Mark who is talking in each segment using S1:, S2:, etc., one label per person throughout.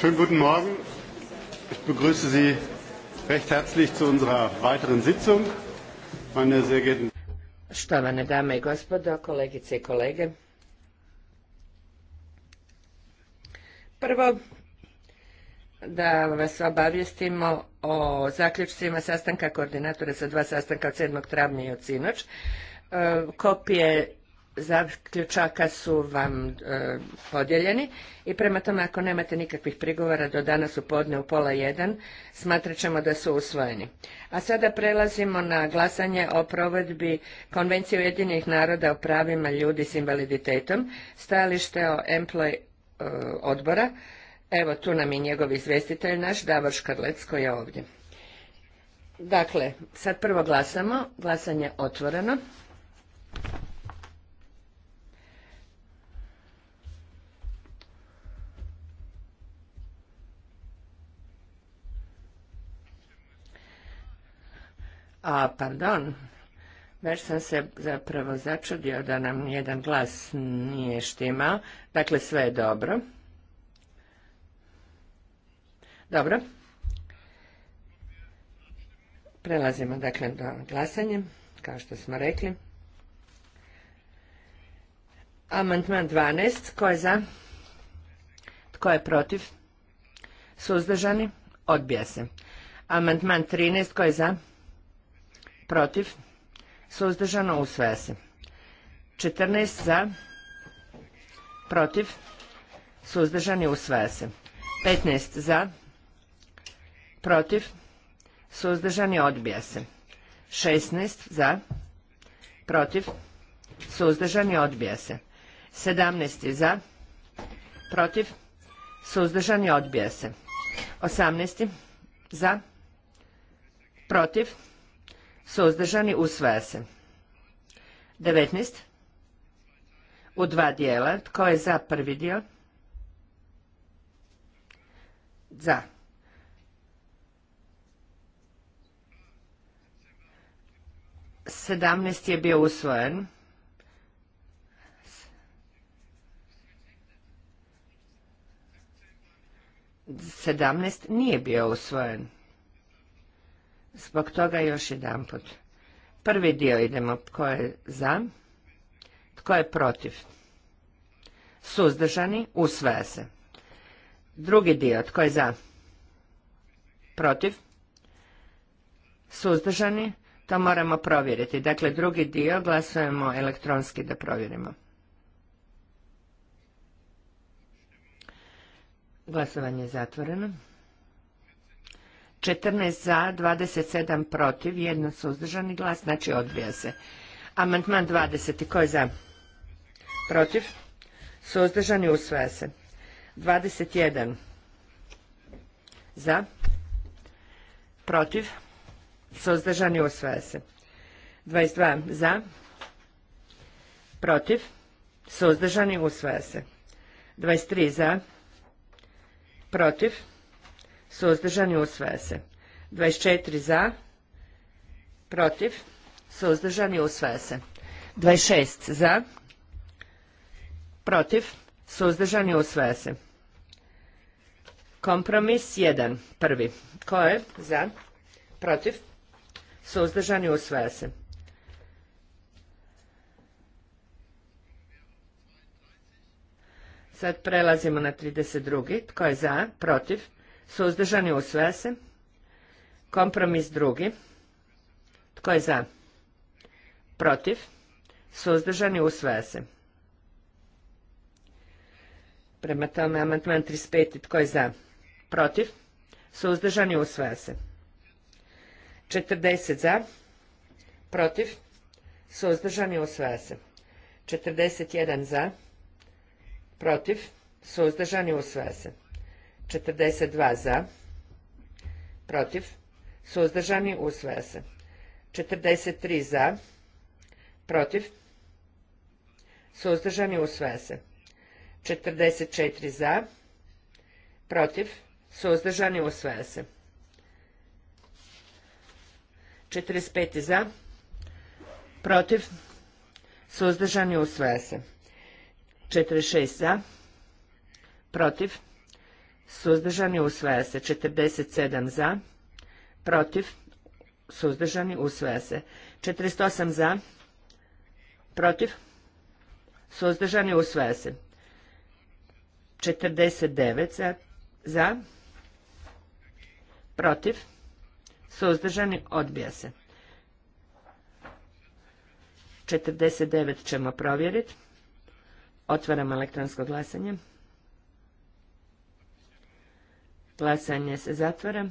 S1: Schönen guten Morgen. Ich begrüße Sie recht herzlich zu unserer weiteren Sitzung. Meine sehr geehrten
S2: Štovane dame i gospodo, kolegice i kolege. Prvo, da vas obavijestimo o zaključcima sastanka koordinatora za dva sastanka od 7. travnja i od sinoć. E, Kopije zaključaka su vam e, podijeljeni i prema tome ako nemate nikakvih prigovora do danas u podne u pola jedan smatrat ćemo da su usvojeni. A sada prelazimo na glasanje o provedbi Konvencije Ujedinjenih naroda o pravima ljudi s invaliditetom, stajalište o employ e, odbora. Evo tu nam je njegov izvjestitelj naš Davor Škarlec koji je ovdje. Dakle, sad prvo glasamo, glasanje otvoreno. A, pardon, već sam se zapravo začudio da nam jedan glas nije štimao. Dakle, sve je dobro. Dobro. Prelazimo dakle do glasanje kao što smo rekli. Amantman 12. Tko je za? Tko je protiv? Suzdržani? Odbija se. Amantman 13. Tko je za? protiv, suzdržano, usvaja se. 14 za, protiv, suzdržani, usvaja se. 15 za, protiv, suzdržani, odbija se. 16 za, protiv, suzdržani, odbija se. 17 za, protiv, suzdržani, odbija se. 18 za, protiv, Suzdržani usvaja se. 19. U dva dijela. Tko je za prvi dio? Za. Sedamnaest je bio usvojen. Sedamnaest nije bio usvojen. Zbog toga još put. Prvi dio idemo. Tko je za? Tko je protiv? Suzdržani? Usvaja se. Drugi dio. Tko je za? Protiv? Suzdržani? To moramo provjeriti. Dakle, drugi dio glasujemo elektronski da provjerimo. Glasovanje je zatvoreno. 14 za, 27 protiv, jedan suzdržani glas, znači odbija se. Amantman 20. Ko je za? Protiv? Suzdržani usvaja se. 21. Za? Protiv? Suzdržani usvaja se. 22. Za? Protiv? Suzdržani usvaja se. 23. Za? Protiv? Suzdržani usvaja se. 24 za. Protiv. Suzdržani usvaja se. 26 za. Protiv. Suzdržani usvaja se. Kompromis 1. Prvi. Ko je? Za. Protiv. Suzdržani usvaja se. Sad prelazimo na 32. Tko je za? Protiv? Suzdržani usvaja se. Kompromis drugi. Tko je za? Protiv. Suzdržani usvaja se. Prema tome, amantman 35. Tko je za? Protiv. Suzdržani usvaja se. 40 za. Protiv. Suzdržani usvaja se. 41 za. Protiv. Suzdržani usvaja se. 42 za, protiv, suzdržani, usvaja se. 43 za, protiv, suzdržani, usvaja se. 44 za, protiv, suzdržani, usvaja se. 45 za, protiv, suzdržani, usvaja se. 46 za, protiv, suzdržani, usvaja se. 47 za, protiv, suzdržani, usvaja se. 48 za, protiv, suzdržani, usvaja se. 49 za, za protiv, suzdržani, odbija se. 49 ćemo provjeriti. Otvaram elektronsko glasanje. Glasanje se zatvara.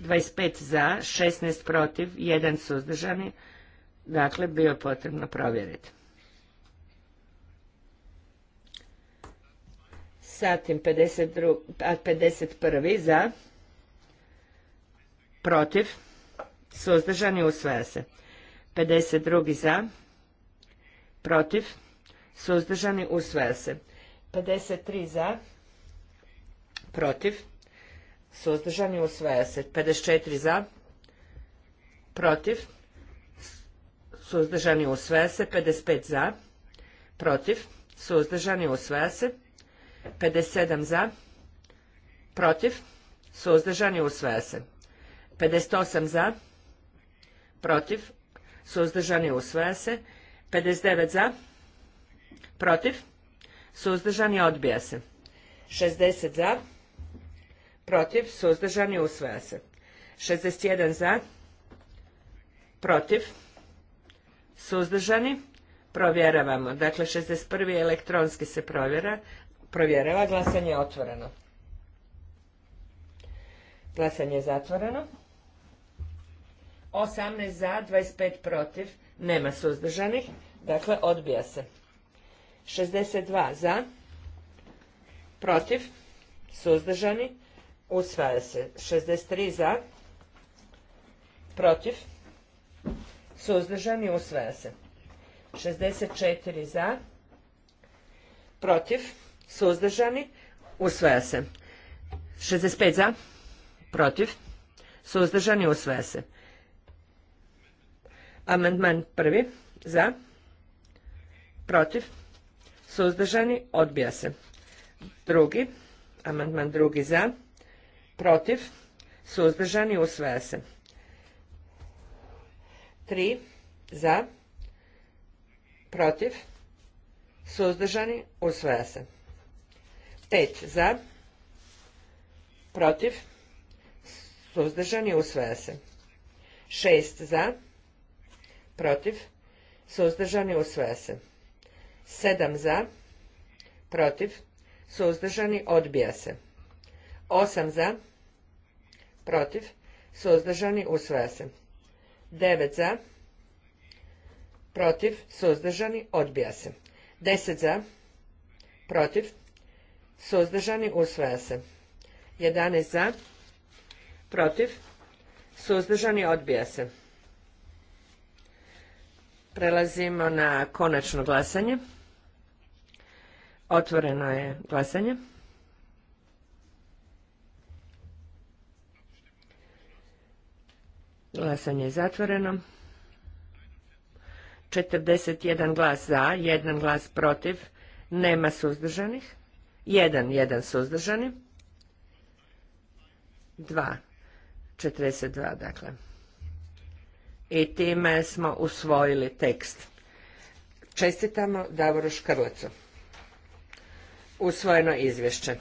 S2: 25 za, 16 protiv, 1 suzdržani. Dakle, bio potrebno provjeriti. Satim 51 za, protiv, suzdržani usvaja se. 52 za, protiv, suzdržani usvaja se. 53 za, protiv, suzdržani, usvaja se. 54 za, protiv, suzdržani, usvaja se. 55 za, protiv, suzdržani, usvaja se. 57 za, protiv, suzdržani, usvaja se. 58 za, protiv, suzdržani, usvaja se. 59 za, protiv, suzdržani, odbija se. 60 za, protiv, suzdržani, usvaja se. 61 za, protiv, suzdržani, provjeravamo. Dakle, 61. elektronski se provjera, provjerava, glasanje je otvoreno. Glasanje je zatvoreno. 18 za, 25 protiv, nema suzdržanih, dakle odbija se. 62 za, protiv, suzdržani, Usvaja se. 63 za. Protiv. Suzdržani. Usvaja se. 64 za. Protiv. Suzdržani. Usvaja se. 65 za. Protiv. Suzdržani. Usvaja se. Amandman prvi. Za. Protiv. Suzdržani. Odbija se. Drugi. Amandman drugi za protiv, suzdržani, usvaja se. 3 za, protiv, suzdržani, usvaja se. 5 za, protiv, suzdržani, usvaja se. 6 za, protiv, suzdržani, usvaja se. 7 za, protiv, suzdržani, odbija se. 8 za, protiv, suzdržani, usvaja se. 9 za, protiv, suzdržani, odbija se. 10 za, protiv, suzdržani, usvaja se. 11 za, protiv, suzdržani, odbija se. Prelazimo na konačno glasanje. Otvoreno je glasanje. Glasanje je zatvoreno. 41 glas za, 1 glas protiv, nema suzdržanih. 1, 1 suzdržani. 2, 42 dakle. I time smo usvojili tekst. Čestitamo Davoru Škrlecu. Usvojeno izvješće.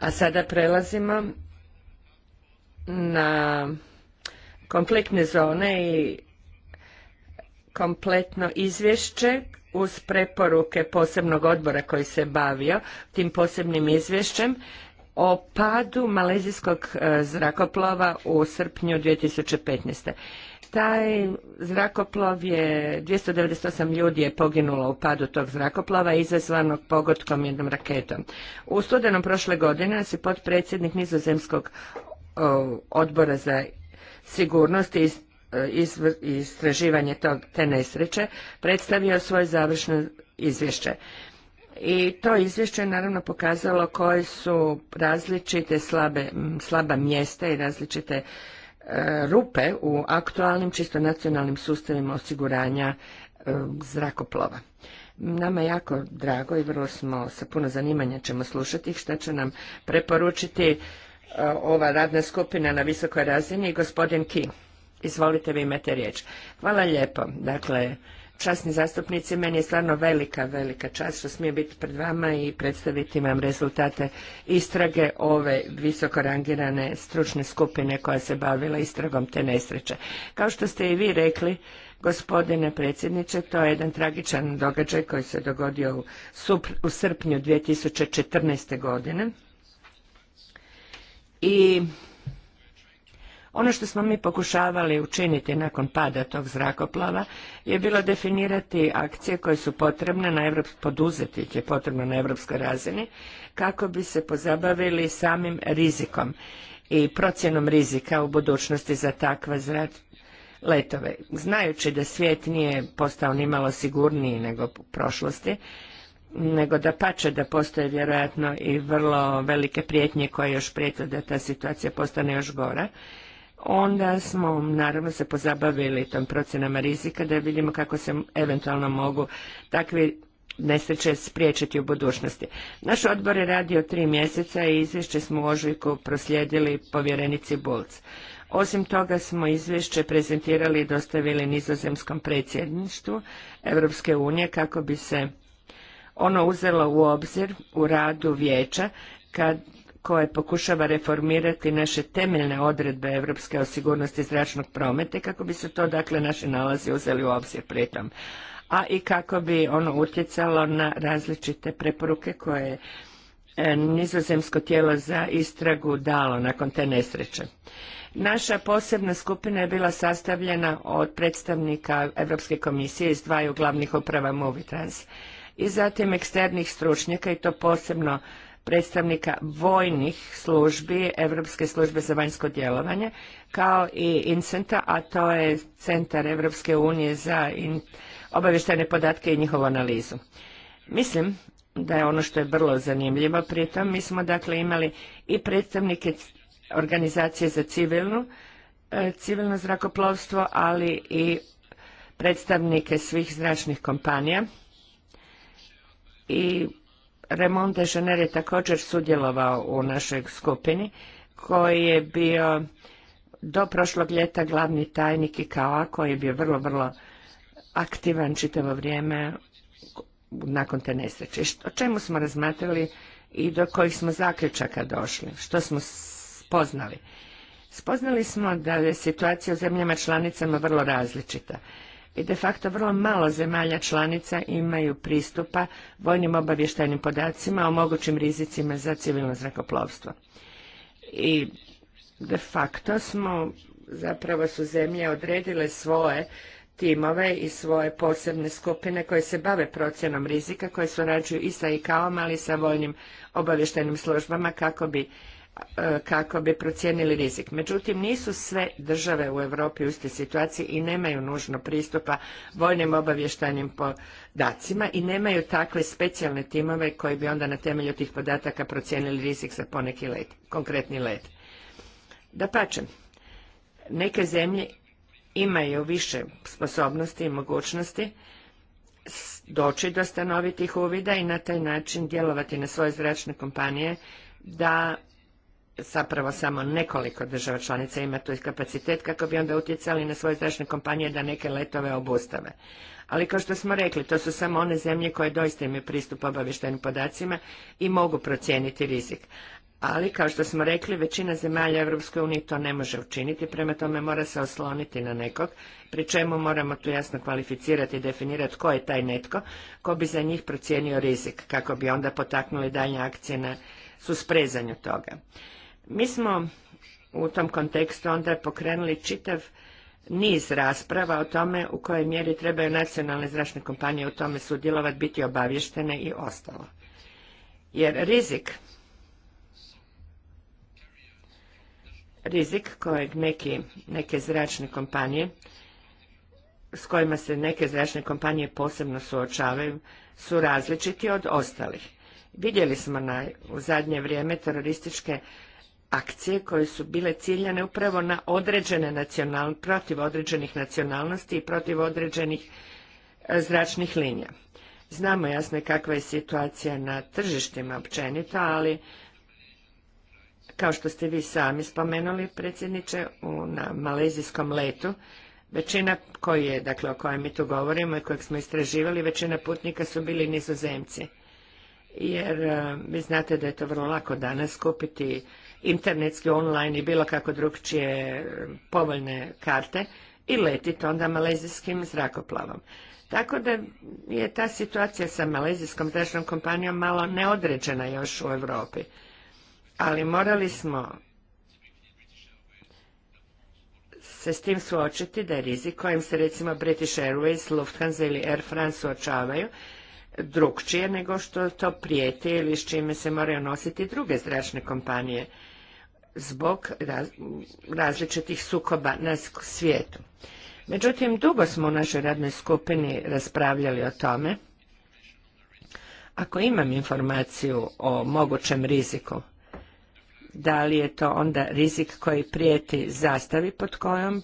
S2: A sada prelazimo na konfliktne zone i kompletno izvješće uz preporuke posebnog odbora koji se bavio tim posebnim izvješćem o padu malezijskog e, zrakoplova u srpnju 2015. Taj zrakoplov je, 298 ljudi je poginulo u padu tog zrakoplova izazvanog pogotkom jednom raketom. U studenom prošle godine se potpredsjednik nizozemskog odbora za sigurnost i istraživanje te nesreće predstavio svoje završno izvješće. I to izvješće je naravno pokazalo koje su različite slaba mjesta i različite rupe u aktualnim čisto nacionalnim sustavima osiguranja e, zrakoplova. Nama je jako drago i vrlo smo sa puno zanimanja ćemo slušati što će nam preporučiti e, ova radna skupina na visokoj razini i gospodin Ki. Izvolite, vi imate riječ. Hvala lijepo. Dakle, časni zastupnici, meni je stvarno velika, velika čast što smije biti pred vama i predstaviti vam rezultate istrage ove visoko rangirane stručne skupine koja se bavila istragom te nesreće. Kao što ste i vi rekli, Gospodine predsjedniče, to je jedan tragičan događaj koji se dogodio u, u srpnju 2014. godine. I ono što smo mi pokušavali učiniti nakon pada tog zrakoplava je bilo definirati akcije koje su potrebne na poduzeti je potrebno na europskoj razini kako bi se pozabavili samim rizikom i procjenom rizika u budućnosti za takva zrak letove. Znajući da svijet nije postao ni malo sigurniji nego u prošlosti, nego da pače da postoje vjerojatno i vrlo velike prijetnje koje još prijete da ta situacija postane još gora, onda smo naravno se pozabavili tom procenama rizika da vidimo kako se eventualno mogu takvi nesreće spriječiti u budućnosti. Naš odbor je radio tri mjeseca i izvješće smo u ožujku proslijedili povjerenici Bulc. Osim toga smo izvješće prezentirali i dostavili nizozemskom predsjedništvu Europske unije kako bi se ono uzelo u obzir u radu vijeća kad koje pokušava reformirati naše temeljne odredbe Europske o sigurnosti zračnog prometa kako bi se to dakle naši nalazi uzeli u obzir pritom, a i kako bi ono utjecalo na različite preporuke koje je nizozemsko tijelo za istragu dalo nakon te nesreće. Naša posebna skupina je bila sastavljena od predstavnika Europske komisije iz dvaju glavnih uprava Movitrans i zatim eksternih stručnjaka i to posebno predstavnika vojnih službi, Europske službe za vanjsko djelovanje, kao i INCENTA, a to je Centar Evropske unije za obavještajne podatke i njihovu analizu. Mislim da je ono što je vrlo zanimljivo, pritom mi smo dakle imali i predstavnike organizacije za civilnu, e, civilno zrakoplovstvo, ali i predstavnike svih zračnih kompanija i Raymond de je također sudjelovao u našoj skupini koji je bio do prošlog ljeta glavni tajnik i kao koji je bio vrlo, vrlo aktivan čitavo vrijeme nakon te nesreće. O čemu smo razmatrali i do kojih smo zaključaka došli, što smo spoznali. Spoznali smo da je situacija u zemljama članicama vrlo različita i de facto vrlo malo zemalja članica imaju pristupa vojnim obavještajnim podacima o mogućim rizicima za civilno zrakoplovstvo. I de facto smo, zapravo su zemlje odredile svoje timove i svoje posebne skupine koje se bave procjenom rizika, koje surađuju i sa ICAO-om, ali i sa vojnim obavještajnim službama kako bi E, kako bi procijenili rizik. Međutim, nisu sve države u Europi u istoj situaciji i nemaju nužno pristupa vojnim obavještajnim podacima i nemaju takve specijalne timove koji bi onda na temelju tih podataka procijenili rizik za poneki let, konkretni let. Da pačem, neke zemlje imaju više sposobnosti i mogućnosti doći do stanovitih uvida i na taj način djelovati na svoje zračne kompanije da zapravo samo nekoliko država članica ima tu kapacitet kako bi onda utjecali na svoje zračne kompanije da neke letove obustave. Ali kao što smo rekli, to su samo one zemlje koje doista imaju pristup obavještajnim podacima i mogu procijeniti rizik. Ali, kao što smo rekli, većina zemalja Europske unije to ne može učiniti, prema tome mora se osloniti na nekog, pri čemu moramo tu jasno kvalificirati i definirati ko je taj netko, ko bi za njih procijenio rizik, kako bi onda potaknuli dalje akcije na susprezanju toga. Mi smo u tom kontekstu onda pokrenuli čitav niz rasprava o tome u kojoj mjeri trebaju nacionalne zračne kompanije u tome sudjelovati, biti obavještene i ostalo. Jer rizik, rizik kojeg neki, neke zračne kompanije, s kojima se neke zračne kompanije posebno suočavaju, su različiti od ostalih. Vidjeli smo na, u zadnje vrijeme terorističke akcije koje su bile ciljane upravo na određene nacionalnosti, protiv određenih nacionalnosti i protiv određenih e, zračnih linija. Znamo jasno kakva je situacija na tržištima općenito, ali kao što ste vi sami spomenuli, predsjedniče, u, na malezijskom letu, većina koji je, dakle o kojem mi tu govorimo i kojeg smo istraživali, većina putnika su bili nizozemci. Jer e, vi znate da je to vrlo lako danas kupiti internetski, online i bilo kako drugčije um, povoljne karte i letite onda malezijskim zrakoplovom. Tako da je ta situacija sa malezijskom zračnom kompanijom malo neodređena još u Europi. Ali morali smo se s tim suočiti da je rizik kojim se recimo British Airways, Lufthansa ili Air France suočavaju drugčije nego što to prijeti ili s čime se moraju nositi druge zračne kompanije zbog različitih sukoba na svijetu. Međutim, dugo smo u našoj radnoj skupini raspravljali o tome. Ako imam informaciju o mogućem riziku, da li je to onda rizik koji prijeti zastavi pod kojom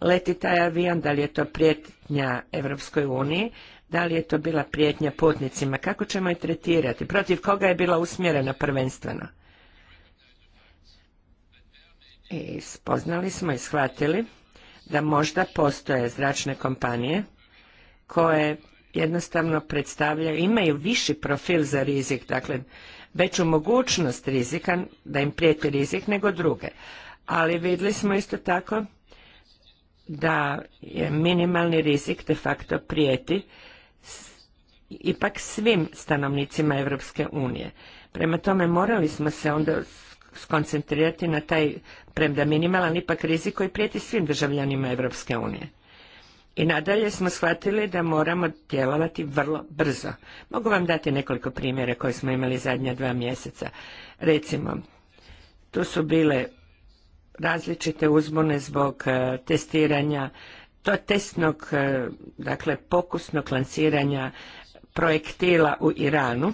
S2: leti taj avion, da li je to prijetnja Evropskoj uniji, da li je to bila prijetnja putnicima, kako ćemo je tretirati, protiv koga je bila usmjerena prvenstveno. I spoznali smo i shvatili da možda postoje zračne kompanije koje jednostavno predstavljaju, imaju viši profil za rizik, dakle veću mogućnost rizika, da im prijeti rizik nego druge. Ali vidjeli smo isto tako da je minimalni rizik de facto prijeti ipak svim stanovnicima Europske unije. Prema tome morali smo se onda skoncentrirati na taj, premda minimalan, ipak rizik koji prijeti svim državljanima Europske unije. I nadalje smo shvatili da moramo djelovati vrlo brzo. Mogu vam dati nekoliko primjera koje smo imali zadnja dva mjeseca. Recimo, tu su bile različite uzbune zbog e, testiranja, to testnog, e, dakle pokusnog lanciranja projektila u Iranu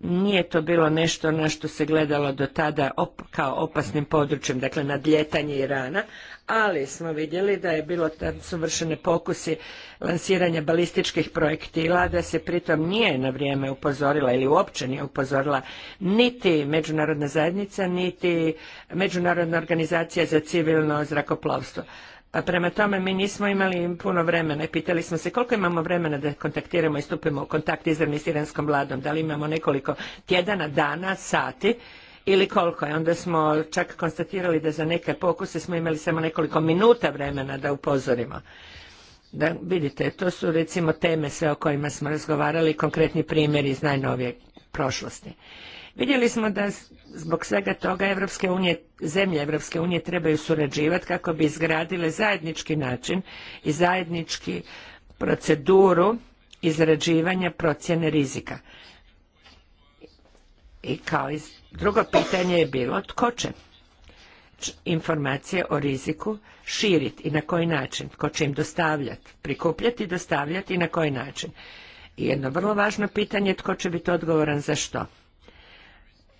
S2: nije to bilo nešto na što se gledalo do tada kao opasnim područjem, dakle nadljetanje Irana, ali smo vidjeli da je bilo, tam su pokusi lansiranja balističkih projektila, da se pritom nije na vrijeme upozorila ili uopće nije upozorila niti međunarodna zajednica, niti međunarodna organizacija za civilno zrakoplovstvo. Pa prema tome mi nismo imali puno vremena i pitali smo se koliko imamo vremena da kontaktiramo i stupimo u kontakt izravni s iranskom vladom. Da li imamo nekoliko tjedana, dana, sati ili koliko je. Onda smo čak konstatirali da za neke pokuse smo imali samo nekoliko minuta vremena da upozorimo. Da vidite, to su recimo teme sve o kojima smo razgovarali, konkretni primjeri iz najnovije prošlosti. Vidjeli smo da Zbog svega toga Evropske unije, zemlje Evropske unije trebaju surađivati kako bi izgradile zajednički način i zajednički proceduru izrađivanja procjene rizika. I kao drugo pitanje je bilo tko će informacije o riziku širiti i na koji način, tko će im dostavljati, prikupljati i dostavljati i na koji način. I jedno vrlo važno pitanje je tko će biti odgovoran za što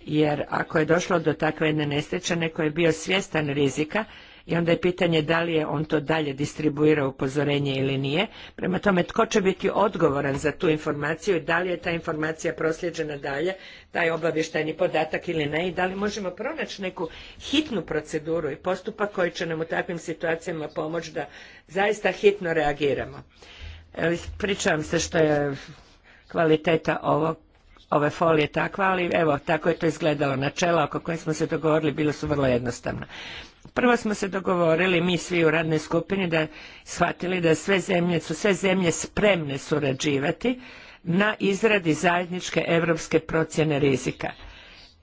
S2: jer ako je došlo do takve jedne nesreće, neko je bio svjestan rizika i onda je pitanje da li je on to dalje distribuirao upozorenje ili nije. Prema tome, tko će biti odgovoran za tu informaciju i da li je ta informacija prosljeđena dalje, taj obavještajni podatak ili ne i da li možemo pronaći neku hitnu proceduru i postupak koji će nam u takvim situacijama pomoći da zaista hitno reagiramo. Pričavam se što je kvaliteta ovog ove folije takva, ali evo, tako je to izgledalo. Načela oko koje smo se dogovorili bilo su vrlo jednostavna. Prvo smo se dogovorili, mi svi u radnoj skupini, da shvatili da sve zemlje, su sve zemlje spremne surađivati na izradi zajedničke europske procjene rizika.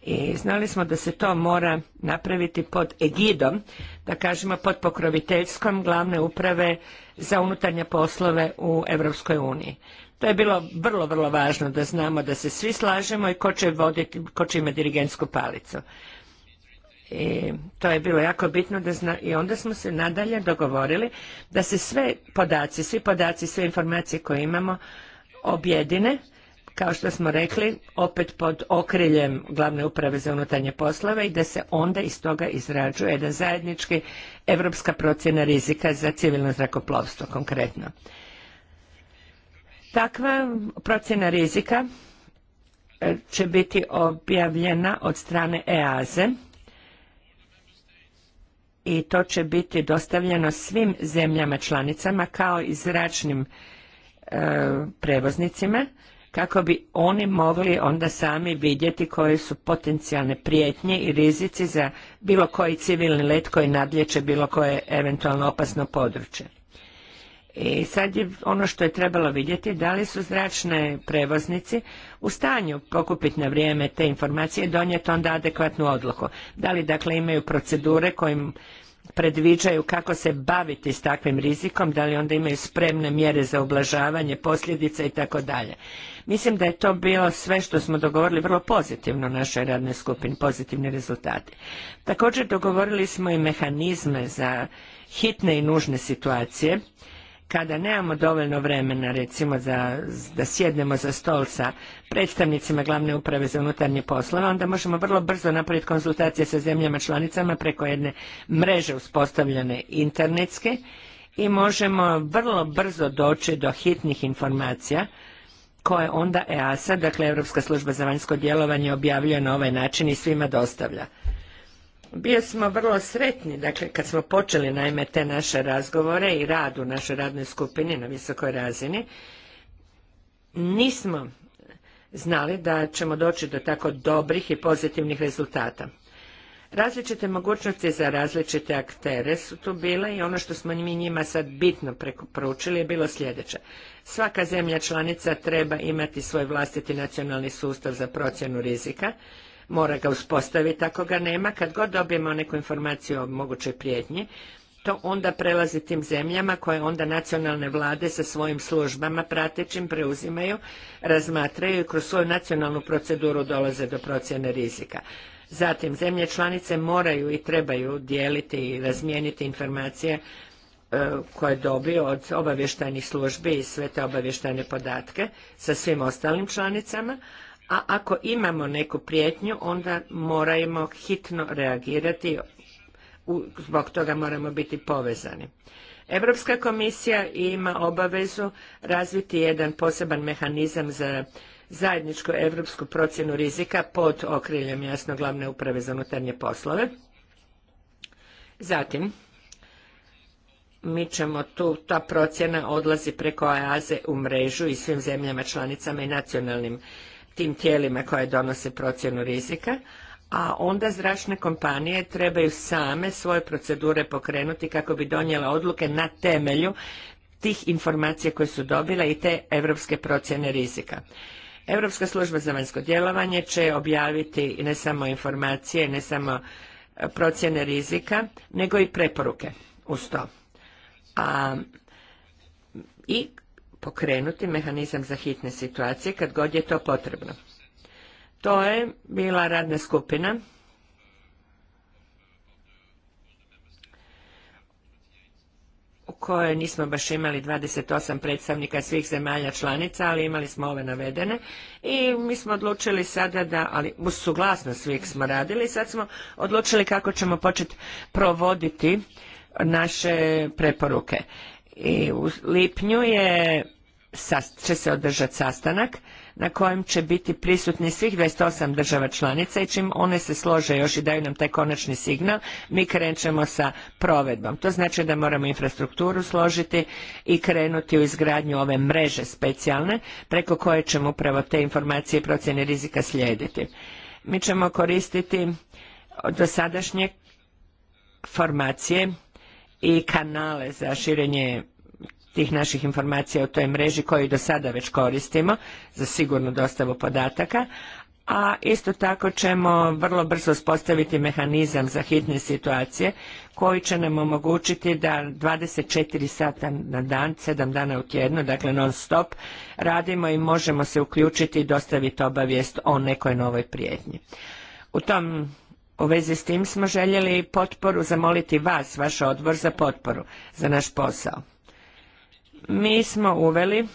S2: I znali smo da se to mora napraviti pod egidom, da kažemo pod pokroviteljskom glavne uprave za unutarnje poslove u Europskoj uniji. To je bilo vrlo, vrlo važno da znamo da se svi slažemo i ko će, voditi, ko će imati dirigentsku palicu. I to je bilo jako bitno da zna, i onda smo se nadalje dogovorili da se sve podaci, svi podaci, sve informacije koje imamo objedine, kao što smo rekli, opet pod okriljem glavne uprave za unutarnje poslove i da se onda iz toga izrađuje jedan zajednički europska procjena rizika za civilno zrakoplovstvo konkretno. Takva procjena rizika e, će biti objavljena od strane EASE i to će biti dostavljeno svim zemljama članicama kao i zračnim e, prevoznicima kako bi oni mogli onda sami vidjeti koje su potencijalne prijetnje i rizici za bilo koji civilni let koji nadlječe bilo koje eventualno opasno područje. I sad je ono što je trebalo vidjeti da li su zračne prevoznici u stanju pokupiti na vrijeme te informacije i donijeti onda adekvatnu odluku. Da li dakle imaju procedure kojim predviđaju kako se baviti s takvim rizikom, da li onda imaju spremne mjere za oblažavanje, posljedica i tako dalje. Mislim da je to bilo sve što smo dogovorili vrlo pozitivno u našoj radnoj skupini, pozitivni rezultati. Također dogovorili smo i mehanizme za hitne i nužne situacije kada nemamo dovoljno vremena recimo za, da sjednemo za stol sa predstavnicima glavne uprave za unutarnje poslove, onda možemo vrlo brzo napraviti konzultacije sa zemljama članicama preko jedne mreže uspostavljene internetske i možemo vrlo brzo doći do hitnih informacija koje onda EASA, dakle Europska služba za vanjsko djelovanje, objavljuje na ovaj način i svima dostavlja bio smo vrlo sretni, dakle, kad smo počeli naime te naše razgovore i rad u našoj radnoj skupini na visokoj razini, nismo znali da ćemo doći do tako dobrih i pozitivnih rezultata. Različite mogućnosti za različite aktere su tu bile i ono što smo mi njima sad bitno proučili je bilo sljedeće. Svaka zemlja članica treba imati svoj vlastiti nacionalni sustav za procjenu rizika mora ga uspostaviti ako ga nema. Kad god dobijemo neku informaciju o mogućoj prijetnji, to onda prelazi tim zemljama koje onda nacionalne vlade sa svojim službama pratećim preuzimaju, razmatraju i kroz svoju nacionalnu proceduru dolaze do procjene rizika. Zatim, zemlje članice moraju i trebaju dijeliti i razmijeniti informacije e, koje dobiju od obavještajnih službi i sve te obavještajne podatke sa svim ostalim članicama, a ako imamo neku prijetnju, onda moramo hitno reagirati, zbog toga moramo biti povezani. Europska komisija ima obavezu razviti jedan poseban mehanizam za zajedničku europsku procjenu rizika pod okriljem jasno glavne uprave za unutarnje poslove. Zatim, mi ćemo tu, ta procjena odlazi preko aze u mrežu i svim zemljama članicama i nacionalnim tim tijelima koje donose procjenu rizika, a onda zračne kompanije trebaju same svoje procedure pokrenuti kako bi donijela odluke na temelju tih informacija koje su dobile i te europske procjene rizika. Europska služba za vanjsko djelovanje će objaviti ne samo informacije, ne samo e, procjene rizika, nego i preporuke uz to. I pokrenuti mehanizam za hitne situacije kad god je to potrebno. To je bila radna skupina u kojoj nismo baš imali 28 predstavnika svih zemalja članica, ali imali smo ove navedene i mi smo odlučili sada da, ali uz suglasnost svih smo radili, sad smo odlučili kako ćemo početi provoditi naše preporuke. I u lipnju je, će se održati sastanak na kojem će biti prisutni svih 28 država članica i čim one se slože još i daju nam taj konačni signal, mi krećemo sa provedbom. To znači da moramo infrastrukturu složiti i krenuti u izgradnju ove mreže specijalne preko koje ćemo upravo te informacije i procjene rizika slijediti. Mi ćemo koristiti dosadašnje formacije i kanale za širenje tih naših informacija o toj mreži koju do sada već koristimo za sigurnu dostavu podataka, a isto tako ćemo vrlo brzo uspostaviti mehanizam za hitne situacije koji će nam omogućiti da 24 sata na dan, 7 dana u tjednu, dakle non stop, radimo i možemo se uključiti i dostaviti obavijest o nekoj novoj prijetnji. U tom u vezi s tim smo željeli potporu zamoliti vas, vaš odbor za potporu za naš posao. Mi smo uveli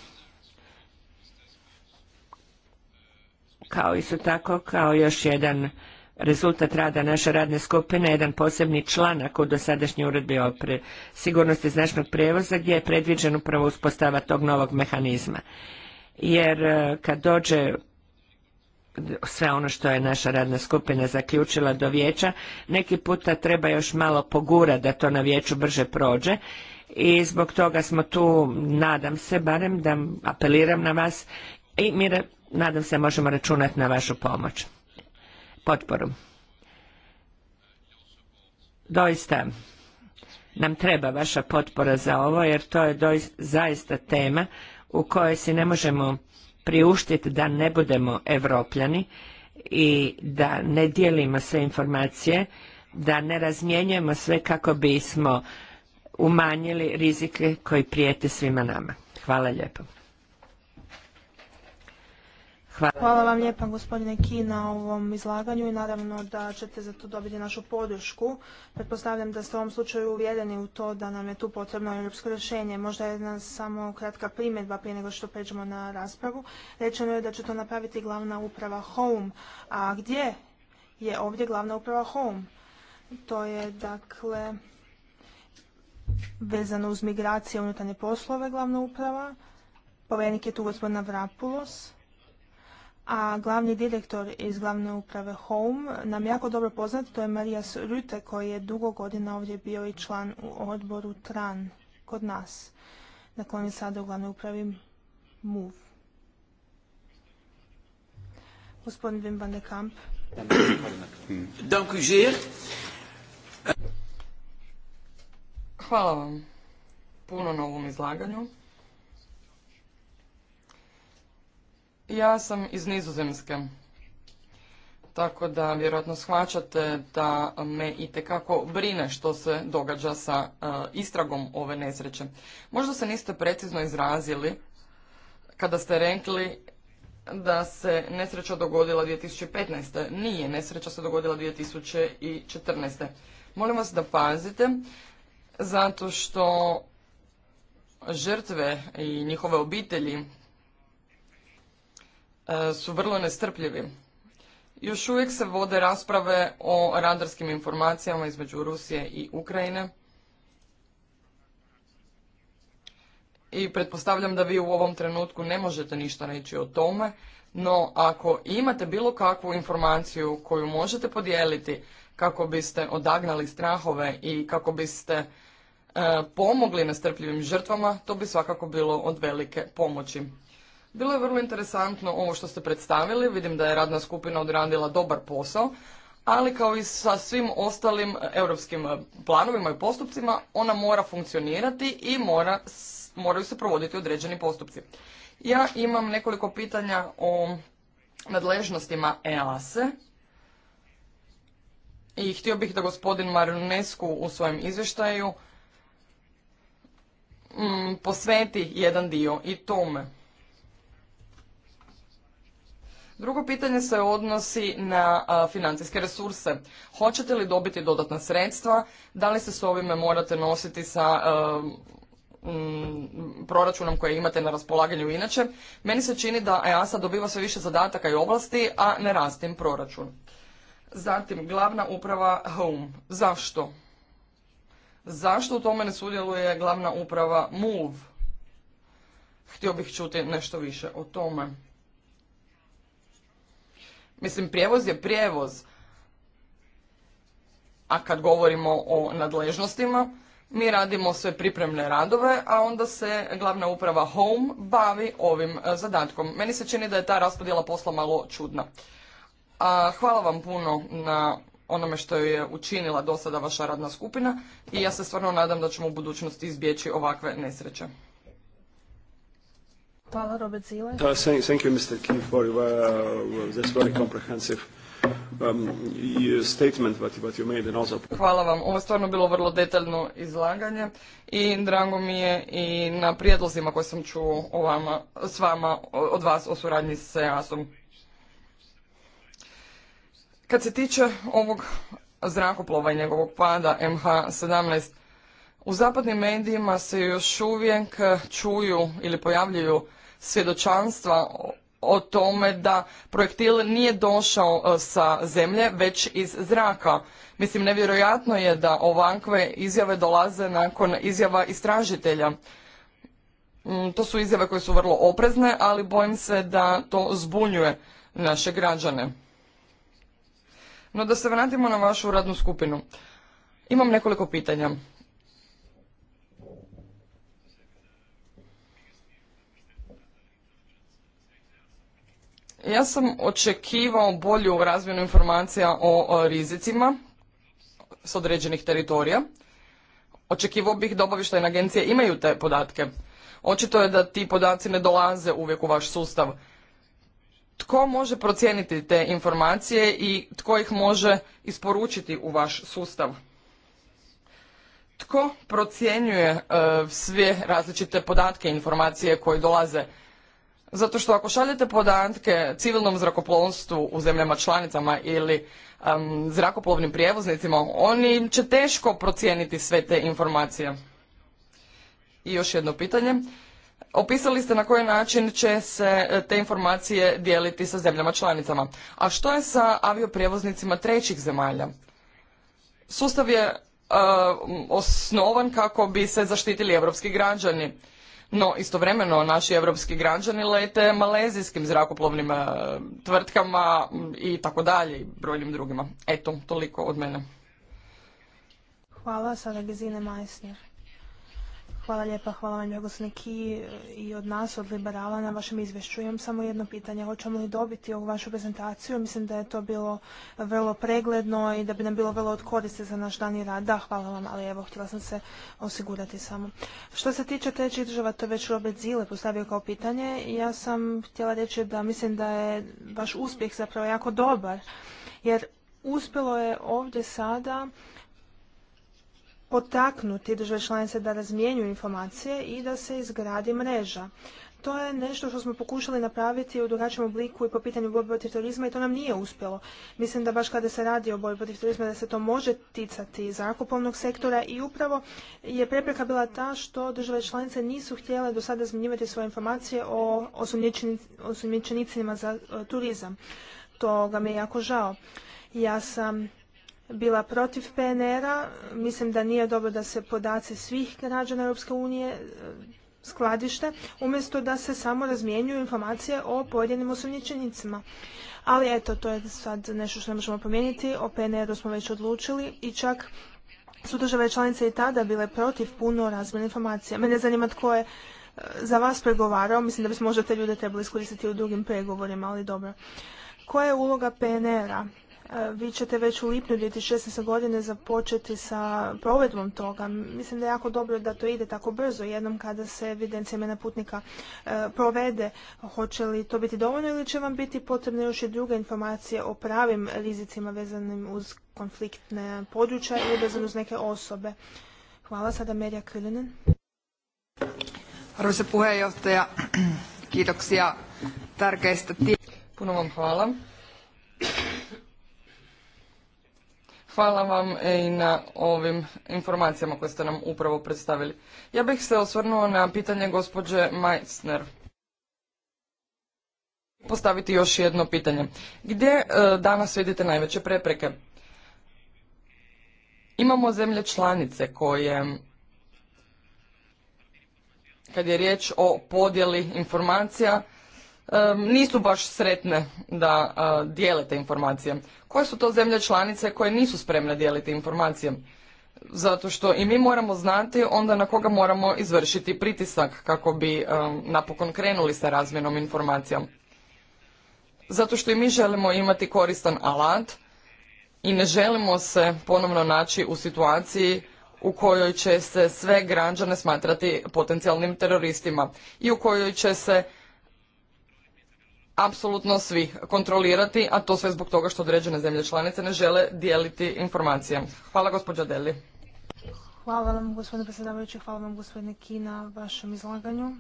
S2: kao isto tako kao još jedan rezultat rada naše radne skupine jedan posebni članak u dosadašnjoj uredbi o pre sigurnosti značnog prijevoza gdje je predviđen upravo uspostava tog novog mehanizma. Jer e, kad dođe sve ono što je naša radna skupina zaključila do vijeća. Neki puta treba još malo pogura da to na vijeću brže prođe i zbog toga smo tu, nadam se barem da apeliram na vas i mi nadam se možemo računati na vašu pomoć, potporu. Doista nam treba vaša potpora za ovo jer to je zaista tema u kojoj si ne možemo priuštiti da ne budemo evropljani i da ne dijelimo sve informacije, da ne razmjenjujemo sve kako bismo umanjili rizike koji prijete svima nama. Hvala lijepo.
S1: Hvala. vam lijepa gospodine Ki na ovom izlaganju i naravno da ćete za to dobiti našu podršku. Pretpostavljam da ste u ovom slučaju uvjereni u to da nam je tu potrebno europsko rješenje. Možda jedna samo kratka primjedba prije nego što pređemo na raspravu. Rečeno je da će to napraviti glavna uprava Home. A gdje je ovdje glavna uprava Home? To je dakle vezano uz migracije unutarnje poslove glavna uprava. Povjerenik je tu gospodina Vrapulos a glavni direktor iz glavne uprave Home nam jako dobro poznat, to je Marijas Rute koji je dugo godina ovdje bio i član u odboru TRAN kod nas. Dakle, on je sada u glavnoj upravi MOVE. Gospodin Wim van de Kamp.
S3: Hvala vam puno na ovom izlaganju. Ja sam iz Nizozemske, tako da vjerojatno shvaćate da me i tekako brine što se događa sa eh, istragom ove nesreće. Možda se niste precizno izrazili kada ste rekli da se nesreća dogodila 2015. Nije, nesreća se dogodila 2014. Molim vas da pazite, zato što žrtve i njihove obitelji E, su vrlo nestrpljivi. Još uvijek se vode rasprave o radarskim informacijama između Rusije i Ukrajine. I pretpostavljam da vi u ovom trenutku ne možete ništa reći o tome, no ako imate bilo kakvu informaciju koju možete podijeliti kako biste odagnali strahove i kako biste e, pomogli nestrpljivim žrtvama, to bi svakako bilo od velike pomoći. Bilo je vrlo interesantno ovo što ste predstavili, vidim da je radna skupina odradila dobar posao, ali kao i sa svim ostalim europskim planovima i postupcima, ona mora funkcionirati i mora, moraju se provoditi određeni postupci. Ja imam nekoliko pitanja o nadležnostima EASE i htio bih da gospodin Marunescu u svojem izvještaju mm, posveti jedan dio i tome. Drugo pitanje se odnosi na financijske resurse. Hoćete li dobiti dodatna sredstva? Da li se s ovime morate nositi sa mm, proračunom koje imate na raspolaganju inače? Meni se čini da EASA dobiva sve više zadataka i oblasti, a ne raste im proračun. Zatim, glavna uprava Home. Zašto? Zašto u tome ne sudjeluje glavna uprava Move? Htio bih čuti nešto više o tome. Mislim, prijevoz je prijevoz. A kad govorimo o nadležnostima, mi radimo sve pripremne radove, a onda se glavna uprava Home bavi ovim e, zadatkom. Meni se čini da je ta raspodjela posla malo čudna. hvala vam puno na onome što je učinila do sada vaša radna skupina i ja se stvarno nadam da ćemo u budućnosti izbjeći ovakve nesreće.
S1: Hvala, statement
S3: you made vam. Ovo je stvarno bilo vrlo detaljno izlaganje i drago mi je i na prijedlozima koje sam čuo s vama, od vas o suradnji s eas Kad se tiče ovog zrakoplova i njegovog pada MH17, u zapadnim medijima se još uvijek čuju ili pojavljuju svjedočanstva o tome da projektil nije došao e, sa zemlje već iz zraka. Mislim, nevjerojatno je da ovakve izjave dolaze nakon izjava istražitelja. Mm, to su izjave koje su vrlo oprezne, ali bojim se da to zbunjuje naše građane. No da se vratimo na vašu radnu skupinu. Imam nekoliko pitanja. Ja sam očekivao bolju razmjenu informacija o, rizicima s određenih teritorija. Očekivao bih da obavještajne agencije imaju te podatke. Očito je da ti podaci ne dolaze uvijek u vaš sustav. Tko može procijeniti te informacije i tko ih može isporučiti u vaš sustav? Tko procjenjuje e, sve različite podatke i informacije koje dolaze zato što ako šaljete podatke civilnom zrakoplovstvu u zemljama članicama ili zrakoplovnim prijevoznicima, oni će teško procijeniti sve te informacije. I još jedno pitanje. Opisali ste na koji način će se e, te informacije dijeliti sa zemljama članicama. A što je sa avioprijevoznicima trećih zemalja? Sustav je e, osnovan kako bi se zaštitili europski građani no, istovremeno naši europski građani lete malezijskim zrakoplovnim e, tvrtkama i tako dalje i brojnim drugima. Eto, toliko od mene.
S1: Hvala, sada Gizine Hvala lijepa, hvala vam i, i od nas, od liberala na vašem izvješću. Imam samo jedno pitanje, hoćemo li dobiti ovu vašu prezentaciju? Mislim da je to bilo vrlo pregledno i da bi nam bilo vrlo od koriste za naš dan i rad. Da, hvala vam, ali evo, htjela sam se osigurati samo. Što se tiče trećih država, to je već Robert Zile postavio kao pitanje. Ja sam htjela reći da mislim da je vaš uspjeh zapravo jako dobar, jer uspjelo je ovdje sada potaknuti države članice da razmijenju informacije i da se izgradi mreža. To je nešto što smo pokušali napraviti u drugačijem obliku i po pitanju borbe protiv turizma i to nam nije uspjelo. Mislim da baš kada se radi o borbi protiv turizma, da se to može ticati zakupovnog sektora i upravo je prepreka bila ta što države članice nisu htjele do sada zmjenjivati svoje informacije o osumnjičenicima za e, turizam. Toga mi je jako žao. Ja sam bila protiv PNR-a. Mislim da nije dobro da se podaci svih građana Europske unije e, skladište, umjesto da se samo razmjenjuju informacije o pojedinim osumnjičenicima. Ali eto, to je sad nešto što ne možemo pomijeniti, O PNR-u smo već odlučili i čak su države članice i tada bile protiv puno razmjene informacija. Mene zanima tko je e, za vas pregovarao. Mislim da bismo možda te ljude trebali iskoristiti u drugim pregovorima, ali dobro. Koja je uloga PNR-a? E, vi ćete već u lipnju 2016. godine započeti sa provedbom toga. Mislim da je jako dobro da to ide tako brzo. Jednom kada se evidencija imena putnika e, provede, hoće li to biti dovoljno ili će vam biti potrebne još i druge informacije o pravim rizicima vezanim uz konfliktne područja ili vezano uz neke osobe? Hvala sada Merja Krilinen.
S3: Arvoisa puheenjohtaja, kiitoksia tärkeistä Puno vam hvala Hvala vam e, i na ovim informacijama koje ste nam upravo predstavili. Ja bih se osvrnuo na pitanje gospođe Meissner. Postaviti još jedno pitanje. Gdje e, danas vidite najveće prepreke? Imamo zemlje članice koje, kad je riječ o podjeli informacija, nisu baš sretne da dijele te informacije. Koje su to zemlje članice koje nisu spremne dijeliti informacije? Zato što i mi moramo znati onda na koga moramo izvršiti pritisak kako bi napokon krenuli sa razmjenom informacija. Zato što i mi želimo imati koristan alat i ne želimo se ponovno naći u situaciji u kojoj će se sve građane smatrati potencijalnim teroristima i u kojoj će se apsolutno svi kontrolirati, a to sve zbog toga što određene zemlje članice ne žele dijeliti informacije. Hvala gospođa Deli.
S1: Hvala vam gospodine predsjedavajući, hvala vam gospodine na vašem izlaganju.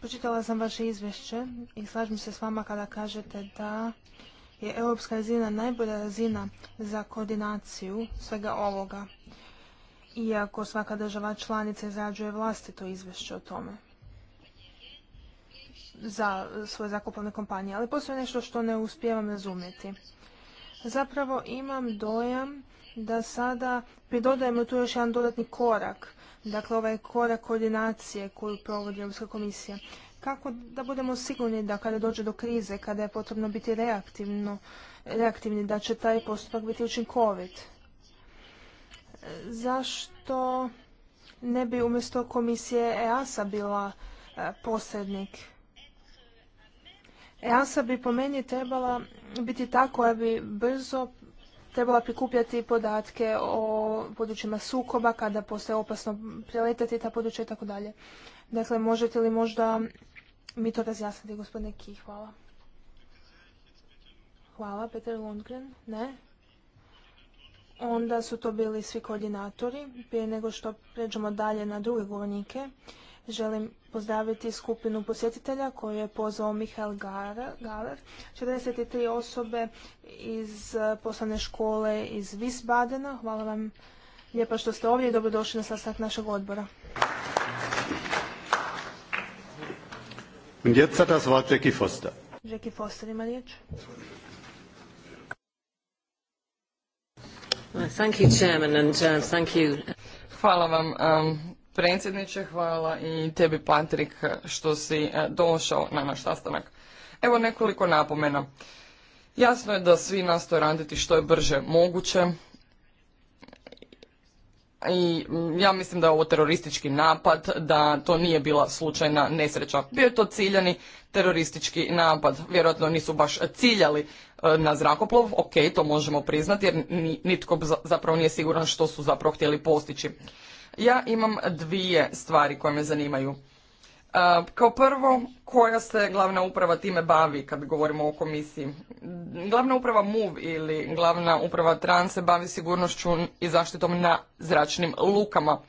S1: Pročitala sam vaše izvješće i slažem se s vama kada kažete da je europska razina najbolja razina za koordinaciju svega ovoga, iako svaka država članica izrađuje vlastito izvješće o tome za svoje zakupovne kompanije, ali postoje nešto što ne uspijevam razumjeti. Zapravo imam dojam da sada pridodajemo tu još jedan dodatni korak, dakle ovaj korak koordinacije koju provodi Europska komisija. Kako da budemo sigurni da kada dođe do krize, kada je potrebno biti reaktivno, reaktivni, da će taj postupak biti učinkovit? Zašto ne bi umjesto komisije EASA bila e, posrednik EASA bi po meni trebala biti ta koja bi brzo trebala prikupljati podatke o područjima sukoba, kada postaje opasno preletati ta područja i tako dalje. Dakle, možete li možda mi to razjasniti, gospodine Ki? Hvala. Hvala, Peter Lundgren. Ne? Onda su to bili svi koordinatori. Prije nego što pređemo dalje na druge govornike, želim pozdraviti skupinu posjetitelja koju je pozvao Mihael Galer. 43 osobe iz eh, poslane škole iz Wiesbadena. Hvala vam lijepa što ste ovdje i dobrodošli na sastanak našeg odbora. Und jetzt hat das Wort Jackie Foster. Jackie Foster ima riječ.
S3: Thank you, Chairman, and uh, thank you. Hvala vam um, predsjedniče, hvala i tebi Patrik što si e, došao na naš sastanak. Evo nekoliko napomena. Jasno je da svi nastoje raditi što je brže moguće. I mm, ja mislim da je ovo teroristički napad, da to nije bila slučajna nesreća. Bio je to ciljani teroristički napad. Vjerojatno nisu baš ciljali e, na zrakoplov, ok, to možemo priznati jer nitko zapravo nije siguran što su zapravo htjeli postići. Ja imam dvije stvari koje me zanimaju. E, kao prvo, koja se glavna uprava time bavi kad govorimo o komisiji? Glavna uprava MUV ili glavna uprava TRAN se bavi sigurnošću i zaštitom na zračnim lukama.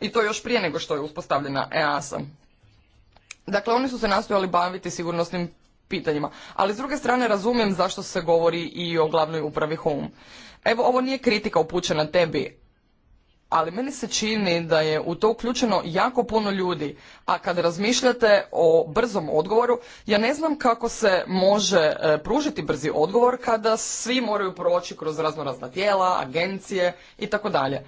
S3: I to još prije nego što je uspostavljena EASA. Dakle, oni su se nastojali baviti sigurnosnim pitanjima. Ali s druge strane razumijem zašto se govori i o glavnoj upravi HOME. Evo, ovo nije kritika upućena tebi, ali meni se čini da je u to uključeno jako puno ljudi, a kad razmišljate o brzom odgovoru, ja ne znam kako se može e, pružiti brzi odgovor kada svi moraju proći kroz raznorazna tijela, agencije i tako dalje.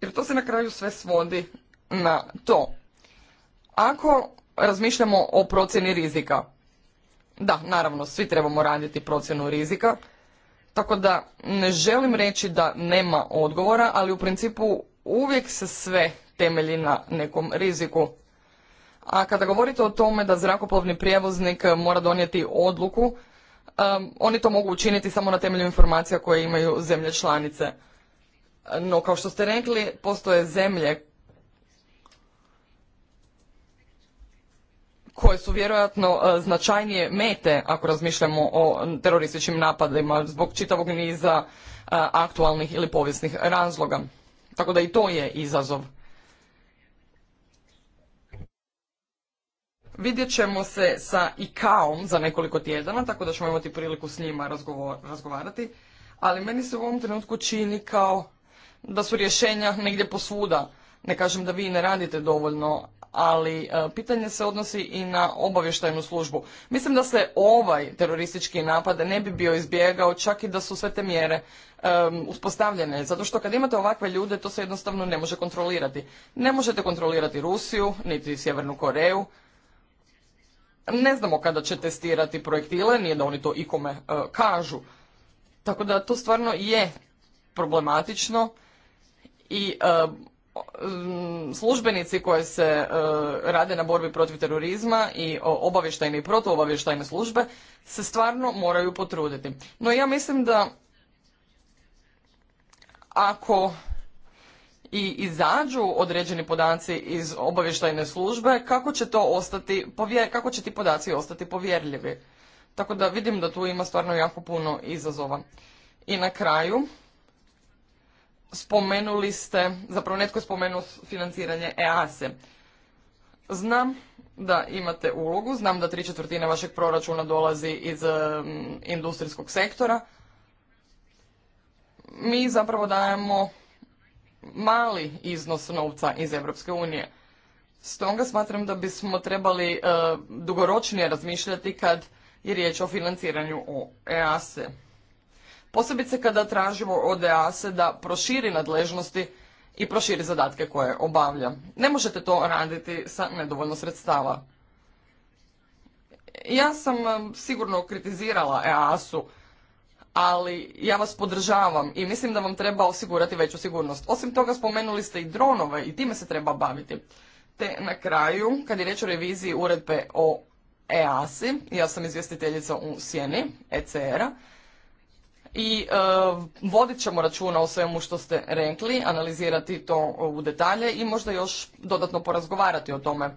S3: Jer to se na kraju sve svodi na to. Ako razmišljamo o procjeni rizika, da, naravno, svi trebamo raditi procjenu rizika, tako da ne želim reći da nema odgovora, ali u principu uvijek se sve temelji na nekom riziku. A kada govorite o tome da zrakoplovni prijevoznik mora donijeti odluku, oni to mogu učiniti samo na temelju informacija koje imaju zemlje članice. No, kao što ste rekli, postoje zemlje koje su vjerojatno e, značajnije mete ako razmišljamo o terorističkim napadima zbog čitavog niza e, aktualnih ili povijesnih razloga. Tako da i to je izazov. Vidjet ćemo se sa i om za nekoliko tjedana, tako da ćemo imati priliku s njima razgovarati. Ali meni se u ovom trenutku čini kao da su rješenja negdje posvuda. Ne kažem da vi ne radite dovoljno, ali e, pitanje se odnosi i na obavještajnu službu. Mislim da se ovaj teroristički napad ne bi bio izbjegao čak i da su sve te mjere uspostavljene zato što kad imate ovakve ljude to se jednostavno ne može kontrolirati ne možete kontrolirati rusiju niti sjevernu koreju ne znamo kada će testirati projektile nije da oni to ikome eh, kažu tako da to stvarno je problematično i eh, mm, službenici koji se eh, rade na borbi protiv terorizma i obavještajne i protuobavještajne službe se stvarno moraju potruditi. No ja mislim da ako i izađu određeni podaci iz obavještajne službe, kako će, to ostati, kako će ti podaci ostati povjerljivi. Tako da vidim da tu ima stvarno jako puno izazova. I na kraju, spomenuli ste, zapravo netko je spomenuo financiranje EASE. Znam da imate ulogu, znam da tri četvrtine vašeg proračuna dolazi iz mm, industrijskog sektora, mi zapravo dajemo mali iznos novca iz Europske unije. Stoga smatram da bismo trebali e, dugoročnije razmišljati kad je riječ o financiranju o EASE. Posebice kada tražimo od EASE da proširi nadležnosti i proširi zadatke koje obavlja. Ne možete to raditi sa nedovoljno sredstava. Ja sam e, sigurno kritizirala EASu ali ja vas podržavam i mislim da vam treba osigurati veću sigurnost. Osim toga spomenuli ste i dronove i time se treba baviti. Te na kraju, kad je riječ o reviziji uredbe o EASI, ja sam izvjestiteljica u Sjeni, ECR-a, i e, vodit ćemo računa o svemu što ste rekli, analizirati to u detalje i možda još dodatno porazgovarati o tome.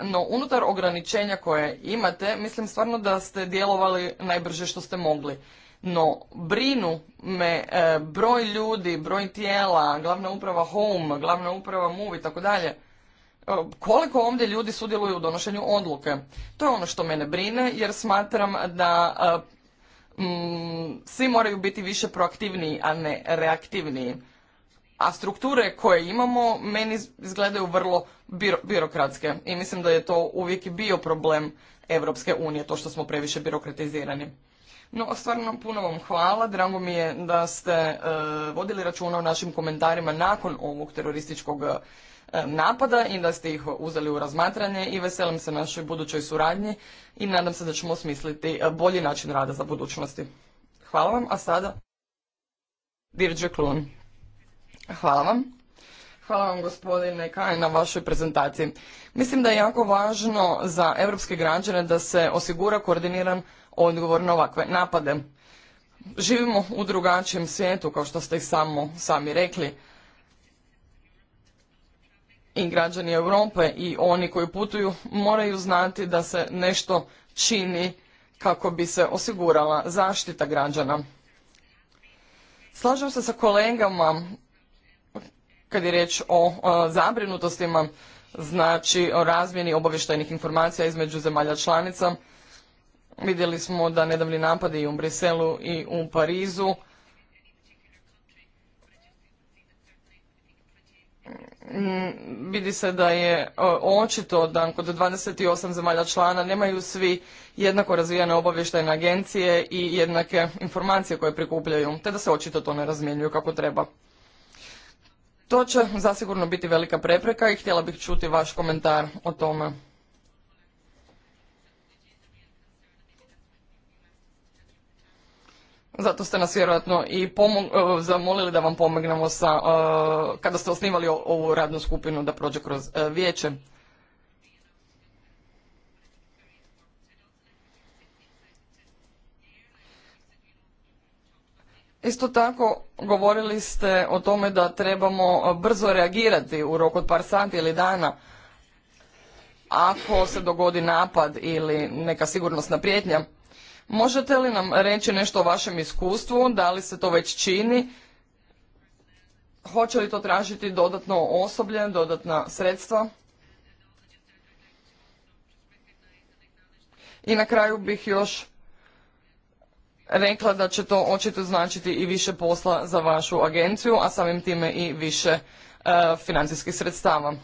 S3: No, unutar ograničenja koje imate, mislim stvarno da ste djelovali najbrže što ste mogli. No, brinu me e, broj ljudi, broj tijela, glavna uprava home, glavna uprava move i tako dalje. E, koliko ovdje ljudi sudjeluju u donošenju odluke? To je ono što mene brine jer smatram da e, svi moraju biti više proaktivniji, a ne reaktivniji a strukture koje imamo meni izgledaju vrlo birokratske i mislim da je to uvijek i bio problem Evropske unije, to što smo previše birokratizirani. No, stvarno puno vam hvala, drago mi je da ste e, vodili računa o našim komentarima nakon ovog terorističkog e, napada i da ste ih uzeli u razmatranje i veselim se našoj budućoj suradnji i nadam se da ćemo osmisliti e, bolji način rada za budućnosti. Hvala vam, a sada Dirđe Klun. Hvala vam. Hvala vam gospodine Kaj na vašoj prezentaciji. Mislim da je jako važno za europske građane da se osigura koordiniran odgovor na ovakve napade. Živimo u drugačijem svijetu, kao što ste i samo sami rekli. I građani Europe i oni koji putuju moraju znati da se nešto čini kako bi se osigurala zaštita građana. Slažem se sa kolegama kad je riječ o zabrinutostima, znači o razmjeni obavještajnih informacija između zemalja članica. Vidjeli smo da nedavni napadi i u Briselu i u Parizu mm, vidi se da je očito da kod 28 zemalja člana nemaju svi jednako razvijene obavještajne agencije i jednake informacije koje prikupljaju, te da se očito to ne razmjenjuju kako treba. To će zasigurno biti velika prepreka i htjela bih čuti vaš komentar o tome. Zato ste nas vjerojatno i e, zamolili da vam pomognemo sa, e, kada ste osnivali ovu radnu skupinu da prođe kroz e, vijeće. Isto tako govorili ste o tome da trebamo brzo reagirati u roku od par sati ili dana ako se dogodi napad ili neka sigurnosna prijetnja. Možete li nam reći nešto o vašem iskustvu, da li se to već čini? Hoće li to tražiti dodatno osoblje, dodatna sredstva? I na kraju bih još rekla da će to očito značiti i više posla za vašu agenciju, a samim time i više e, financijskih sredstava.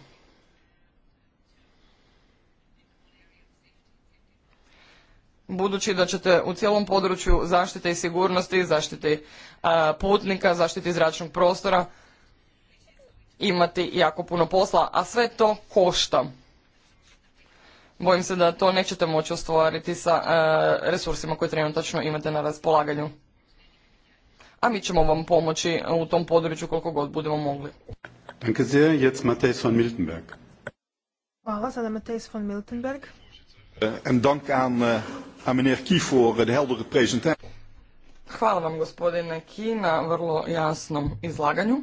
S3: Budući da ćete u cijelom području zaštite i sigurnosti, zaštite e, putnika, zaštite zračnog prostora imati jako puno posla, a sve to košta. Bojim se da to nećete moći ostvariti sa e, resursima koje trenutačno imate na raspolaganju. A mi ćemo vam pomoći u tom području koliko god budemo mogli. Hvala, sada Hvala vam gospodine Ki na vrlo jasnom izlaganju.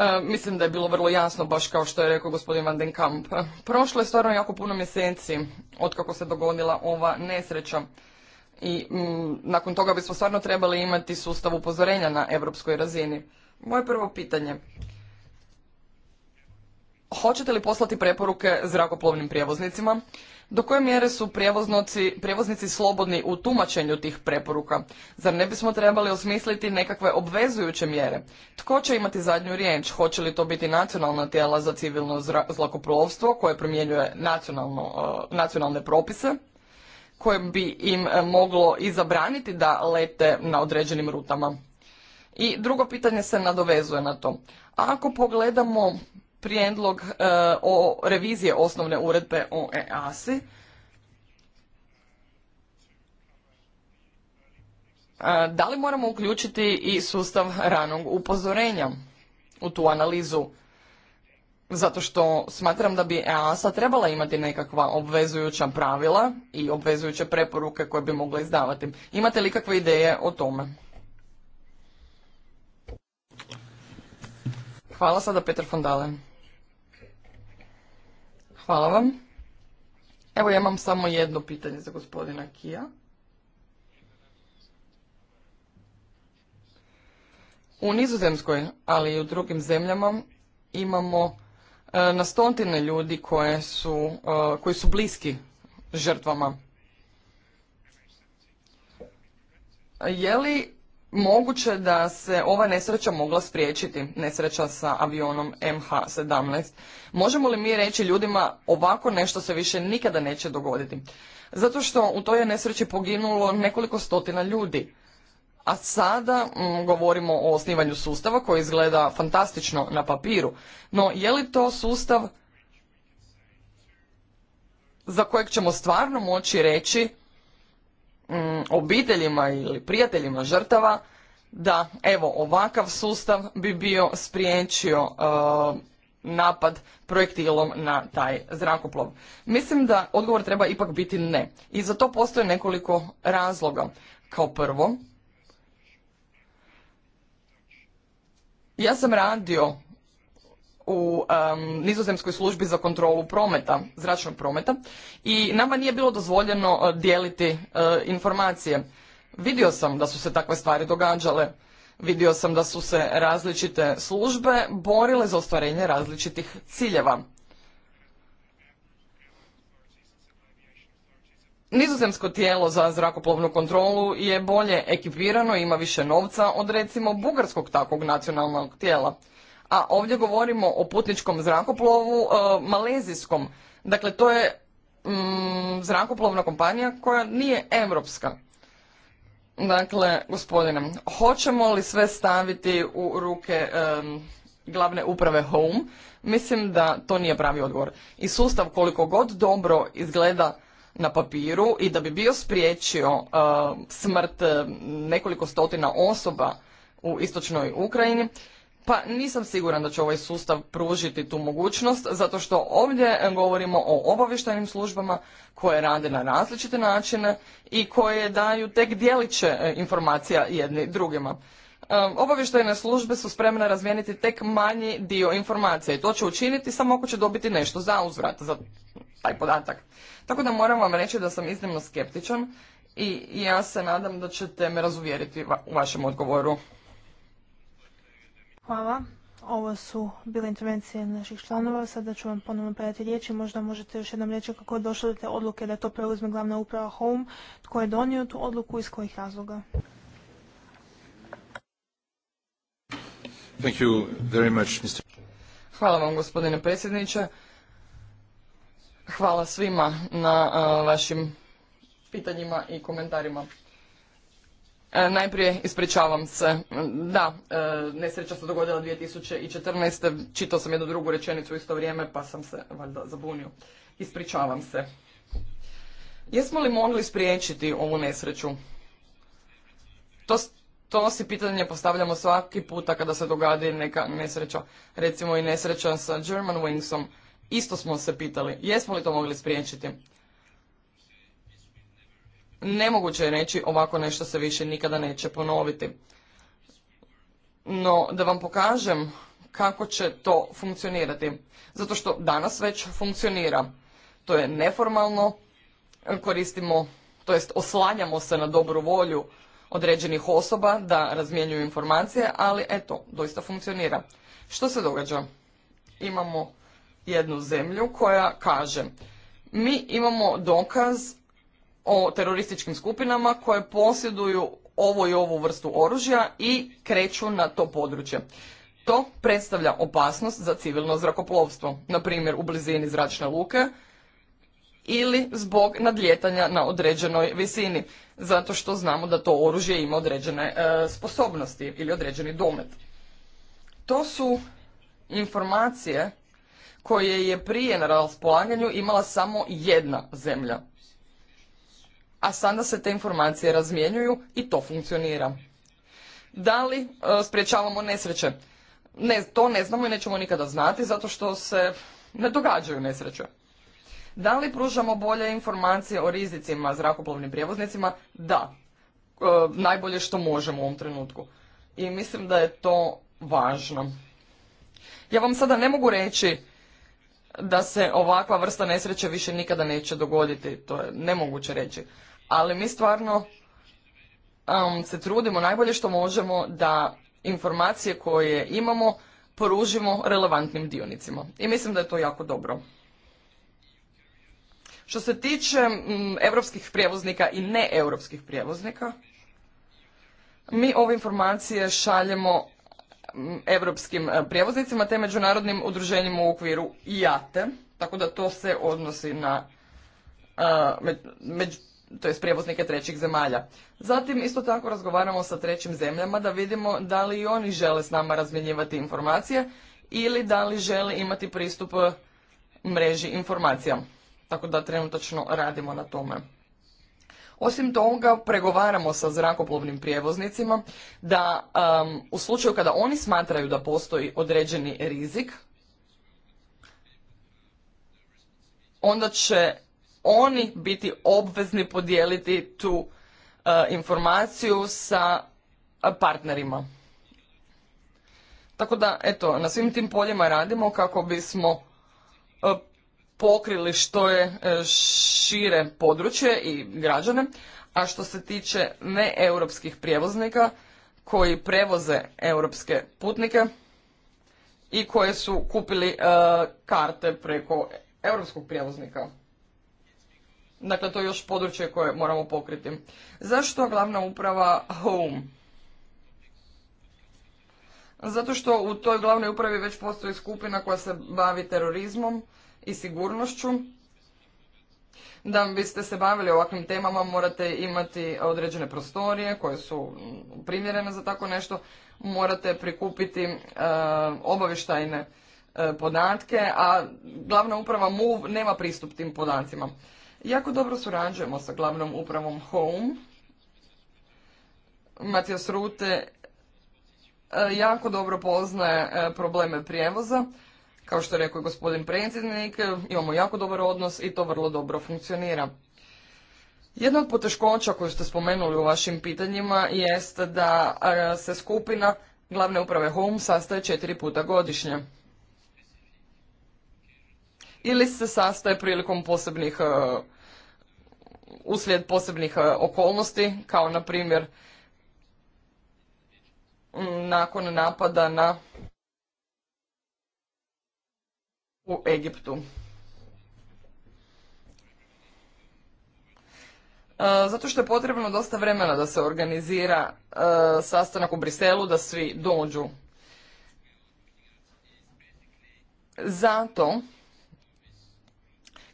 S3: E, mislim da je bilo vrlo jasno, baš kao što je rekao gospodin Van den Kamp. E, prošlo je stvarno jako puno mjeseci kako se dogodila ova nesreća. I mm, nakon toga bismo stvarno trebali imati sustav upozorenja na europskoj razini. Moje prvo pitanje. Hoćete li poslati preporuke zrakoplovnim prijevoznicima? Do koje mjere su prijevoznici slobodni u tumačenju tih preporuka? Zar ne bismo trebali osmisliti nekakve obvezujuće mjere? Tko će imati zadnju riječ? Hoće li to biti nacionalna tijela za civilno zrakoplovstvo koje promjenjuje e, nacionalne propise? koje bi im e, moglo i zabraniti da lete na određenim rutama. I drugo pitanje se nadovezuje na to. Ako pogledamo prijedlog e, o revizije osnovne uredbe o EASI. i e, da li moramo uključiti i sustav ranog upozorenja u tu analizu? Zato što smatram da bi EASA trebala imati nekakva obvezujuća pravila i obvezujuće preporuke koje bi mogla izdavati. Imate li kakve ideje o tome? Hvala sada Petar Fondalen. Hvala vam. Evo ja imam samo jedno pitanje za gospodina Kija. U Nizozemskoj, ali i u drugim zemljama, imamo e, na stotine ljudi e, koji su bliski žrtvama. Je li moguće da se ova nesreća mogla spriječiti, nesreća sa avionom MH17. Možemo li mi reći ljudima ovako nešto se više nikada neće dogoditi? Zato što u toj je nesreći poginulo nekoliko stotina ljudi. A sada mm, govorimo o osnivanju sustava koji izgleda fantastično na papiru. No je li to sustav za kojeg ćemo stvarno moći reći Mm, obiteljima ili prijateljima žrtava da evo ovakav sustav bi bio spriječio uh, napad projektilom na taj zrakoplov. Mislim da odgovor treba ipak biti ne. I za to postoje nekoliko razloga. Kao prvo, ja sam radio u nizozemskoj službi za kontrolu prometa, zračnog prometa i nama nije bilo dozvoljeno eh, dijeliti eh, informacije. Vidio sam da su se takve stvari događale. Vidio sam da su se različite službe borile za ostvarenje različitih ciljeva. Nizozemsko tijelo za zrakoplovnu kontrolu je bolje ekipirano i ima više novca od recimo bugarskog takvog nacionalnog tijela a ovdje govorimo o putničkom zrakoplovu e, malezijskom. Dakle, to je mm, zrakoplovna kompanija koja nije europska. Dakle, gospodine, hoćemo li sve staviti u ruke e, glavne uprave Home? Mislim da to nije pravi odgovor. I sustav koliko god dobro izgleda na papiru i da bi bio spriječio e, smrt nekoliko stotina osoba u istočnoj Ukrajini, pa nisam siguran da će ovaj sustav pružiti tu mogućnost, zato što ovdje govorimo o obavještajnim službama koje rade na različite načine i koje daju tek dijeliće e, informacija jedni drugima. E, obavještajne službe su spremne razmijeniti tek manji dio informacija i to će učiniti samo ako će dobiti nešto za uzvrat za taj podatak. Tako da moram vam reći da sam iznimno skeptičan i ja se nadam da ćete me razuvjeriti u vašem odgovoru.
S1: Hvala. Ovo su bile intervencije naših članova. Sada ću vam ponovno predati riječi. Možda možete još jednom reći kako je došlo do te odluke da to preuzme glavna uprava Home. Tko je donio tu odluku i iz kojih razloga?
S3: Hvala vam gospodine predsjedniče. Hvala svima na vašim pitanjima i komentarima. E, najprije ispričavam se. Da, e, nesreća se dogodila 2014. Čitao sam jednu drugu rečenicu u isto vrijeme pa sam se valjda zabunio. Ispričavam se. Jesmo li mogli spriječiti ovu nesreću? To, to si pitanje postavljamo svaki puta kada se dogadi neka nesreća. Recimo i nesreća sa German Wingsom. Isto smo se pitali, jesmo li to mogli spriječiti? nemoguće je reći ovako nešto se više nikada neće ponoviti. No, da vam pokažem kako će to funkcionirati. Zato što danas već funkcionira. To je neformalno, koristimo, to jest oslanjamo se na dobru volju određenih osoba da razmjenjuju informacije, ali eto, doista funkcionira. Što se događa? Imamo jednu zemlju koja kaže mi imamo dokaz o terorističkim skupinama koje posjeduju ovo i ovu vrstu oružja i kreću na to područje. To predstavlja opasnost za civilno zrakoplovstvo, na primjer u blizini zračne luke ili zbog nadljetanja na određenoj visini, zato što znamo da to oružje ima određene e, sposobnosti ili određeni domet. To su informacije koje je prije na raspolaganju imala samo jedna zemlja a sada se te informacije razmjenjuju i to funkcionira. Da li e, sprječavamo nesreće? Ne, to ne znamo i nećemo nikada znati zato što se ne događaju nesreće. Da li pružamo bolje informacije o rizicima zrakoplovnim prijevoznicima? Da. E, najbolje što možemo u ovom trenutku. I mislim da je to važno. Ja vam sada ne mogu reći da se ovakva vrsta nesreće više nikada neće dogoditi. To je nemoguće reći ali mi stvarno se trudimo najbolje što možemo da informacije koje imamo poružimo relevantnim dionicima. I mislim da je to jako dobro. Što se tiče um, europskih prijevoznika i neevropskih prijevoznika, mi ove informacije šaljemo europskim e, prijevoznicima te međunarodnim udruženjima u okviru IATE, tako da to se odnosi na uh, e, među, to jest prijevoznike trećih zemalja. Zatim isto tako razgovaramo sa trećim zemljama da vidimo da li i oni žele s nama razmjenjivati informacije ili da li žele imati pristup eh, mreži informacija. Tako da trenutačno radimo na tome. Osim toga, pregovaramo sa zrakoplovnim prijevoznicima da u slučaju kada oni smatraju da postoji određeni rizik, onda će oni biti obvezni podijeliti tu e, informaciju sa e, partnerima. Tako da, eto, na svim tim poljima radimo kako bismo e, pokrili što je šire područje i građane, a što se tiče neeuropskih prijevoznika koji prevoze europske putnike i koje su kupili karte preko europskog prijevoznika. Dakle, to je još područje koje moramo pokriti. Zašto glavna uprava Home? Zato što u toj glavnoj upravi već postoji skupina koja se bavi terorizmom i sigurnošću. Da biste se bavili ovakvim temama morate imati određene prostorije koje su primjerene za tako nešto. Morate prikupiti e, obavještajne e, podatke, a glavna uprava MUV nema pristup tim podacima. Jako dobro surađujemo sa glavnom upravom Home. Matijas Rute e, jako dobro poznaje e, probleme prijevoza. Kao što je rekao gospodin predsjednik, e, imamo jako dobar odnos i to vrlo dobro funkcionira. Jedna od poteškoća koju ste spomenuli u vašim pitanjima jest da se skupina glavne uprave Home sastaje četiri puta godišnje ili se sastaje prilikom posebnih, e, uslijed posebnih e, okolnosti, kao na primjer mm, nakon napada na u Egiptu. E, zato što je potrebno dosta vremena da se organizira sastanak u Briselu, da svi dođu. Zato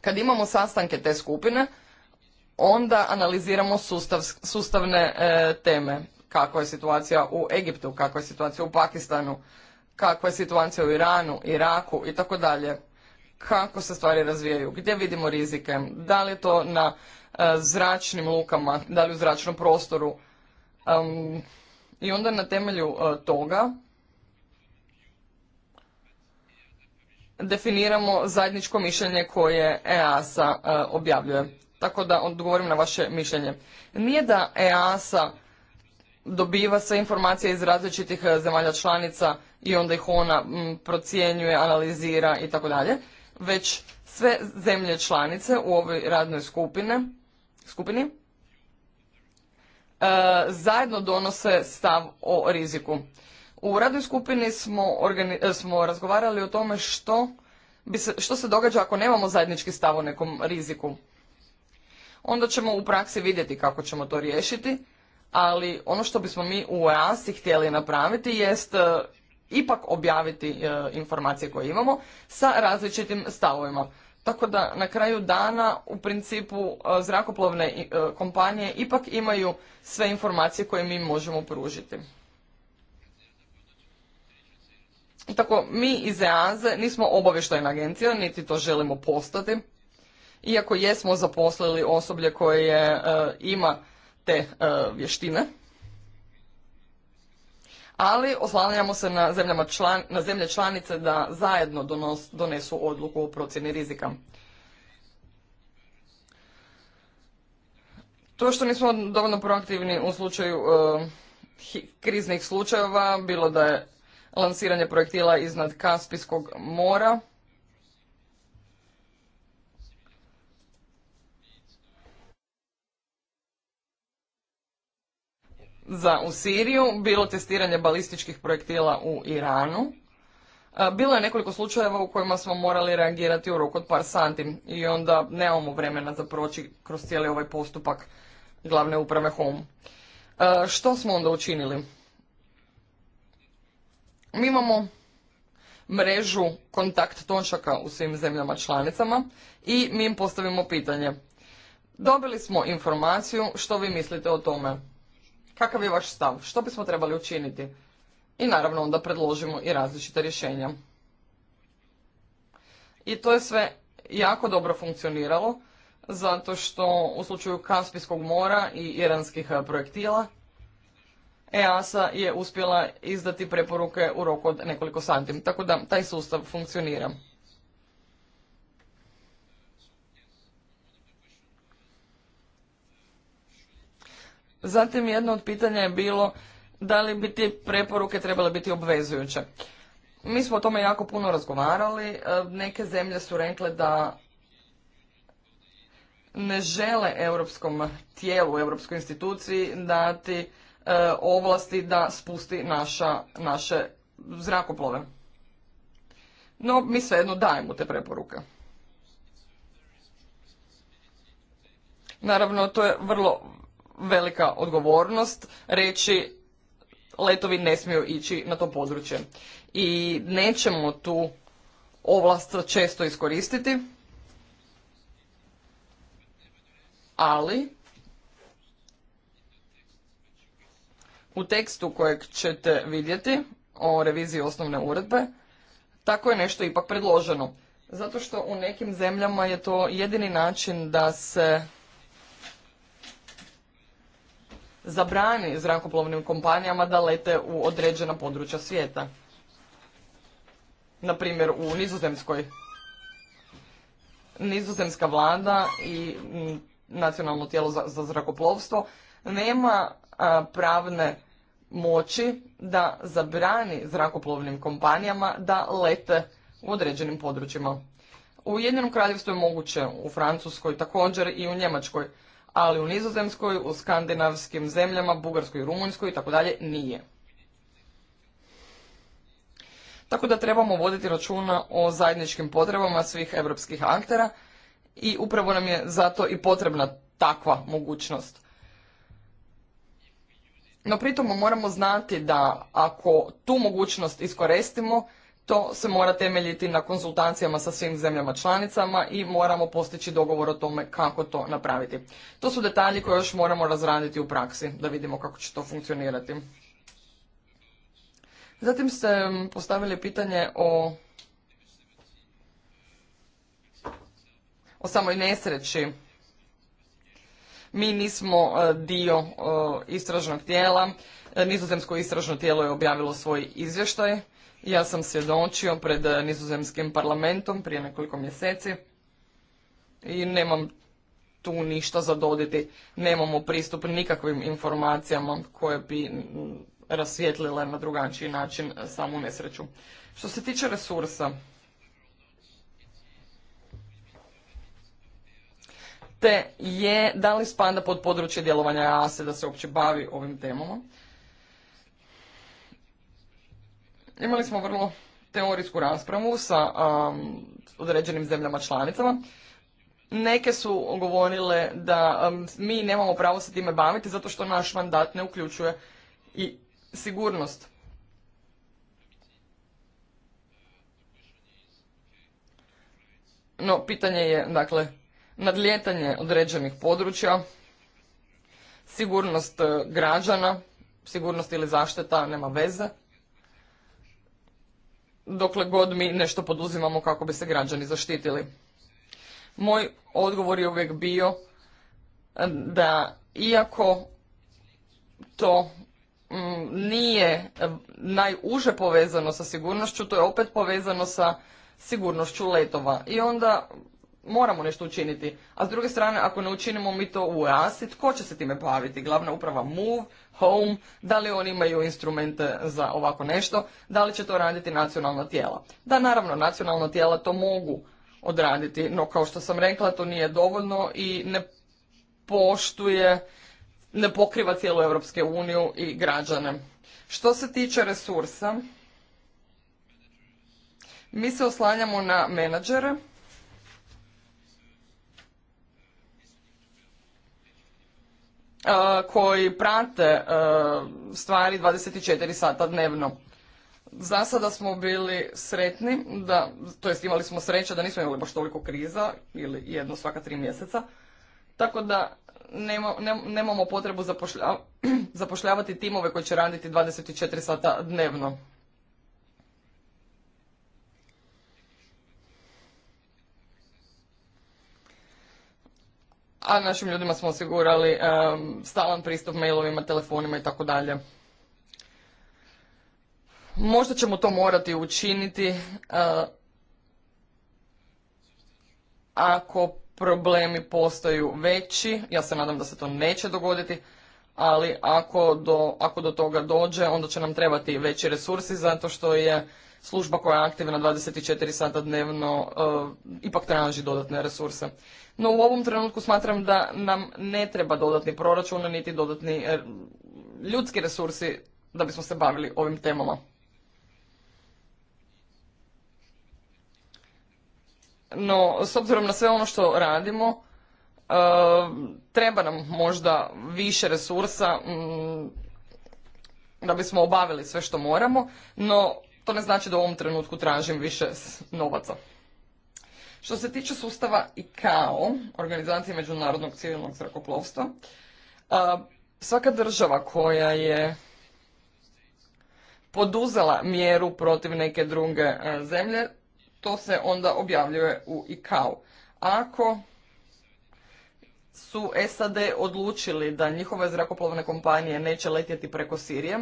S3: kad imamo sastanke te skupine, onda analiziramo sustav, sustavne e, teme. Kako je situacija u Egiptu, kako je situacija u Pakistanu, kakva je situacija u Iranu, Iraku i tako dalje. Kako se stvari razvijaju, gdje vidimo rizike, da li je to na e, zračnim lukama, da li u zračnom prostoru. I onda na temelju e, toga definiramo zajedničko mišljenje koje EASA e, objavljuje. Tako da odgovorim na vaše mišljenje. Nije da EASA dobiva sve informacije iz različitih e, zemalja članica i onda ih ona procijenjuje, procjenjuje, analizira i tako dalje, već sve zemlje članice u ovoj radnoj skupini e, zajedno donose stav o riziku. U radnoj skupini smo, e, smo razgovarali o tome što, bi se, što se događa ako nemamo zajednički stav o nekom riziku. Onda ćemo u praksi vidjeti kako ćemo to riješiti, ali ono što bismo mi u EASI htjeli napraviti jest e, ipak objaviti e, informacije koje imamo sa različitim stavovima. Tako da na kraju dana u principu zrakoplovne kompanije ipak imaju sve informacije koje mi možemo pružiti. Tako, mi iz EAZE nismo obavještajna agencija, niti to želimo postati. Iako jesmo zaposlili osoblje koje je, e, ima te e, vještine, ali oslanjamo se na, član, na zemlje članice da zajedno donesu odluku o procjeni rizika. To što nismo dovoljno proaktivni u slučaju e, kriznih slučajeva, bilo da je lansiranje projektila iznad Kaspijskog mora. za u Siriju, bilo testiranje balističkih projektila u Iranu. E, bilo je nekoliko slučajeva u kojima smo morali reagirati u roku od par santim i onda nemamo vremena za proći kroz cijeli ovaj postupak glavne uprave HOM. E, što smo onda učinili? Mi imamo mrežu kontakt točaka u svim zemljama članicama i mi im postavimo pitanje. Dobili smo informaciju što vi mislite o tome. Kakav je vaš stav? Što bismo trebali učiniti? I naravno onda predložimo i različite rješenja. I to je sve jako dobro funkcioniralo, zato što u slučaju Kaspijskog mora i iranskih e, projektila EASA je uspjela izdati preporuke u roku od nekoliko sati. Tako da taj sustav funkcionira. Zatim jedno od pitanja je bilo da li bi te preporuke trebale biti obvezujuće. Mi smo o tome jako puno razgovarali. E, neke zemlje su rekle da ne žele europskom tijelu, europskoj instituciji dati E, ovlasti da spusti naša, naše zrakoplove. No, mi svejedno dajemo te preporuke. Naravno, to je vrlo velika odgovornost reći letovi ne smiju ići na to područje. I nećemo tu ovlast često iskoristiti, ali U tekstu kojeg ćete vidjeti o reviziji osnovne uredbe, tako je nešto ipak predloženo. Zato što u nekim zemljama je to jedini način da se zabrani zrakoplovnim kompanijama da lete u određena područja svijeta. Naprimjer u Nizozemskoj. Nizozemska vlada i nacionalno tijelo za, zrakoplovstvo nema pravne moći da zabrani zrakoplovnim kompanijama da lete u određenim područjima. U Ujedinjenom kraljevstvu je moguće, u Francuskoj također i u Njemačkoj, ali u Nizozemskoj, u skandinavskim zemljama, Bugarskoj, Rumunjskoj i tako dalje nije. Tako da trebamo voditi računa o zajedničkim potrebama svih europskih aktera i upravo nam je zato i potrebna takva mogućnost. No pritom moramo znati da ako tu mogućnost iskoristimo, to se mora temeljiti na konzultacijama sa svim zemljama članicama i moramo postići dogovor o tome kako to napraviti. To su detalji koje još moramo razraditi u praksi da vidimo kako će to funkcionirati. Zatim ste postavili pitanje o o samoj nesreći mi nismo e, dio e, istražnog tijela. E, nizozemsko istražno tijelo je objavilo svoj izvještaj. Ja sam svjedočio pred nizozemskim parlamentom prije nekoliko mjeseci i nemam tu ništa zadoditi. Nemamo pristup nikakvim informacijama koje bi rasvijetlile na drugačiji način samu nesreću. Što se tiče resursa, te je da li spada pod područje djelovanja ASE da se uopće bavi ovim temama. Imali smo vrlo teorijsku raspravu sa um, određenim zemljama članicama. Neke su govorile da um, mi nemamo pravo se time baviti zato što naš mandat ne uključuje i sigurnost. No, pitanje je, dakle, nadlijetanje određenih područja, sigurnost e, građana, sigurnost ili zaštita nema veze, dokle god mi nešto poduzimamo kako bi se građani zaštitili. Moj odgovor je uvijek bio e, da iako to mm, nije e, najuže povezano sa sigurnošću, to je opet povezano sa sigurnošću letova. I onda moramo nešto učiniti. A s druge strane, ako ne učinimo mi to u EASI, tko će se time baviti? Glavna uprava MOVE, HOME, da li oni imaju instrumente za ovako nešto, da li će to raditi nacionalna tijela? Da, naravno, nacionalna tijela to mogu odraditi, no kao što sam rekla, to nije dovoljno i ne poštuje, ne pokriva cijelu Europske uniju i građane. Što se tiče resursa, mi se oslanjamo na menadžere, koji prate stvari 24 sata dnevno. Za sada smo bili sretni, da, to jest imali smo sreće da nismo imali baš toliko kriza ili jedno svaka tri mjeseca, tako da nemamo potrebu zapošljavati timove koji će raditi 24 sata dnevno. a našim ljudima smo osigurali stalan pristup mailovima, telefonima i tako dalje. Možda ćemo to morati učiniti e, ako problemi postaju veći, ja se nadam da se to neće dogoditi, ali ako do, ako do toga dođe onda će nam trebati veći resursi zato što je služba koja je aktivna 24 sata dnevno eh, ipak traži dodatne resurse. No u ovom trenutku smatram da nam ne treba dodatni proračun, niti dodatni eh, ljudski resursi da bismo se bavili ovim temama. No, s obzirom na sve ono što radimo, eh, treba nam možda više resursa mm, da bismo obavili sve što moramo, no to ne znači da u ovom trenutku tražim više novaca. Što se tiče sustava ICAO, Organizacije međunarodnog civilnog zrakoplovstva, svaka država koja je poduzela mjeru protiv neke druge zemlje, to se onda objavljuje u ICAO. Ako su SAD odlučili da njihove zrakoplovne kompanije neće letjeti preko Sirije,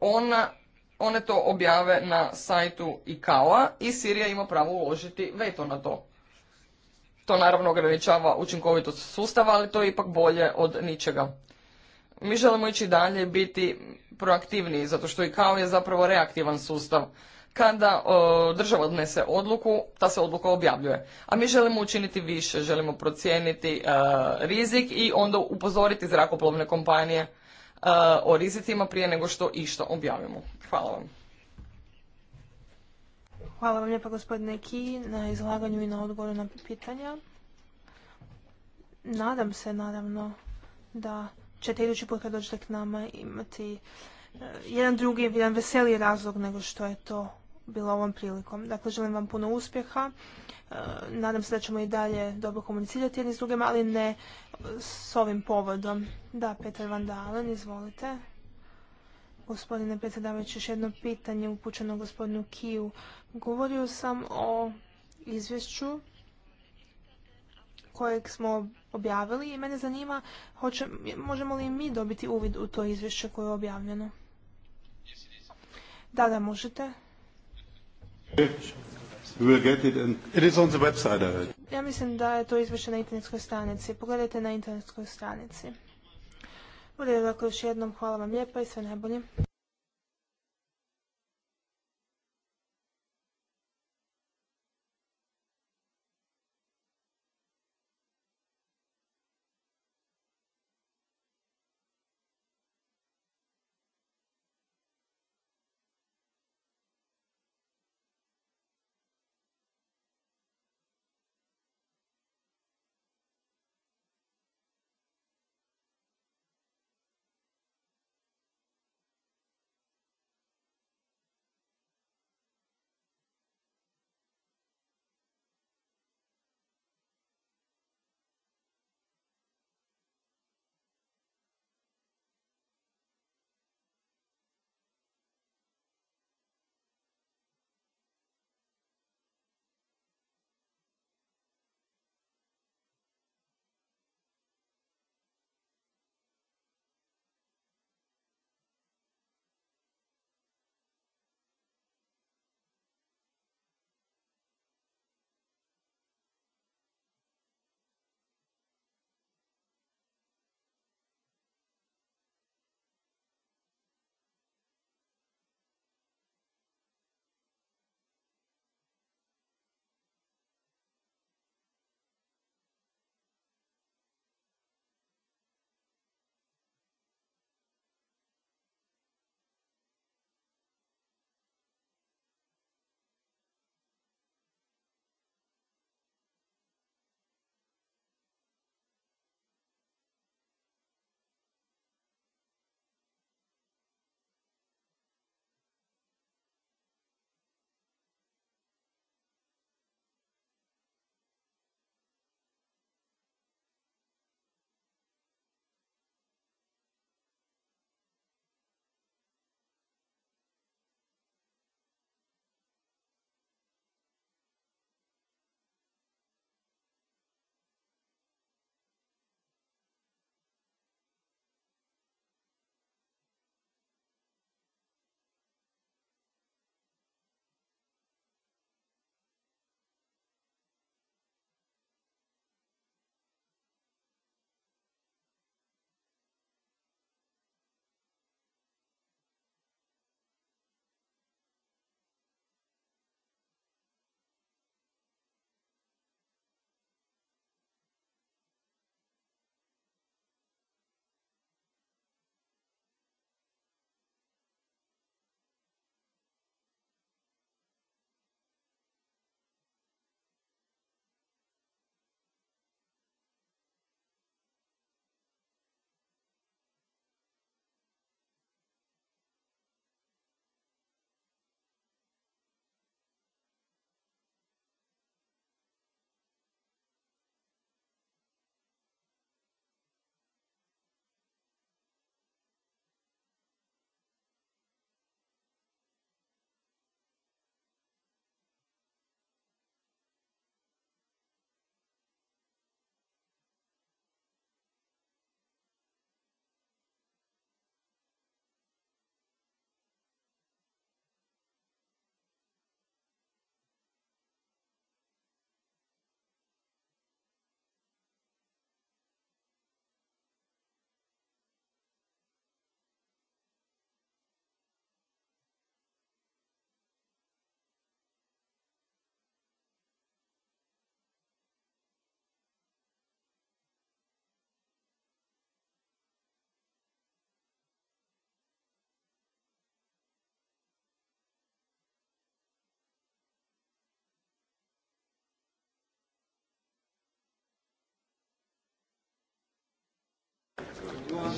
S3: ona one to objave na sajtu ICAO-a i Sirija ima pravo uložiti veto na to. To naravno ograničava učinkovitost sustava, ali to je ipak bolje od ničega. Mi želimo ići dalje biti proaktivniji, zato što ICAO je zapravo reaktivan sustav. Kada e, država odnese odluku, ta se odluka objavljuje. A mi želimo učiniti više, želimo procijeniti e, rizik i onda upozoriti zrakoplovne kompanije E, o rizicima prije nego što išto objavimo. Hvala vam.
S1: Hvala vam lijepa gospodine Ki na izlaganju i na odgovoru na pitanja. Nadam se naravno da ćete idući put kad dođete k nama imati e, jedan drugi, jedan veseliji razlog nego što je to bilo ovom prilikom. Dakle, želim vam puno uspjeha. E, nadam se da ćemo i dalje dobro komunicirati jedni s drugim, ali ne s ovim povodom. Da, Petar Van Dalen, izvolite. Gospodine predsjedavajući, još jedno pitanje upućeno gospodinu Kiju. Govorio sam o izvješću kojeg smo objavili i mene zanima možemo li mi dobiti uvid u to izvješće koje je objavljeno. Da, da, možete. Ja mislim da je to izvješće na internetskoj stranici. Pogledajte na internetskoj stranici. U redu, još jednom hvala vam lijepa i sve najbolje.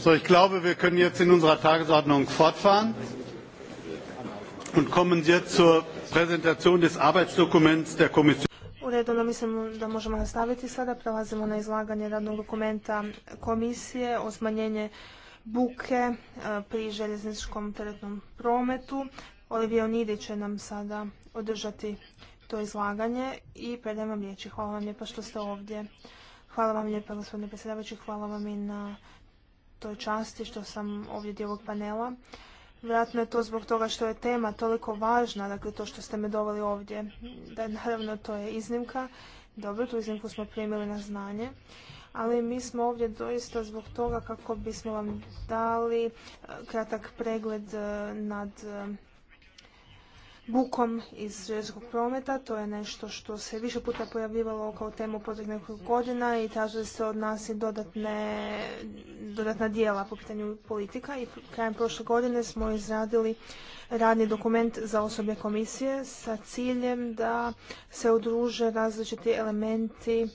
S1: So, ich glaube, wir können jetzt in unserer Tagesordnung fortfahren und kommen jetzt zur Präsentation des Arbeitsdokuments der Kommission. U redu, mislim da možemo nastaviti sada. Prelazimo na izlaganje radnog dokumenta komisije o smanjenje buke e, pri željezničkom teretnom prometu. Olivia Onidi će nam sada održati to izlaganje i predajem vam riječi. Hvala vam lijepa što ste ovdje. Hvala vam lijepa gospodine predsjedavajući, hvala vam i na toj časti što sam ovdje dio ovog panela. Vjerojatno je to zbog toga što je tema toliko važna, dakle to što ste me doveli ovdje. Da, naravno, to je iznimka. Dobro, tu iznimku smo primili na znanje. Ali mi smo ovdje doista zbog toga kako bismo vam dali e, kratak pregled e, nad e, bukom iz željezničkog prometa. To je nešto što se više puta pojavljivalo kao temu proteklih godina i tražili se od nas i dodatne dodatna dijela po pitanju politika i krajem prošle godine smo izradili radni dokument za osoblje komisije sa ciljem da se udruže različiti elementi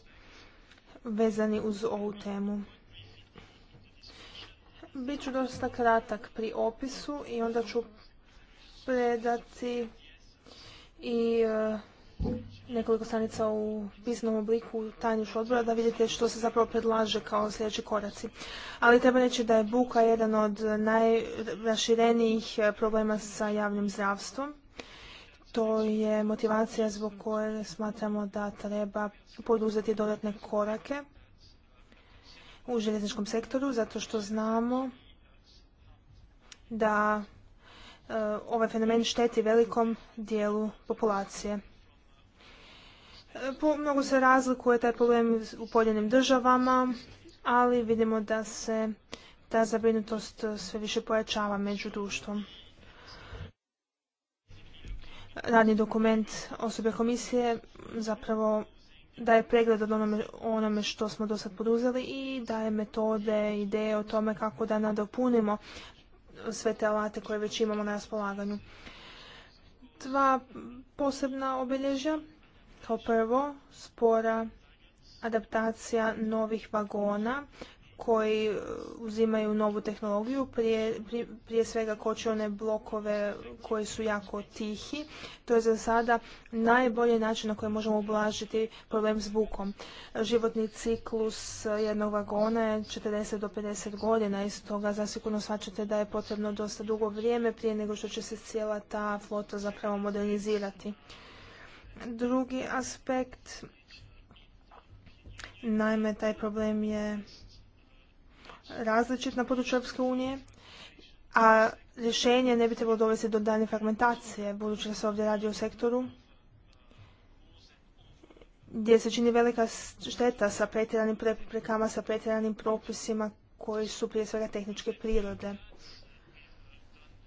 S1: vezani uz ovu temu. Biću dosta kratak pri opisu i onda ću predati i e, nekoliko stranica u pisanom obliku tajniš odbora da vidite što se zapravo predlaže kao sljedeći koraci. Ali treba reći da je buka jedan od najraširenijih e, problema sa javnim zdravstvom. To je motivacija zbog koje smatramo da treba poduzeti dodatne korake u željezničkom sektoru, zato što znamo da e, ovaj fenomen šteti velikom dijelu populacije. Mnogo se razlikuje taj problem u pojedinim državama, ali vidimo da se ta zabrinutost sve više pojačava među društvom. Radni dokument osobe komisije zapravo daje pregled od onome, što smo do sad poduzeli i daje metode, ideje o tome kako da nadopunimo sve te alate koje već imamo na raspolaganju. Dva posebna obilježja prvo, spora adaptacija novih vagona koji e, uzimaju novu tehnologiju, prije, prije, prije svega koče one blokove koji su jako tihi. To je za sada najbolji način na koji možemo ublažiti problem s bukom. Životni ciklus jednog vagona je 40 do 50 godina i stoga zasigurno svačate da je potrebno dosta dugo vrijeme prije nego što će se cijela ta flota zapravo modernizirati drugi aspekt. Naime, taj problem je različit na području Europske unije, a rješenje ne bi trebalo dovesti do daljnje fragmentacije, budući da se ovdje radi o sektoru gdje se čini velika šteta sa pretjeranim preprekama, sa pretjeranim propisima koji su prije svega tehničke prirode.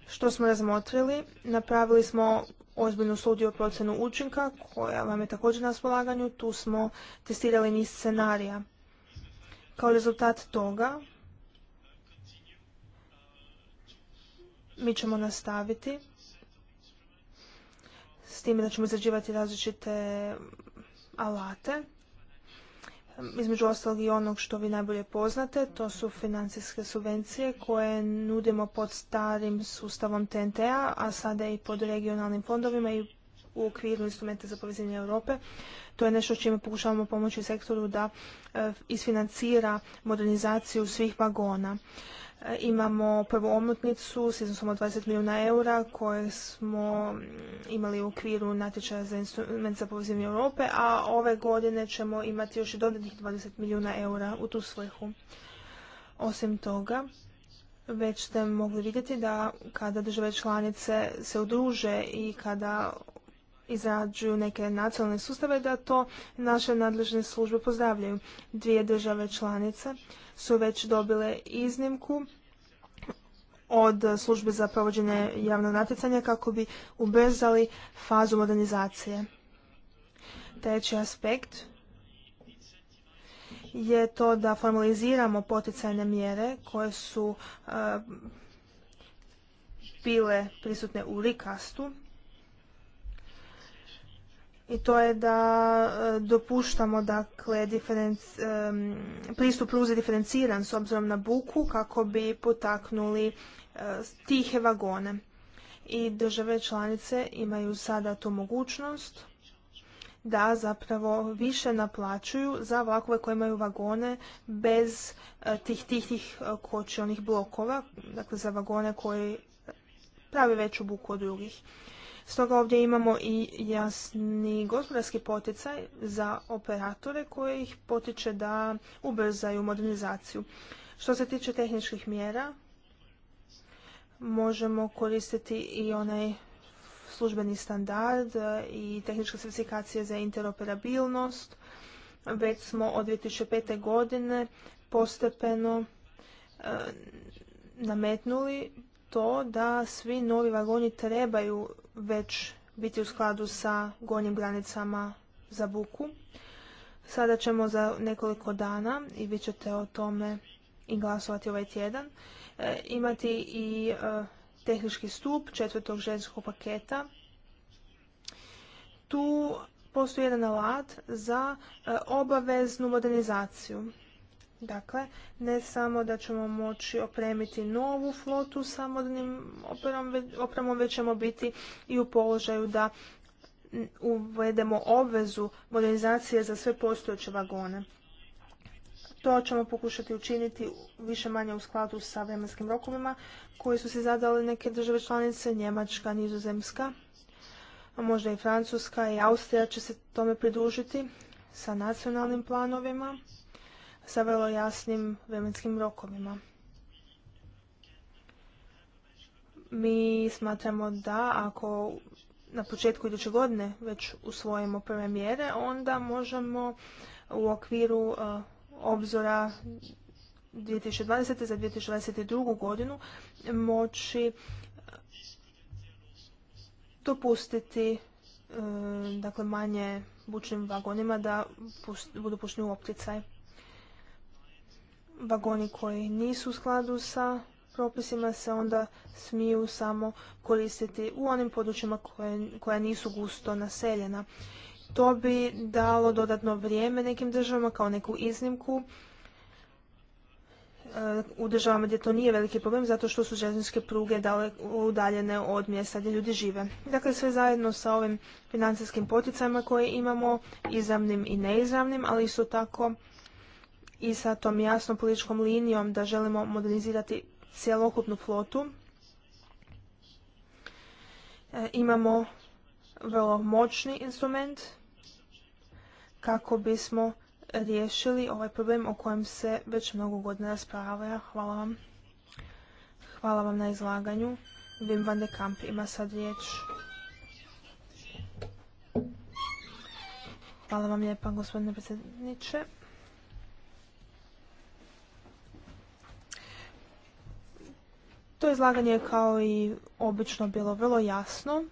S1: Što smo razmotrili? Napravili smo ozbiljnu studiju o procjenu učinka koja vam je također na raspolaganju. Tu smo testirali niz scenarija. Kao rezultat toga mi ćemo nastaviti s time da ćemo izrađivati različite alate između ostalog i onog što vi najbolje poznate, to su financijske subvencije koje nudimo pod starim sustavom TNT-a, a sada i pod regionalnim fondovima i u okviru instrumenta za povezanje Europe. To je nešto čime pokušavamo pomoći sektoru da e, isfinancira modernizaciju svih vagona. Imamo prvu omotnicu s iznosom od 20 milijuna eura koje smo mm, imali u okviru natječaja za instrument za povezivanje Europe, a ove godine ćemo imati još i dodatnih 20 milijuna eura u tu svrhu. Osim toga, već ste mogli vidjeti da kada države članice se udruže i kada izrađuju neke nacionalne sustave da to naše nadležne službe pozdravljaju. Dvije države članice su već dobile iznimku od službe za provođenje javnog natjecanja kako bi ubrzali fazu modernizacije. Treći aspekt je to da formaliziramo poticajne mjere koje su eh, bile prisutne u rikastu i to je da e, dopuštamo dakle pristup pruze diferenciran s obzirom na buku kako bi potaknuli e, tihe vagone. I države članice imaju sada tu mogućnost da zapravo više naplaćuju za vlakove koje imaju vagone bez e, tih tihih kočionih blokova, dakle za vagone koji pravi veću buku od drugih. Stoga ovdje imamo i jasni gospodarski poticaj za operatore koji ih potiče da ubrzaju modernizaciju. Što se tiče tehničkih mjera, možemo koristiti i onaj službeni standard i tehničke specifikacije za interoperabilnost. Već smo od 2005. godine postepeno e, nametnuli to da svi novi vagoni trebaju već biti u skladu sa gornjim granicama za buku. Sada ćemo za nekoliko dana i vi ćete o tome i glasovati ovaj tjedan. E, imati i e, tehnički stup četvrtog ženskog paketa. Tu postoji jedan alat za e, obaveznu modernizaciju. Dakle, ne samo da ćemo moći opremiti novu flotu sa modernim opremom, već ćemo biti i u položaju da uvedemo obvezu modernizacije za sve postojeće vagone. To ćemo pokušati učiniti više manje u skladu sa vremenskim rokovima koji su se zadali neke države članice, Njemačka, Nizozemska, a možda i Francuska i Austrija će se tome pridružiti sa nacionalnim planovima sa vrlo jasnim vremenskim rokovima. Mi smatramo da ako na početku iduće godine već usvojimo prve mjere, onda možemo u okviru e, obzora 2020. za 2022. godinu moći e, dopustiti e, dakle manje bučnim vagonima da budu pušteni u opticaj vagoni koji nisu u skladu sa propisima se onda smiju samo koristiti u onim područjima koja nisu gusto naseljena. To bi dalo dodatno vrijeme nekim državama kao neku iznimku e, u državama gdje to nije veliki problem zato što su željezničke pruge udaljene od mjesta gdje ljudi žive. Dakle, sve zajedno sa ovim financijskim poticajima koje imamo, izravnim i neizravnim, ali isto tako i sa tom jasnom političkom linijom da želimo modernizirati cjelokupnu flotu. E, imamo vrlo moćni instrument kako bismo riješili ovaj problem o kojem se već mnogo godina raspravlja. Hvala vam. Hvala vam na izlaganju. Wim van de Kamp ima sad riječ. Hvala vam lijepa gospodine predsjedniče. To izlaganje je kao i obično bilo vrlo jasno.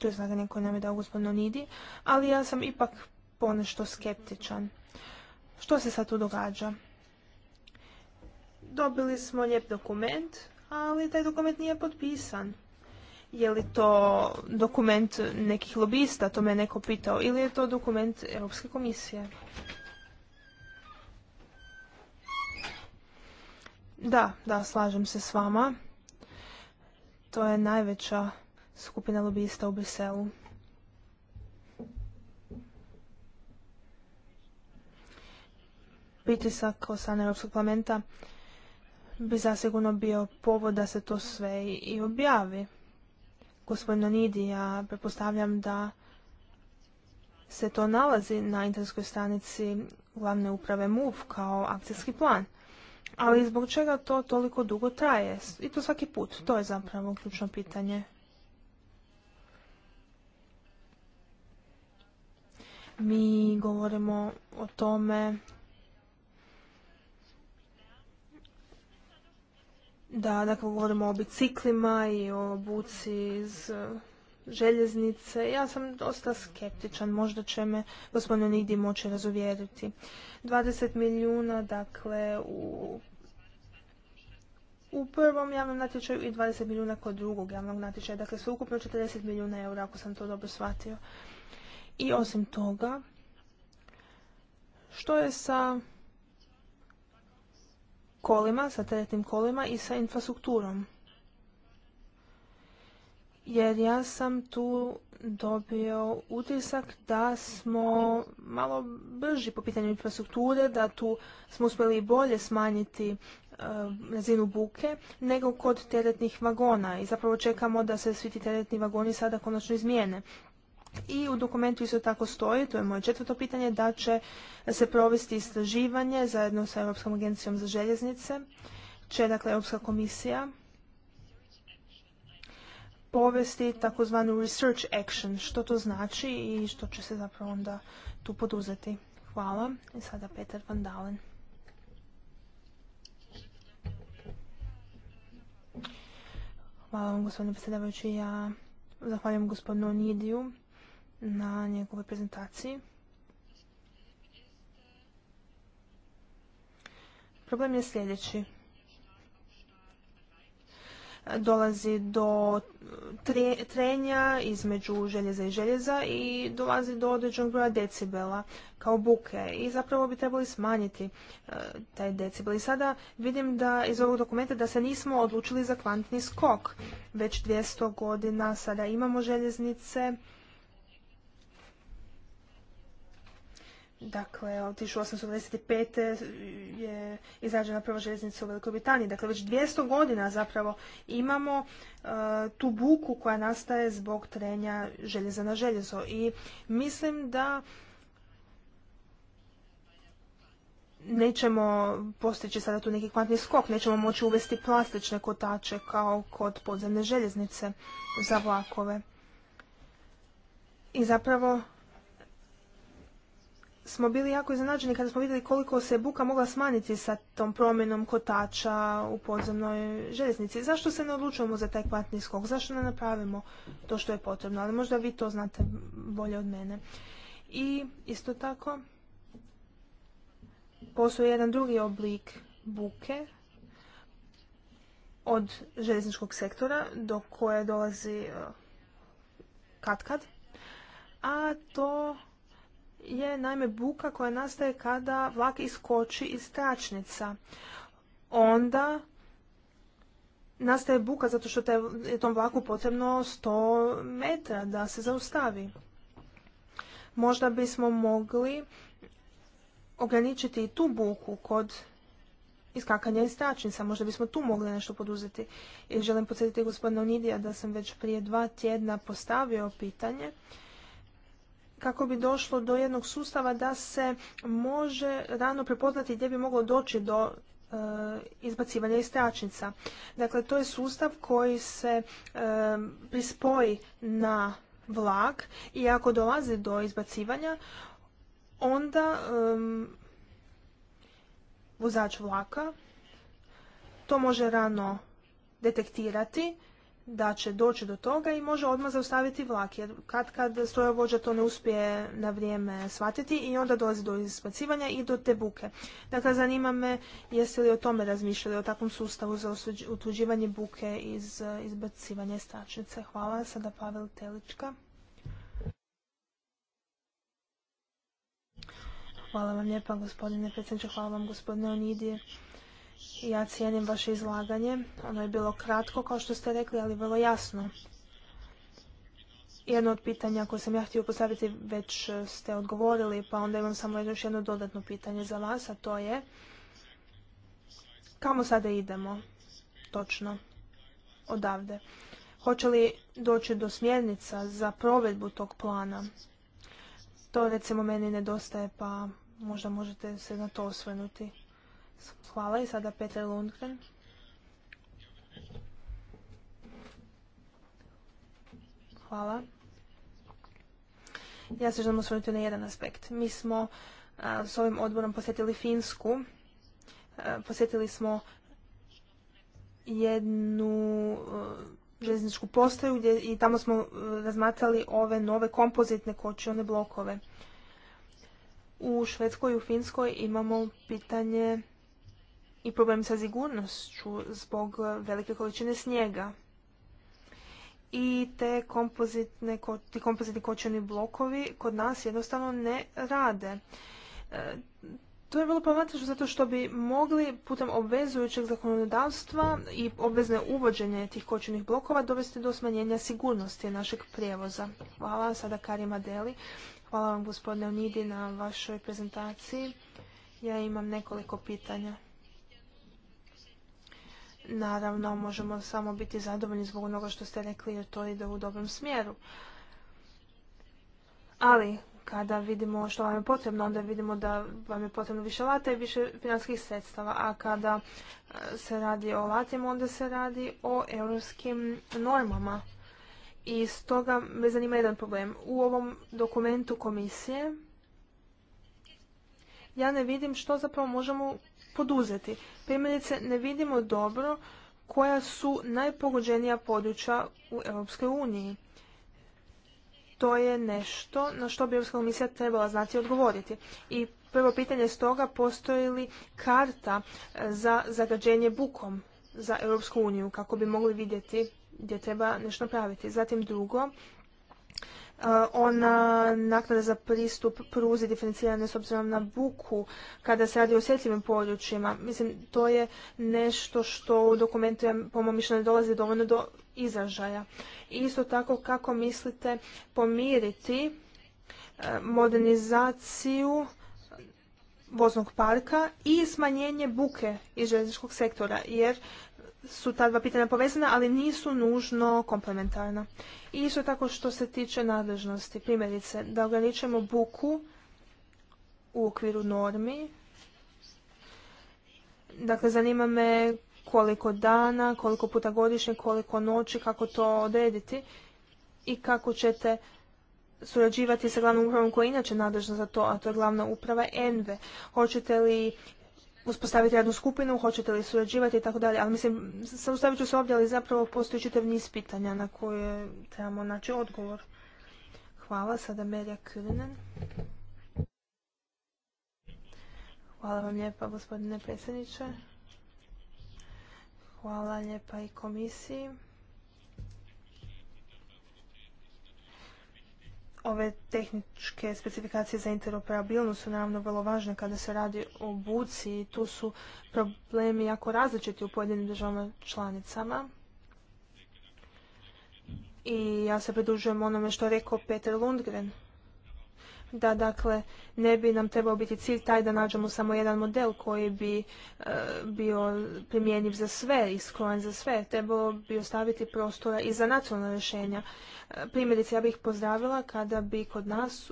S1: To je izlaganje koje nam je dao gospodin Onidi, ali ja sam ipak ponešto skeptičan. Što se sad tu događa? Dobili smo lijep dokument, ali taj dokument nije potpisan. Je li to dokument nekih lobista, to me neko pitao, ili je to dokument Europske komisije? Da, da, slažem se s vama. To je najveća skupina lobista u Briselu. Pritisak od strane Europskog parlamenta bi zasigurno bio povod da se to sve i objavi. Gospodin Nidi, ja prepostavljam da se to nalazi na internetskoj stranici glavne uprave MUF kao akcijski plan. Ali zbog čega to toliko dugo traje? I to svaki put. To je zapravo ključno pitanje. Mi govorimo o tome da dakle, govorimo o biciklima i o buci iz željeznice. Ja sam dosta skeptičan, možda će me gospodin nigdje moći razuvjeriti. 20 milijuna, dakle, u u prvom javnom natječaju i 20 milijuna kod drugog javnog natječaja. Dakle, sve ukupno 40 milijuna eura, ako sam to dobro shvatio. I osim toga, što je sa kolima, sa teretnim kolima i sa infrastrukturom? jer ja sam tu dobio utisak da smo malo brži po pitanju infrastrukture, da tu smo uspjeli bolje smanjiti e, razinu buke nego kod teretnih vagona i zapravo čekamo da se svi ti teretni vagoni sada konačno izmijene. I u dokumentu isto tako stoji, to je moje četvrto pitanje, da će se provesti istraživanje zajedno sa Europskom agencijom za željeznice, će dakle Europska komisija povesti takozvani research action, što to znači i što će se zapravo onda tu poduzeti. Hvala. I sada Petar Van Dalen. Hvala vam gospodine predsjedavajući. Ja zahvaljujem gospodinu Nidiju na njegovoj prezentaciji. Problem je sljedeći dolazi do trenja između željeza i željeza i dolazi do određenog broja decibela kao buke i zapravo bi trebali smanjiti e, taj decibel. I sada vidim da iz ovog dokumenta da se nismo odlučili za kvantni skok. Već 200 godina sada imamo željeznice Dakle, od 1895. je izrađena prva željeznica u Velikoj Britaniji. Dakle, već 200 godina zapravo imamo e, tu buku koja nastaje zbog trenja željeza na željezo. I mislim da nećemo postići sada tu neki kvantni skok, nećemo moći uvesti plastične kotače kao kod podzemne željeznice za vlakove. I zapravo smo bili jako iznenađeni kada smo vidjeli koliko se buka mogla smanjiti sa tom promjenom kotača u podzemnoj željeznici. Zašto se ne odlučujemo za taj kvantni skok? Zašto ne napravimo to što je potrebno? Ali možda vi to znate bolje od mene. I isto tako, postoji jedan drugi oblik buke od željezničkog sektora do koje dolazi e, katkad, a to je naime buka koja nastaje kada vlak iskoči iz tračnica. Onda nastaje buka zato što je tom vlaku potrebno 100 metra da se zaustavi. Možda bismo mogli ograničiti i tu buku kod iskakanja iz tračnica. Možda bismo tu mogli nešto poduzeti. I želim podsjetiti gospodina Onidija da sam već prije dva tjedna postavio pitanje kako bi došlo do jednog sustava da se može rano prepoznati gdje bi moglo doći do e, izbacivanja izbacivanja tračnica Dakle, to je sustav koji se e, prispoji na vlak i ako dolazi do izbacivanja, onda vozač vlaka to može rano detektirati da će doći do toga i može odmah zaustaviti vlak, jer kad kad strojovođa to ne uspije na vrijeme shvatiti i onda dolazi do izbacivanja i do te buke. Dakle, zanima me jeste li o tome razmišljali, o takvom sustavu za utvrđivanje buke iz izbacivanja stačnice. Hvala. Sada Pavel Telička. Hvala vam lijepa gospodine predsjedniče, hvala vam gospodine Onidije ja cijenim vaše izlaganje. Ono je bilo kratko, kao što ste rekli, ali vrlo jasno. Jedno od pitanja koje sam ja htio postaviti već e, ste odgovorili, pa onda imam samo još jedno dodatno pitanje za vas, a to je kamo sada idemo točno odavde? Hoće li doći do smjernica za provedbu tog plana? To recimo meni nedostaje, pa možda možete se na to osvrnuti. Hvala i sada Peter Lundgren. Hvala. Ja se želim osvrnuti na jedan aspekt. Mi smo s ovim odborom posjetili Finsku. posjetili smo jednu a, željezničku postaju i tamo smo razmatrali ove nove kompozitne kočione blokove. U Švedskoj i u Finskoj imamo pitanje i problem sa sigurnošću zbog velike količine snijega. I te kompozitne, ti kompozitni kočeni blokovi kod nas jednostavno ne rade. E, to je vrlo problematično zato što bi mogli putem obvezujućeg zakonodavstva i obvezne uvođenje tih kočenih blokova dovesti do smanjenja sigurnosti našeg prijevoza. Hvala sada Karima Deli. Hvala vam gospodine Onidi na vašoj prezentaciji. Ja imam nekoliko pitanja. Naravno, možemo samo biti zadovoljni zbog onoga što ste rekli jer to ide u dobrom smjeru. Ali, kada vidimo što vam je potrebno, onda vidimo da vam je potrebno više lata i više financijskih sredstava. A kada e, se radi o alatima onda se radi o europskim normama. I stoga me zanima jedan problem. U ovom dokumentu komisije ja ne vidim što zapravo možemo poduzeti primjerice ne vidimo dobro koja su najpogođenija područja u Europskoj uniji. To je nešto na što bi Europska komisija trebala znati odgovoriti. I prvo pitanje stoga postoji li karta e, za zagađenje bukom za Europsku uniju kako bi mogli vidjeti gdje treba nešto napraviti. Zatim drugo, ona naknada za pristup pruzi diferencirane s obzirom na buku kada se radi o osjetljivim područjima. Mislim, to je nešto što u dokumentu, po mom mišljenju, dolazi dovoljno do izražaja. Isto tako, kako mislite pomiriti e, modernizaciju voznog parka i smanjenje buke iz željezničkog sektora, jer su ta dva pitanja povezana, ali nisu nužno komplementarna. I isto tako što se tiče nadležnosti, primjerice da ograničemo buku u okviru normi. Dakle, zanima me koliko dana, koliko puta godišnje, koliko noći, kako to odrediti i kako ćete surađivati sa glavnom upravom koja je inače nadležna za to, a to je glavna uprava ENVE. Hoćete li uspostaviti radnu skupinu, hoćete li surađivati i tako dalje. Ali mislim, zaustavit ću se ovdje, ali zapravo postoji čitav niz pitanja na koje trebamo naći odgovor. Hvala, sada Merja Krinen. Hvala vam lijepa, gospodine predsjedniče. Hvala lijepa i komisiji. Ove tehničke specifikacije za interoperabilnost su naravno vrlo važne kada se radi o buci i tu su problemi jako različiti u pojedinim državama članicama. I ja se pridružujem onome što je rekao Peter Lundgren da dakle ne bi nam trebao biti cilj taj da nađemo samo jedan model koji bi e, bio primjenjiv za sve, skrojen za sve. Trebalo bi ostaviti prostora i za nacionalna rješenja. E, primjerice, ja bih pozdravila kada bi kod nas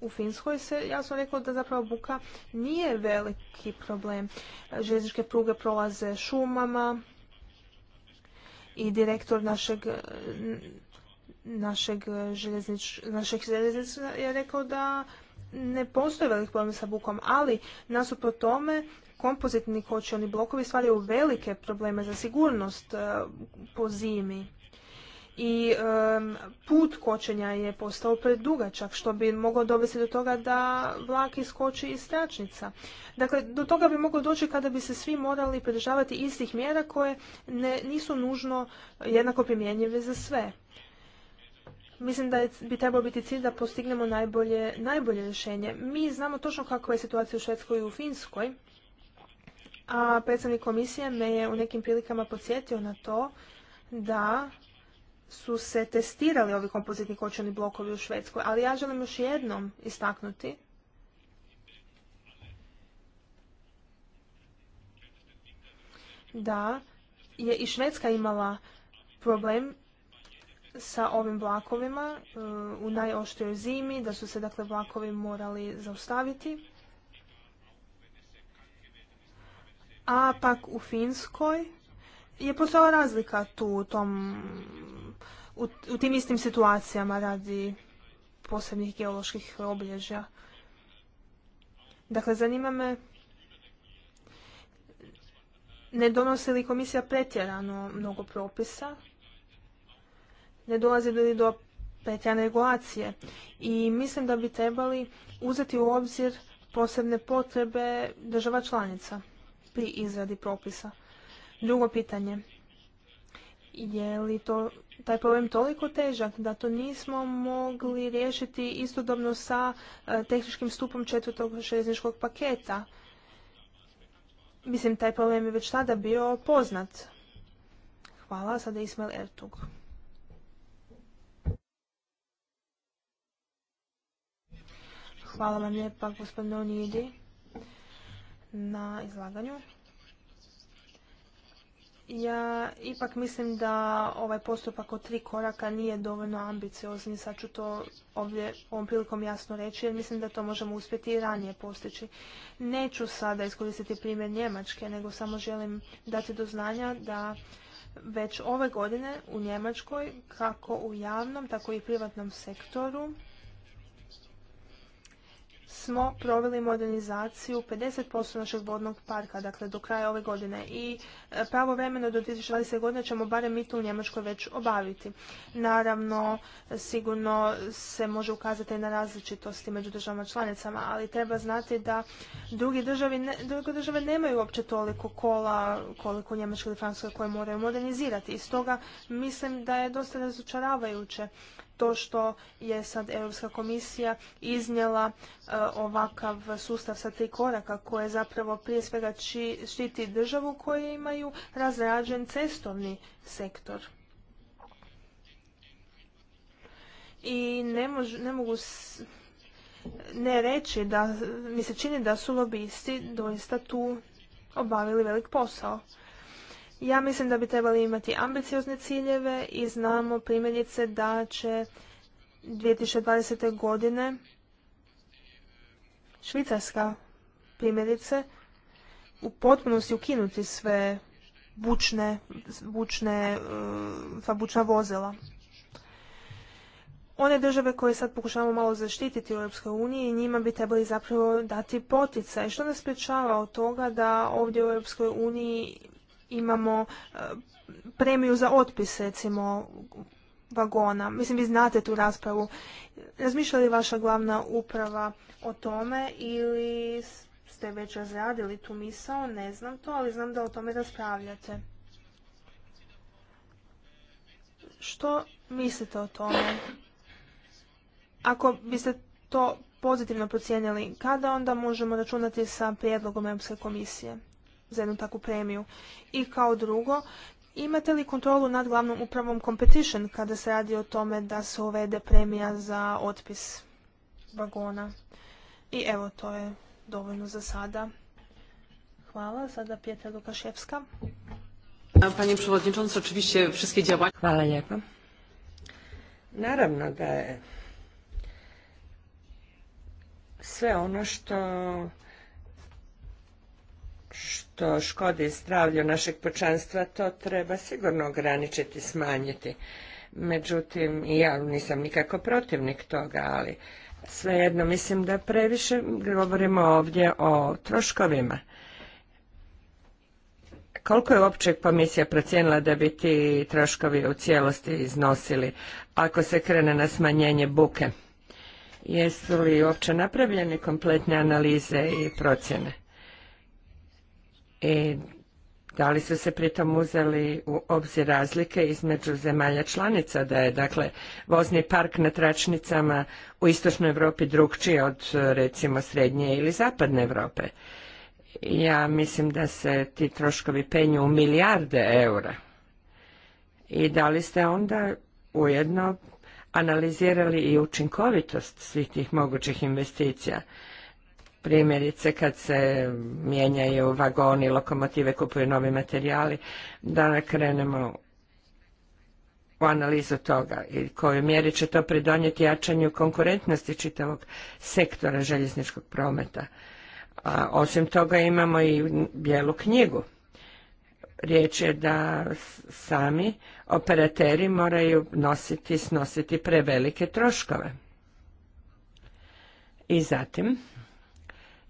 S1: u Finskoj se jasno rekao da zapravo buka nije veliki problem. Željezničke pruge prolaze šumama i direktor našeg našeg, željeznič, našeg željeznica je rekao da ne postoji velik problem sa bukom, ali nasuprot tome kompozitni kočioni blokovi stvaraju velike probleme za sigurnost e, po zimi. I put kočenja je postao predugačak, što bi moglo dovesti do toga da vlak iskoči iz stračnica. Dakle, do toga bi moglo doći kada bi se svi morali pridržavati istih mjera koje ne, nisu nužno jednako primjenjive za sve. Mislim da bi trebao biti cilj da postignemo najbolje, najbolje rješenje. Mi znamo točno kakva je situacija u Švedskoj i u Finskoj, a predstavnik komisije me je u nekim prilikama podsjetio na to da su se testirali ovi kompozitni kočani blokovi u Švedskoj, ali ja želim još jednom istaknuti da je i Švedska imala problem sa ovim vlakovima e, u najoštrijoj zimi, da su se dakle vlakovi morali zaustaviti. A pak u Finskoj je postala razlika tu u tom u tim istim situacijama radi posebnih geoloških obilježja. Dakle, zanima me ne donosi li komisija pretjerano mnogo propisa ne dolazi li do petljane regulacije. I mislim da bi trebali uzeti u obzir posebne potrebe država članica pri izradi propisa. Drugo pitanje. Je li to taj problem toliko težak da to nismo mogli riješiti istodobno sa e, tehničkim stupom četvrtog željezničkog paketa? Mislim, taj problem je već tada bio poznat. Hvala, sada Ismail Ertug. Hvala vam lijepa gospodine Onidi na izlaganju. Ja ipak mislim da ovaj postupak od tri koraka nije dovoljno ambiciozni. Sad ću to ovdje ovom prilikom jasno reći jer mislim da to možemo uspjeti i ranije postići. Neću sada iskoristiti primjer Njemačke, nego samo želim dati do znanja da već ove godine u Njemačkoj, kako u javnom, tako i privatnom sektoru, smo proveli modernizaciju 50% našeg vodnog parka, dakle do kraja ove godine i e, vremeno do 2020. godine ćemo barem mi tu u Njemačkoj već obaviti. Naravno, sigurno se može ukazati na različitosti među državama članicama, ali treba znati da drugi državi druge države nemaju uopće toliko kola koliko Njemačka ili Francuska koje moraju modernizirati. I stoga mislim da je dosta razočaravajuće to što je sad Europska komisija iznijela e, ovakav sustav sa tri koraka koje zapravo prije svega štiti državu koje imaju razrađen cestovni sektor. I ne, mogu ne reći da mi se čini da su lobisti doista tu obavili velik posao. Ja mislim da bi trebali imati ambiciozne ciljeve i znamo primjerice da će 2020. godine Švicarska primjerice u potpunosti ukinuti sve bučne, bučne, eh, sva bučna vozila. One države koje sad pokušavamo malo zaštititi u Europskoj uniji, njima bi trebali zapravo dati poticaj. Što nas pričava od toga da ovdje u Europskoj uniji imamo e, premiju za otpis recimo vagona. Mislim, vi znate tu raspravu. Razmišlja li vaša glavna uprava o tome ili ste već razradili tu misao? Ne znam to, ali znam da o tome raspravljate. Što mislite o tome? Ako biste to pozitivno procijenili, kada onda možemo računati sa prijedlogom Europske komisije? za jednu takvu premiju? I kao drugo, imate li kontrolu nad glavnom upravom competition kada se radi o tome da se uvede premija za otpis vagona? I evo, to je dovoljno za sada. Hvala. Sada Pjetra Lukaševska.
S2: Panie Przewodniczący, oczywiście wszystkie działania... Hvala lijepa. Naravno da je sve ono što što škodi zdravlju našeg počanstva, to treba sigurno ograničiti, smanjiti. Međutim, ja nisam nikako protivnik toga, ali svejedno mislim da previše govorimo ovdje o troškovima. Koliko je uopće komisija procijenila da bi ti troškovi u cijelosti iznosili ako se krene na smanjenje buke? Jesu li uopće napravljene kompletne analize i procjene? i e, da li su se pritom uzeli u obzir razlike između zemalja članica, da je dakle vozni park na tračnicama u istočnoj Europi drugčiji od recimo srednje ili zapadne Europe. Ja mislim da se ti troškovi penju u milijarde eura. I da li ste onda ujedno analizirali i učinkovitost svih tih mogućih investicija? primjerice kad se mijenjaju vagoni, lokomotive, kupuju novi materijali, da krenemo u analizu toga i koju mjeri će to pridonijeti jačanju konkurentnosti čitavog sektora željezničkog prometa. A osim toga imamo i bijelu knjigu. Riječ je da sami operateri moraju nositi, snositi prevelike troškove. I zatim,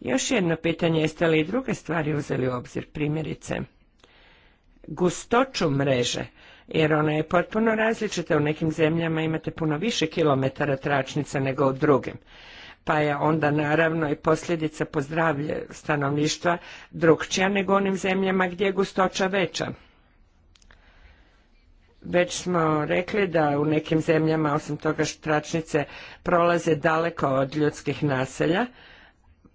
S2: još jedno pitanje, jeste li i druge stvari uzeli u obzir, primjerice? Gustoću mreže, jer ona je potpuno različita. U nekim zemljama imate puno više kilometara tračnica nego u drugim. Pa je onda naravno i posljedica po zdravlje stanovništva drugčija nego onim zemljama gdje je gustoća veća. Već smo rekli da u nekim zemljama, osim toga što tračnice prolaze daleko od ljudskih naselja,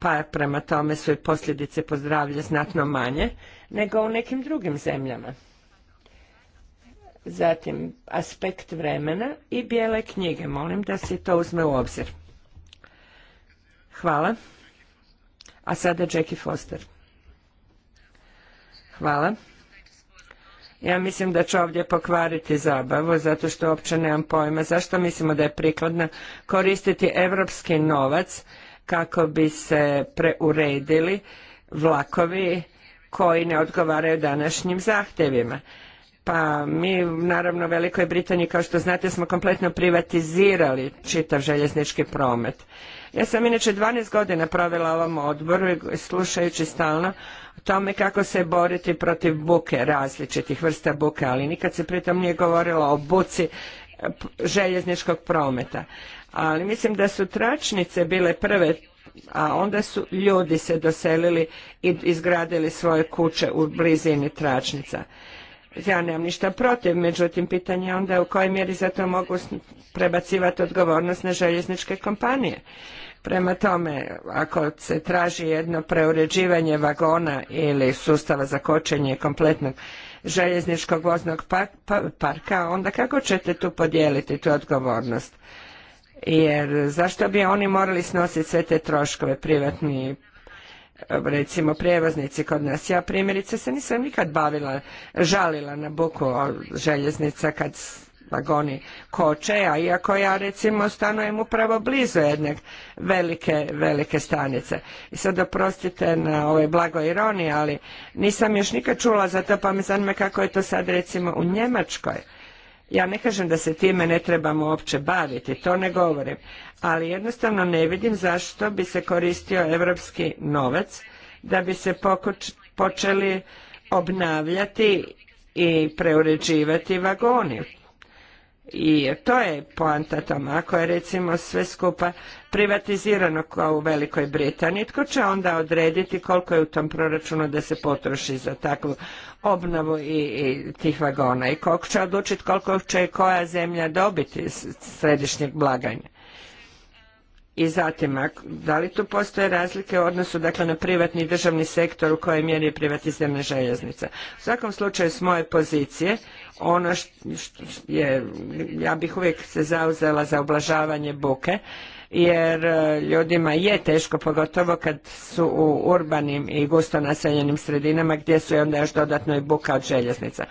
S2: pa prema tome su i posljedice pozdravlja znatno manje nego u nekim drugim zemljama. Zatim, aspekt vremena i bijele knjige. Molim da se to uzme u obzir. Hvala. A sada Jackie Foster. Hvala. Ja mislim da ću ovdje pokvariti zabavu, zato što uopće nemam pojma zašto mislimo da je prikladno koristiti evropski novac kako bi se preuredili vlakovi koji ne odgovaraju današnjim zahtjevima. Pa mi naravno u Velikoj Britaniji kao što znate smo kompletno privatizirali čitav željeznički promet. Ja sam inače 12 godina provela ovom odboru slušajući stalno o tome kako se boriti protiv buke, različitih vrsta buke, ali nikad se pritom nije govorilo o buci eh, željezničkog prometa ali mislim da su tračnice bile prve a onda su ljudi se doselili i izgradili svoje kuće u blizini tračnica. Ja nemam ništa protiv, međutim pitanje je onda u kojoj mjeri za to mogu prebacivati odgovornost na željezničke kompanije. Prema tome, ako se traži jedno preuređivanje vagona ili sustava za kočenje kompletnog željezničkog voznog pa- pa- parka, onda kako ćete tu podijeliti tu odgovornost? jer zašto bi oni morali snositi sve te troškove privatni recimo prijevoznici kod nas. Ja primjerice se nisam nikad bavila, žalila na buku željeznica kad vagoni koče, a iako ja recimo stanujem upravo blizu jedne velike, velike stanice. I sad oprostite na ovoj blagoj ironiji, ali nisam još nikad čula za to, pa me zanima kako je to sad recimo u Njemačkoj ja ne kažem da se time ne trebamo uopće baviti, to ne govorim, ali jednostavno ne vidim zašto bi se koristio europski novac da bi se počeli obnavljati i preuređivati vagoni i to je poanta toma. Ako je recimo sve skupa privatizirano kao u Velikoj Britaniji, tko će onda odrediti koliko je u tom proračunu da se potroši za takvu obnovu i, i tih vagona i koliko će odlučiti koliko će koja zemlja dobiti središnjeg blaganja. I zatim, da li tu postoje razlike u odnosu dakle, na privatni i državni sektor u kojoj mjeri je privatizirana željeznica? U svakom slučaju, s moje pozicije, ono što je, ja bih uvijek se zauzela za oblažavanje buke, jer e, ljudima je teško, pogotovo kad su u urbanim i gusto naseljenim sredinama gdje su onda još dodatno i buka od željeznica.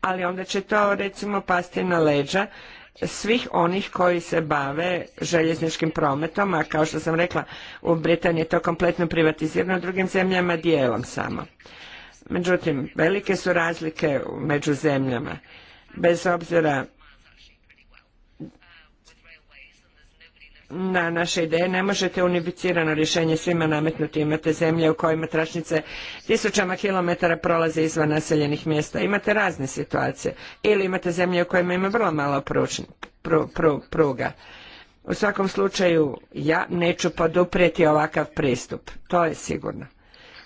S2: Ali onda će to recimo pasti na leđa svih onih koji se bave željezničkim prometom, a kao što sam rekla u Britaniji je to kompletno privatizirano, u drugim zemljama dijelom samo. Međutim, velike su razlike među zemljama. Bez obzira na naše ideje ne možete unificirano rješenje svima nametnuti. Imate zemlje u kojima tračnice tisućama kilometara prolaze izvan naseljenih mjesta. Imate razne situacije. Ili imate zemlje u kojima ima vrlo malo pruga. U svakom slučaju ja neću poduprijeti ovakav pristup. To je sigurno.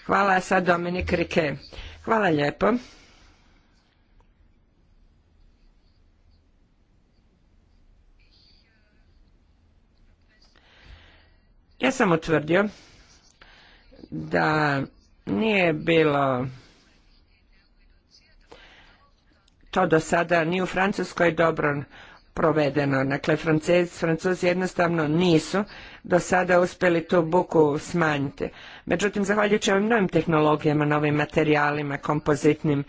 S2: Hvala sad Dominik Rike. Hvala lijepo. Ja sam utvrdio da nije bilo to do sada ni u Francuskoj dobro provedeno. Dakle, Francuzi jednostavno nisu do sada uspjeli tu buku smanjiti. Međutim, zahvaljujući ovim novim tehnologijama, novim materijalima, kompozitnim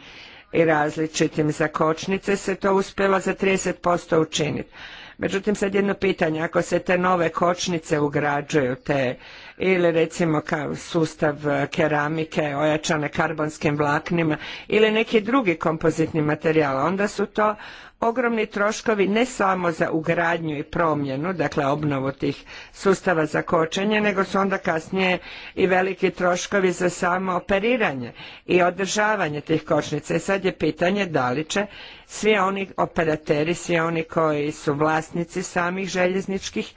S2: i različitim za kočnice se to uspjelo za 30% učiniti. Međutim, sad jedno pitanje, ako se te nove kočnice ugrađuju, te ili recimo kao sustav e, keramike ojačane karbonskim vlaknima ili neki drugi kompozitni materijal, onda su to ogromni troškovi ne samo za ugradnju i promjenu, dakle obnovu tih sustava za kočenje, nego su onda kasnije i veliki troškovi za samo operiranje i održavanje tih kočnica. I sad je pitanje da li će svi oni operateri, svi oni koji su vlasnici samih željezničkih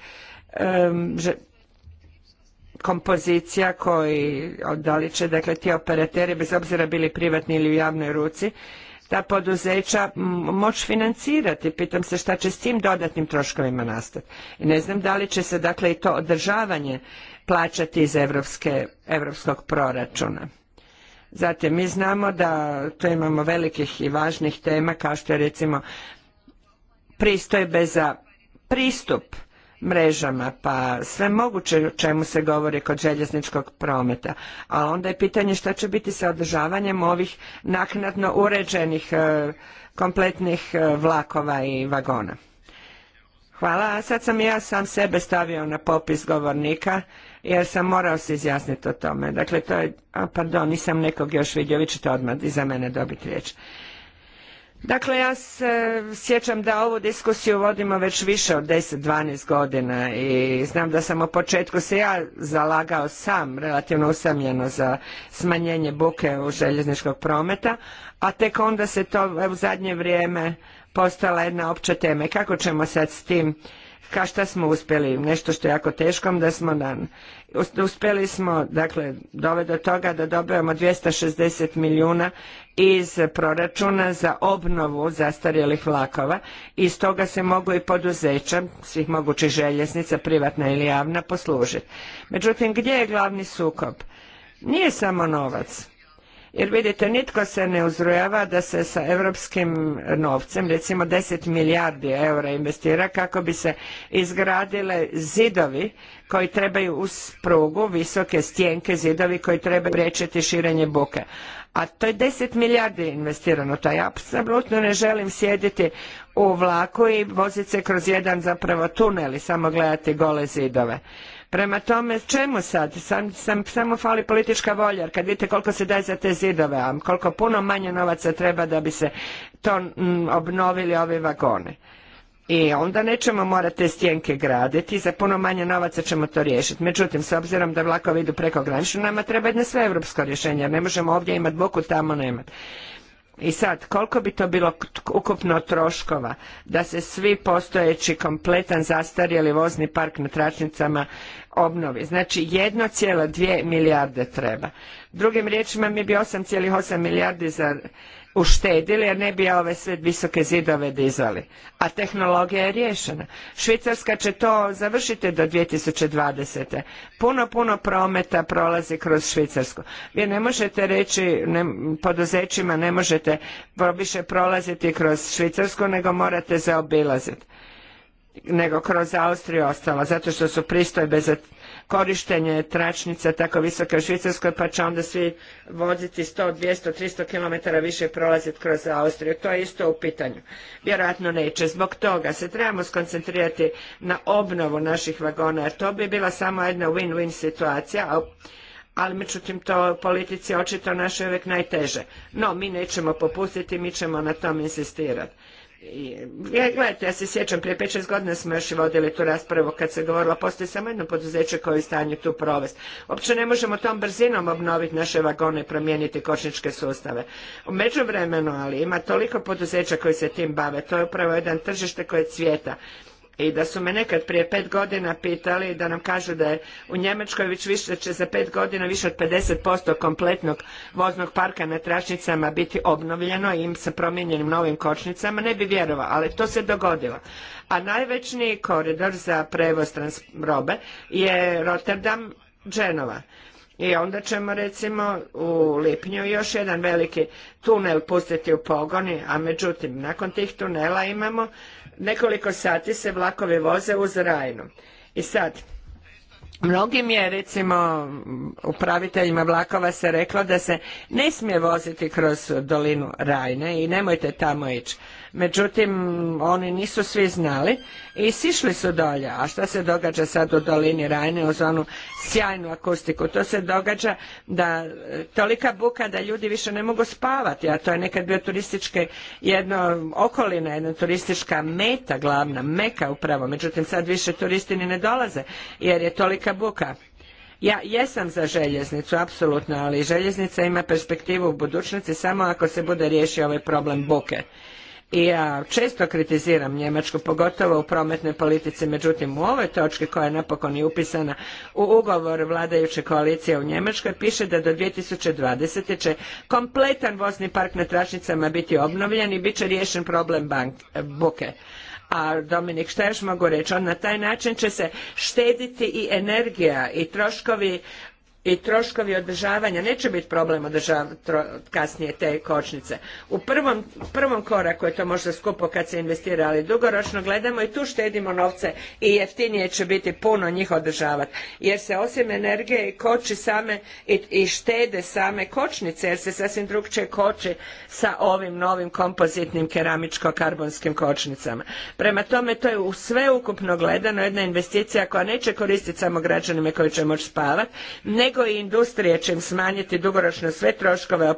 S2: kompozicija koji, da li će dakle ti operateri bez obzira bili privatni ili u javnoj ruci, poduzeća moći financirati. Pitam se šta će s tim dodatnim troškovima nastati. I ne znam da li će se dakle i to održavanje plaćati iz evropske, evropskog proračuna. Zatim, mi znamo da tu imamo velikih i važnih tema kao što je recimo pristojbe za pristup mrežama, pa sve moguće o čemu se govori kod željezničkog prometa. A onda je pitanje šta će biti sa održavanjem ovih naknadno uređenih e, kompletnih e, vlakova i vagona. Hvala, a sad sam ja sam sebe stavio na popis govornika jer sam morao se izjasniti o tome. Dakle, to je, pardon, nisam nekog još vidio, vi ćete odmah iza mene dobiti riječ. Dakle, ja se sjećam da ovu diskusiju vodimo već više od 10-12 godina i znam da sam u početku se ja zalagao sam, relativno usamljeno za smanjenje buke u željezničkog prometa, a tek onda se to u zadnje vrijeme postala jedna opća tema. kako ćemo sad s tim, ka šta smo uspjeli, nešto što je jako teško, da smo dan uspjeli smo dakle dove do toga da dobijemo 260 milijuna iz proračuna za obnovu zastarjelih vlakova i stoga se mogu i poduzeća svih mogućih željeznica privatna ili javna poslužiti. Međutim, gdje je glavni sukob? Nije samo novac. Jer vidite, nitko se ne uzrujava da se sa europskim novcem, recimo 10 milijardi eura investira kako bi se izgradile zidovi koji trebaju uz prugu, visoke stjenke zidovi koji trebaju priječiti širenje buke. A to je 10 milijardi investirano, to ja apsolutno ne želim sjediti u vlaku i voziti se kroz jedan zapravo tunel i samo gledati gole zidove. Prema tome, čemu sad? Sam, sam, samo fali politička volja, jer kad vidite koliko se daje za te zidove, a koliko puno manje novaca treba da bi se to mm, obnovili ove vagone. I onda nećemo morati te stjenke graditi, za puno manje novaca ćemo to riješiti. Međutim, s obzirom da vlakovi idu preko granične, nama treba jedno evropsko rješenje, ne možemo ovdje imati buku, tamo nemati. I sad, koliko bi to bilo ukupno troškova da se svi postojeći kompletan zastarjeli vozni park na tračnicama obnovi. Znači 1,2 milijarde treba. Drugim riječima mi bi 8,8 milijardi za uštedili jer ne bi ove sve visoke zidove dizali. A tehnologija je riješena. Švicarska će to završiti do 2020. Puno, puno prometa prolazi kroz Švicarsku. Vi ne možete reći ne, poduzećima ne možete više prolaziti kroz Švicarsku nego morate zaobilaziti nego kroz Austriju ostala, zato što su pristojbe za korištenje tračnica tako visoke u Švicarskoj, pa će onda svi voziti 100, 200, 300 km više prolaziti kroz Austriju. To je isto u pitanju. Vjerojatno neće. Zbog toga se trebamo skoncentrirati na obnovu naših vagona, jer to bi bila samo jedna win-win situacija, ali međutim to politici očito naše uvijek najteže. No, mi nećemo popustiti, mi ćemo na tom insistirati. Gledajte, ja se sjećam, prije 5-6 godina smo još i vodili tu raspravu kad se govorilo, postoji samo jedno poduzeće koje je u stanju tu provesti. Uopće ne možemo tom brzinom obnoviti naše vagone i promijeniti kočničke sustave. U međuvremenu, ali ima toliko poduzeća koji se tim bave, to je upravo jedan tržište koje cvjeta i da su me nekad prije pet godina pitali da nam kažu da je u Njemačkoj već više će za pet godina više od 50% kompletnog voznog parka na tračnicama biti obnovljeno i im sa promijenjenim novim kočnicama, ne bi vjerovao, ali to se dogodilo. A najvećniji koridor za prevoz robe je Rotterdam Genova. I onda ćemo recimo u lipnju još jedan veliki tunel pustiti u pogoni, a međutim nakon tih tunela imamo nekoliko sati se vlakovi voze uz Rajnu. I sad, Mnogim je recimo upraviteljima vlakova se reklo da se ne smije voziti kroz dolinu Rajne i nemojte tamo ići međutim oni nisu svi znali i sišli su dolje. A šta se događa sad u dolini Rajne uz onu sjajnu akustiku? To se događa da tolika buka da ljudi više ne mogu spavati, a to je nekad bio turističke jedno okolina, jedna turistička meta glavna, meka upravo, međutim sad više turisti ni ne dolaze jer je tolika buka. Ja jesam za željeznicu, apsolutno, ali željeznica ima perspektivu u budućnosti samo ako se bude riješio ovaj problem buke. I ja često kritiziram Njemačku, pogotovo u prometnoj politici, međutim u ovoj točki koja je napokon i upisana u ugovor vladajuće koalicije u Njemačkoj piše da do 2020. će kompletan vozni park na tračnicama biti obnovljen i bit će riješen problem buke. A Dominik, šta još mogu reći? On na taj način će se štediti i energija i troškovi i troškovi održavanja neće biti problem održavati kasnije te kočnice. U prvom, prvom koraku je to možda skupo kad se investira, ali dugoročno gledamo i tu štedimo novce i jeftinije će biti puno njih održavati. Jer se osim energije koči same i, štede same kočnice jer se sasvim drugčije koči sa ovim novim kompozitnim keramičko-karbonskim kočnicama. Prema tome to je u ukupno gledano jedna investicija koja neće koristiti samo građanima koji će moći spavati, nego nego industrije će im smanjiti dugoročno sve troškove,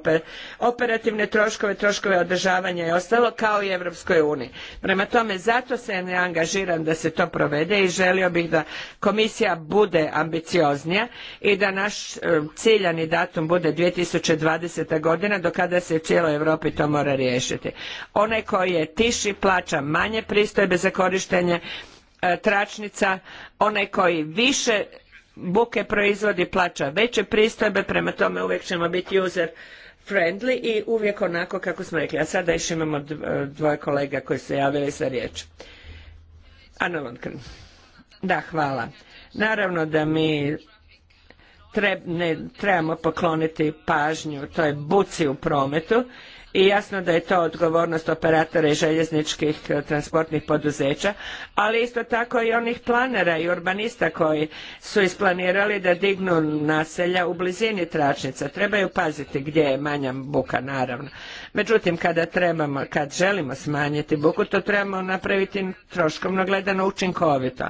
S2: operativne troškove, troškove održavanja i ostalo, kao i Europskoj uniji. Prema tome, zato se ne angažiram da se to provede i želio bih da komisija bude ambicioznija i da naš e, ciljani datum bude 2020. godina do kada se u cijeloj Europi to mora riješiti. Onaj koji je tiši plaća manje pristojbe za korištenje e, tračnica, onaj koji više buke proizvodi plaća veće pristojbe, prema tome uvijek ćemo biti user friendly i uvijek onako kako smo rekli. A sada još imamo dvoje kolega koji se javili za riječ. Ana Da, hvala. Naravno da mi ne, trebamo pokloniti pažnju toj buci u prometu i jasno da je to odgovornost operatora i željezničkih e, transportnih poduzeća, ali isto tako i onih planera i urbanista koji su isplanirali da dignu naselja u blizini tračnica. Trebaju paziti gdje je manja buka naravno. Međutim, kada trebamo, kad želimo smanjiti buku, to trebamo napraviti troškovno gledano učinkovito.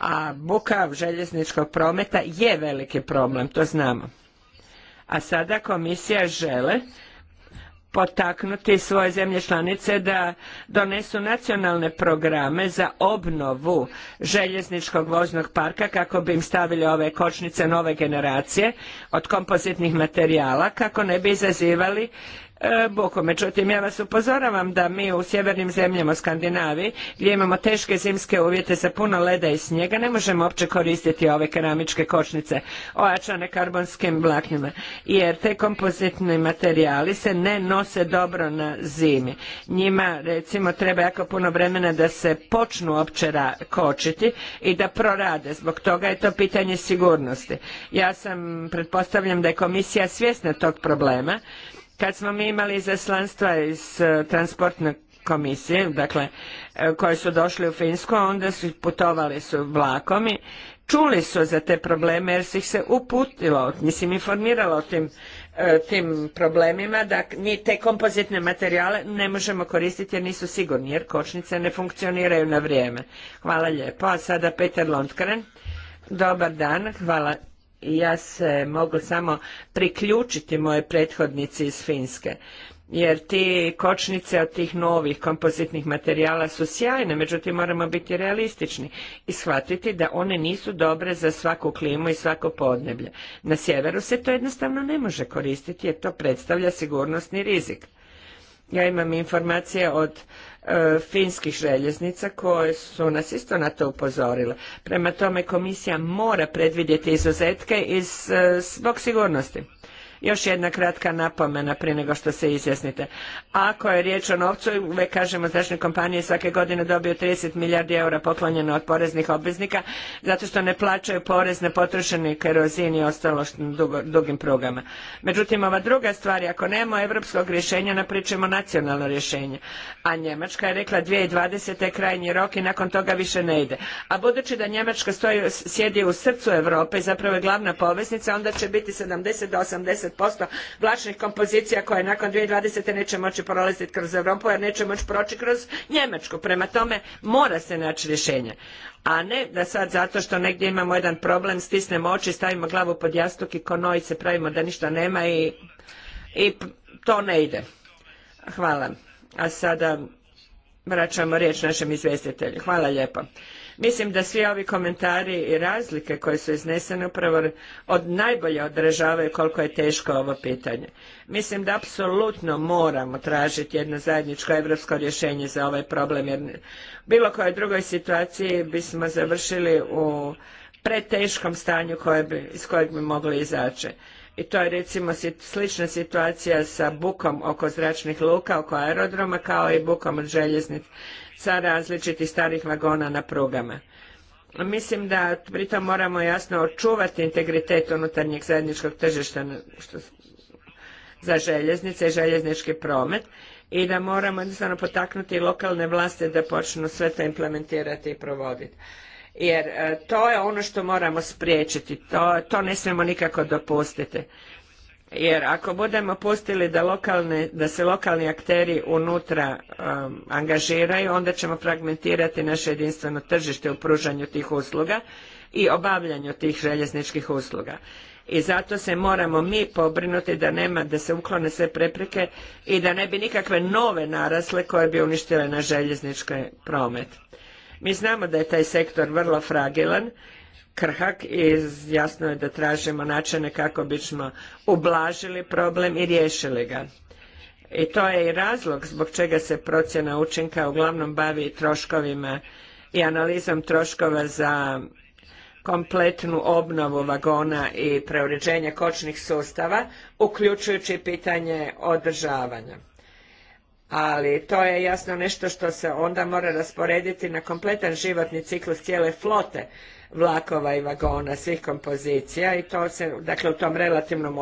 S2: A buka željezničkog prometa je veliki problem, to znamo. A sada komisija žele potaknuti svoje zemlje članice da donesu nacionalne programe za obnovu željezničkog voznog parka kako bi im stavili ove kočnice nove generacije od kompozitnih materijala kako ne bi izazivali E, buku. Međutim, ja vas upozoravam da mi u sjevernim zemljama u Skandinaviji, gdje imamo teške zimske uvjete sa puno leda i snijega, ne možemo opće koristiti ove keramičke kočnice ojačane karbonskim vlaknima, jer te kompozitni materijali se ne nose dobro na zimi. Njima, recimo, treba jako puno vremena da se počnu opće kočiti i da prorade. Zbog toga je to pitanje sigurnosti. Ja sam, pretpostavljam da je komisija svjesna tog problema kad smo mi imali izaslanstva iz e, transportne komisije, dakle, e, koji su došli u Finsku, onda su putovali su vlakom i čuli su za te probleme jer su ih se uputilo, mislim informiralo o tim, e, tim problemima da ni te kompozitne materijale ne možemo koristiti jer nisu sigurni jer kočnice ne funkcioniraju na vrijeme. Hvala lijepo. A sada Peter Lontkren. Dobar dan, hvala ja se mogu samo priključiti moje prethodnici iz Finske jer ti kočnice od tih novih kompozitnih materijala su sjajne, međutim moramo biti realistični i shvatiti da one nisu dobre za svaku klimu i svako podneblje. Na sjeveru se to jednostavno ne može koristiti jer to predstavlja sigurnosni rizik. Ja imam informacije od E, finskih željeznica koje su nas isto na to upozorile. Prema tome komisija mora predvidjeti izuzetke iz, svog e, zbog sigurnosti. Još jedna kratka napomena prije nego što se izjasnite. Ako je riječ o novcu, uvijek kažemo zračne kompanije svake godine dobiju 30 milijardi eura poklonjeno od poreznih obveznika zato što ne plaćaju porez na potrošeni kerozin i ostalo dugim prugama. Međutim, ova druga stvar je ako nemamo europskog rješenja, napričemo nacionalno rješenje. A Njemačka je rekla 2020. je krajnji rok i nakon toga više ne ide. A budući da Njemačka stoji, sjedi u srcu Europe i zapravo je glavna poveznica, onda će biti 70 do 80 posto vlačnih kompozicija koje nakon 2020. neće moći prolaziti kroz Europu jer neće moći proći kroz Njemačku. Prema tome mora se naći rješenje. A ne da sad zato što negdje imamo jedan problem stisnemo oči, stavimo glavu pod jastuk i konoj se pravimo da ništa nema i, i to ne ide. Hvala. A sada vraćamo riječ našem izvjestitelju. Hvala lijepo. Mislim da svi ovi komentari i razlike koje su iznesene upravo od najbolje odražavaju koliko je teško ovo pitanje. Mislim da apsolutno moramo tražiti jedno zajedničko europsko rješenje za ovaj problem jer bilo kojoj drugoj situaciji bismo završili u preteškom stanju koje bi, iz kojeg bi mogli izaći. I to je recimo slična situacija sa bukom oko zračnih luka, oko aerodroma, kao i bukom od željeznice sa različitih starih vagona na prugama. Mislim da pritom moramo jasno očuvati integritet unutarnjeg zajedničkog tržišta za željeznice i željeznički promet i da moramo jednostavno potaknuti lokalne vlasti da počnu sve to implementirati i provoditi. Jer e, to je ono što moramo spriječiti, to, to ne smijemo nikako dopustiti jer ako budemo pustili da, se lokalni akteri unutra um, angažiraju, onda ćemo fragmentirati naše jedinstveno tržište u pružanju tih usluga i obavljanju tih željezničkih usluga. I zato se moramo mi pobrinuti da nema, da se uklone sve prepreke i da ne bi nikakve nove narasle koje bi uništile na željeznički promet. Mi znamo da je taj sektor vrlo fragilan krhak i jasno je da tražimo načine kako bismo ublažili problem i riješili ga. I to je i razlog zbog čega se procjena učinka uglavnom bavi troškovima i analizom troškova za kompletnu obnovu vagona i preuređenje kočnih sustava, uključujući pitanje održavanja. Ali to je jasno nešto što se onda mora rasporediti na kompletan životni ciklus cijele flote, vlakova i vagona svih kompozicija i to se, dakle u tom relativnom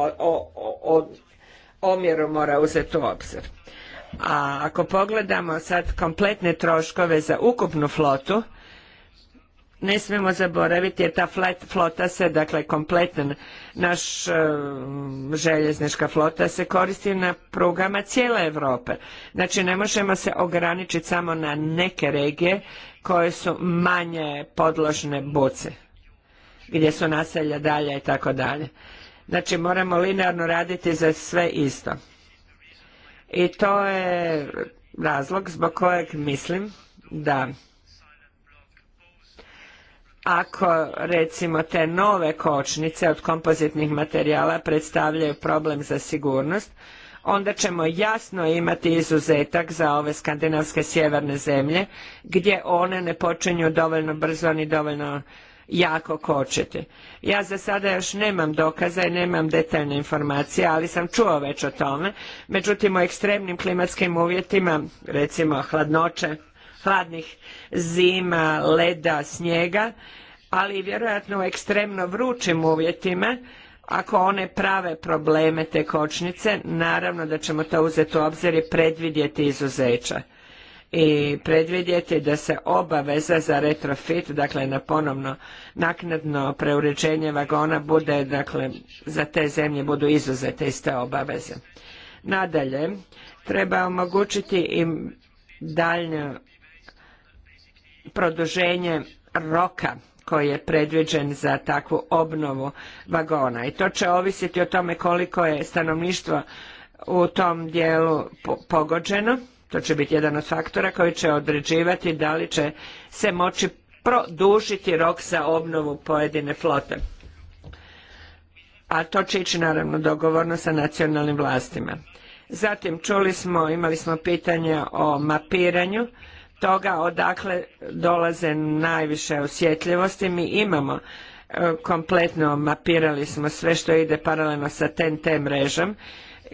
S2: omjeru mora uzeti u obzir. A ako pogledamo sad kompletne troškove za ukupnu flotu, ne smijemo zaboraviti jer ta flota se, dakle kompletan naš eh, željeznička flota se koristi na prugama cijele Europe. Znači ne možemo se ograničiti samo na neke regije koje su manje podložne buce. gdje su naselja dalje i tako dalje. Znači moramo linearno raditi za sve isto. I to je razlog zbog kojeg mislim da ako recimo te nove kočnice od kompozitnih materijala predstavljaju problem za sigurnost, onda ćemo jasno imati izuzetak za ove skandinavske sjeverne zemlje gdje one ne počinju dovoljno brzo ni dovoljno jako kočiti. Ja za sada još nemam dokaza i nemam detaljne informacije, ali sam čuo već o tome. Međutim, u ekstremnim klimatskim uvjetima, recimo hladnoće, hladnih zima, leda, snijega, ali vjerojatno u ekstremno vrućim uvjetima, ako one prave probleme te kočnice, naravno da ćemo to uzeti u obzir i predvidjeti izuzeća i predvidjeti da se obaveza za retrofit, dakle na ponovno naknadno preuređenje vagona bude, dakle za te zemlje budu izuzete iz te obaveze. Nadalje, treba omogućiti im daljnju produženje roka koji je predviđen za takvu obnovu vagona i to će ovisiti o tome koliko je stanovništvo u tom dijelu pogođeno, to će biti jedan od faktora koji će određivati da li će se moći produžiti rok za obnovu pojedine flote. A to će ići naravno dogovorno sa nacionalnim vlastima. Zatim čuli smo, imali smo pitanja o mapiranju toga odakle dolaze najviše osjetljivosti. Mi imamo e, kompletno mapirali smo sve što ide paralelno sa TNT mrežom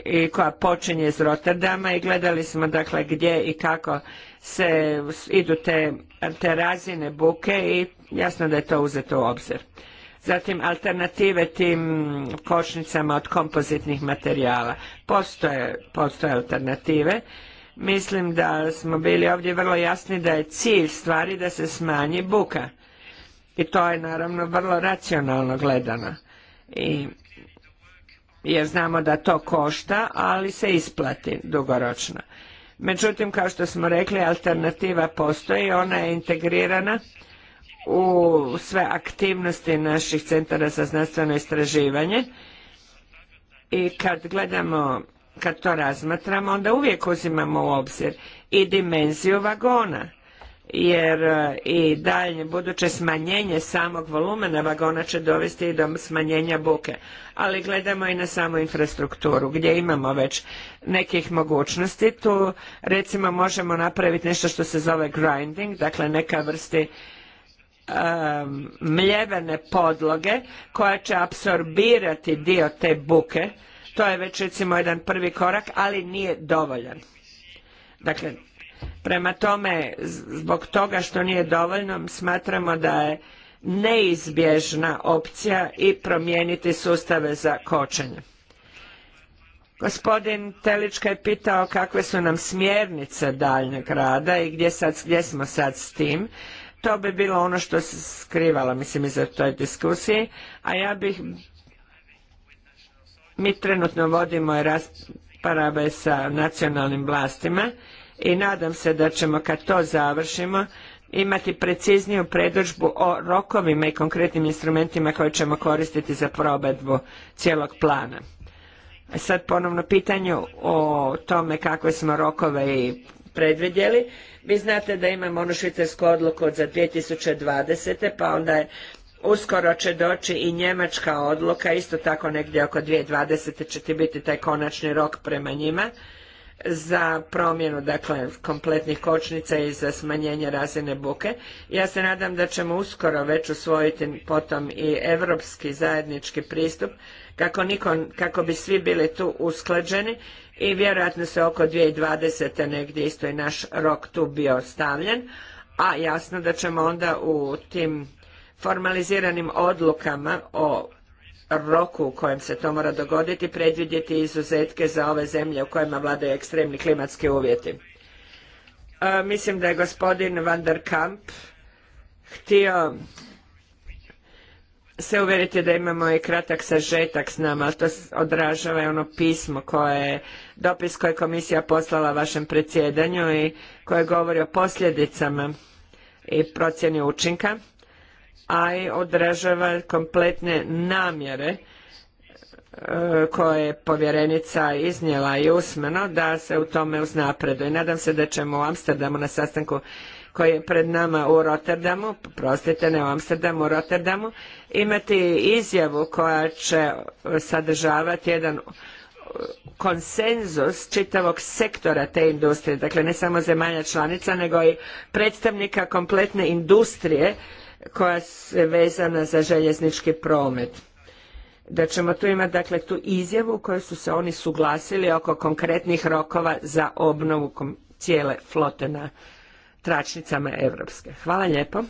S2: i koja počinje iz Rotterdama i gledali smo dakle gdje i kako se idu te, razine buke i jasno da je to uzeto u obzir. Zatim alternative tim kočnicama od kompozitnih materijala. Postoje, postoje alternative Mislim da smo bili ovdje vrlo jasni da je cilj stvari da se smanji buka. I to je naravno vrlo racionalno gledano. I, jer znamo da to košta, ali se isplati dugoročno. Međutim, kao što smo rekli, alternativa postoji, ona je integrirana u sve aktivnosti naših centara za znanstveno istraživanje. I kad gledamo kad to razmatramo, onda uvijek uzimamo u obzir i dimenziju vagona, jer e, i daljnje buduće smanjenje samog volumena vagona će dovesti i do smanjenja buke. Ali gledamo i na samu infrastrukturu gdje imamo već nekih mogućnosti. Tu recimo možemo napraviti nešto što se zove grinding, dakle neka vrsti mljevene podloge koja će apsorbirati dio te buke to je već recimo jedan prvi korak, ali nije dovoljan. Dakle, prema tome, zbog toga što nije dovoljno, smatramo da je neizbježna opcija i promijeniti sustave za kočenje. Gospodin Telička je pitao kakve su nam smjernice daljnjeg rada i gdje, gdje smo sad s tim. To bi bilo ono što se skrivalo, mislim, iza toj diskusiji, a ja bih mi trenutno vodimo rasprave sa nacionalnim vlastima i nadam se da ćemo kad to završimo imati precizniju predržbu o rokovima i konkretnim instrumentima koje ćemo koristiti za probedbu cijelog plana. E sad ponovno pitanje o tome kakve smo rokove i predvidjeli. Vi znate da imamo onu švicarsku odluku za 2020. pa onda je Uskoro će doći i njemačka odluka, isto tako negdje oko 2020. će ti biti taj konačni rok prema njima za promjenu dakle kompletnih kočnica i za smanjenje razine buke. Ja se nadam da ćemo uskoro već usvojiti potom i europski zajednički pristup kako, niko, kako bi svi bili tu usklađeni i vjerojatno se oko 2020. negdje isto i naš rok tu bio stavljen, a jasno da ćemo onda u tim formaliziranim odlukama o roku u kojem se to mora dogoditi predvidjeti izuzetke za ove zemlje u kojima vladaju ekstremni klimatski uvjeti. E, mislim da je gospodin Van der Kamp htio se uvjeriti da imamo i kratak sažetak s nama, ali to odražava i ono pismo koje dopis koje je komisija poslala vašem predsjedanju i koje govori o posljedicama i procjeni učinka a i odražava kompletne namjere e, koje je povjerenica iznijela i usmeno da se u tome uznapreduje. Nadam se da ćemo u Amsterdamu na sastanku koji je pred nama u Rotterdamu, prostite ne u Amsterdamu, u Rotterdamu, imati izjavu koja će sadržavati jedan konsenzus čitavog sektora te industrije, dakle ne samo zemalja članica, nego i predstavnika kompletne industrije koja je vezana za željeznički promet. Da ćemo tu imati dakle tu izjavu u kojoj su se oni suglasili oko konkretnih rokova za obnovu cijele flote na tračnicama Evropske. Hvala lijepo.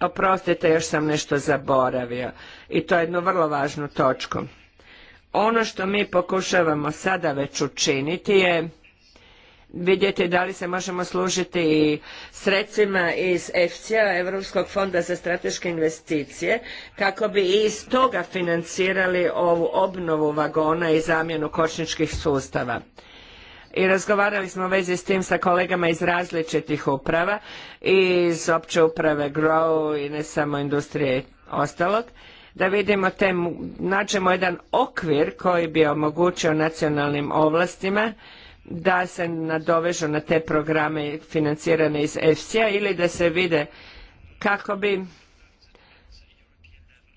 S2: Oprostite, još sam nešto zaboravio. I to je jednu vrlo važnu točku. Ono što mi pokušavamo sada već učiniti je vidjeti da li se možemo služiti i sredstvima iz EFSI-a, Europskog fonda za strateške investicije, kako bi i iz toga financirali ovu obnovu vagona i zamjenu kočničkih sustava i razgovarali smo u vezi s tim sa kolegama iz različitih uprava i iz opće uprave Grow i ne samo industrije ostalog da vidimo te, nađemo jedan okvir koji bi omogućio nacionalnim ovlastima da se nadovežu na te programe financirane iz EFSI-a ili da se vide kako bi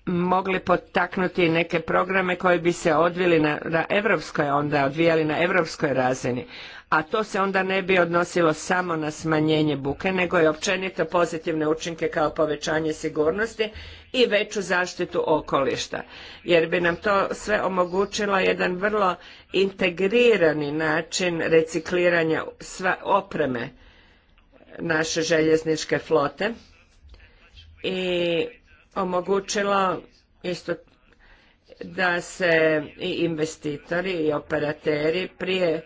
S2: mogli potaknuti neke programe koji bi se odvili na, na europskoj onda odvijali na europskoj razini a to se onda ne bi odnosilo samo na smanjenje buke nego i općenito pozitivne učinke kao povećanje sigurnosti i veću zaštitu okolišta. Jer bi nam to sve omogućilo jedan vrlo integrirani način recikliranja sve opreme naše željezničke flote i omogućilo isto da se i investitori i operateri prije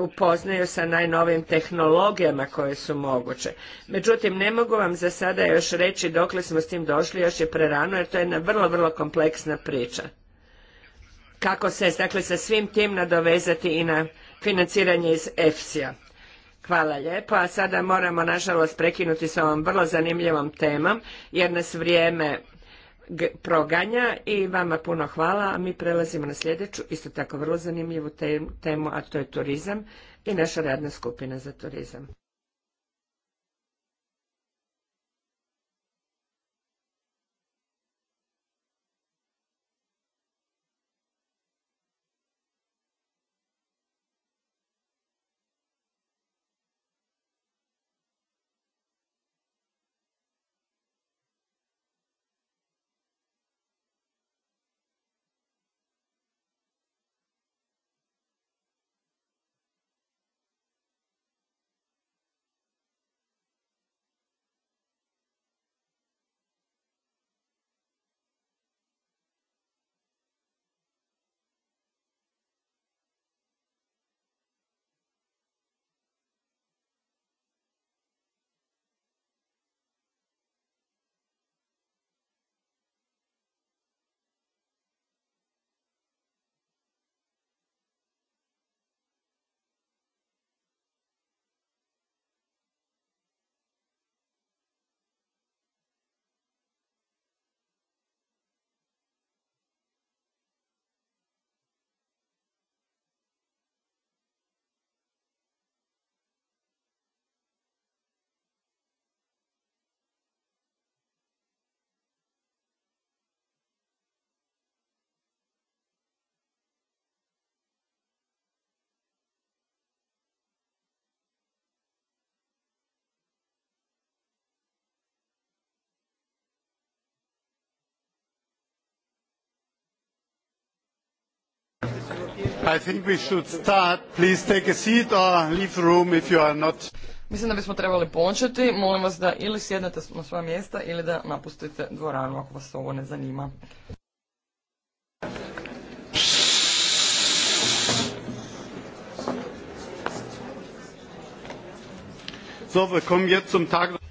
S2: upoznaju sa najnovim tehnologijama koje su moguće. Međutim, ne mogu vam za sada još reći dokle smo s tim došli, još je prerano jer to je jedna vrlo, vrlo kompleksna priča. Kako se, dakle, sa svim tim nadovezati i na financiranje iz EFSI-a. Hvala lijepo, a sada moramo nažalost prekinuti s ovom vrlo zanimljivom temom jer nas vrijeme proganja i vama puno hvala, a mi prelazimo na sljedeću, isto tako vrlo zanimljivu temu, a to je turizam i naša radna skupina za turizam.
S1: I think we Mislim
S3: da bismo trebali početi. Molim vas da ili sjednete na svoja mjesta ili da napustite dvoranu ako vas ovo ne zanima.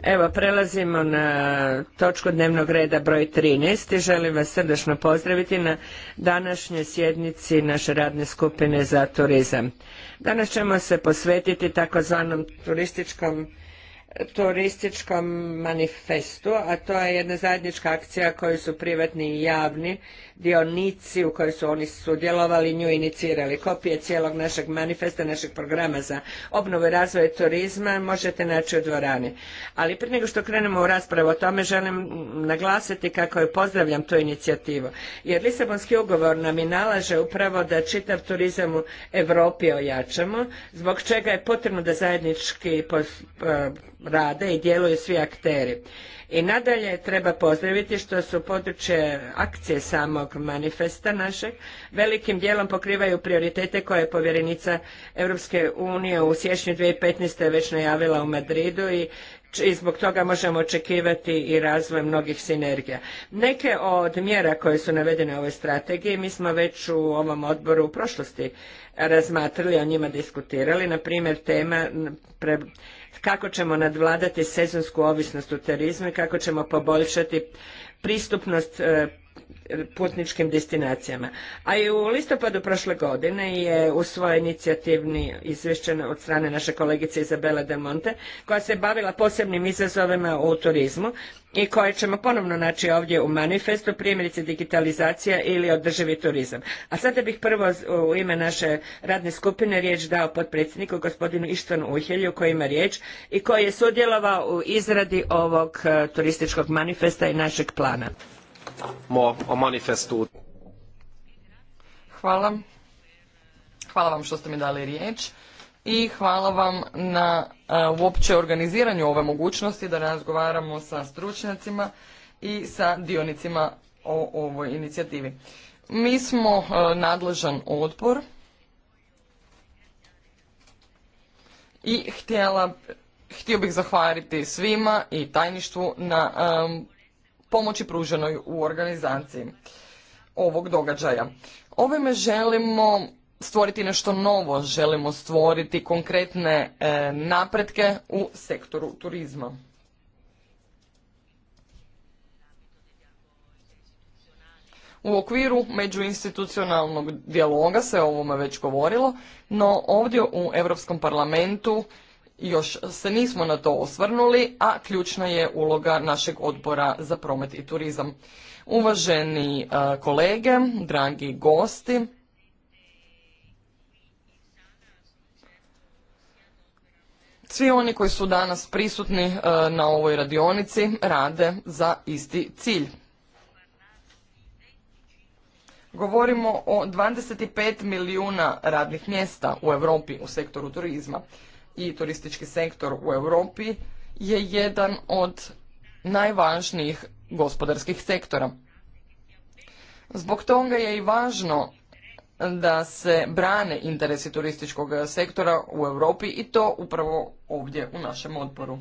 S2: Evo, prelazimo na točku dnevnog reda broj 13 i želim vas srdačno pozdraviti na današnjoj sjednici naše radne skupine za turizam. Danas ćemo se posvetiti takozvanom turističkom turističkom manifestu, a to je jedna zajednička akcija koju su privatni i javni dionici u kojoj su oni sudjelovali nju inicirali. Kopije cijelog našeg manifesta, našeg programa za obnovu i razvoj turizma možete naći u dvorani. Ali prije nego što krenemo u raspravu o tome, želim naglasiti kako je pozdravljam tu inicijativu. Jer Lisabonski ugovor nam i nalaže upravo da čitav turizam u Europi ojačamo, zbog čega je potrebno da zajednički e, rade i djeluju svi akteri. I nadalje treba pozdraviti što su područje akcije samog manifesta našeg velikim dijelom pokrivaju prioritete koje je povjerenica Europske unije u siječnju 2015. već najavila u Madridu i zbog toga možemo očekivati i razvoj mnogih sinergija. Neke od mjera koje su navedene u ovoj strategiji mi smo već u ovom odboru u prošlosti razmatrali, o njima diskutirali, na primjer tema pre kako ćemo nadvladati sezonsku ovisnost u turizmu i kako ćemo poboljšati pristupnost e, putničkim destinacijama. A i u listopadu prošle godine je usvojen inicijativni izvješćen od strane naše kolegice Izabela de Monte, koja se bavila posebnim izazovima u turizmu i koje ćemo ponovno naći ovdje u manifestu, primjerice digitalizacija ili održivi turizam. A sada bih prvo u ime naše radne skupine riječ dao potpredsjedniku gospodinu Ištvanu Uhelju koji ima riječ i koji je sudjelovao u izradi ovog e, turističkog manifesta i našeg plana
S3: a Hvala. vam što ste mi dali riječ i hvala vam na e, uopće organiziranju ove mogućnosti da razgovaramo sa stručnjacima i sa dionicima o ovoj inicijativi. Mi smo e, nadležan odbor i htio bih zahvaliti svima i tajništvu na pomoći pruženoj u organizaciji ovog događaja. Ovime želimo stvoriti nešto novo, želimo stvoriti konkretne e, napretke u sektoru turizma. U okviru međuinstitucionalnog dijaloga se o ovome već govorilo, no ovdje u Europskom parlamentu još se nismo na to osvrnuli, a ključna je uloga našeg odbora za promet i turizam. Uvaženi e, kolege, dragi gosti, svi oni koji su danas prisutni e, na ovoj radionici rade za isti cilj. Govorimo o 25 milijuna radnih mjesta u Europi u sektoru turizma i turistički sektor u Europi je jedan od najvažnijih gospodarskih sektora. Zbog toga je i važno da se brane interesi turističkog sektora u Europi i to upravo ovdje u našem odboru.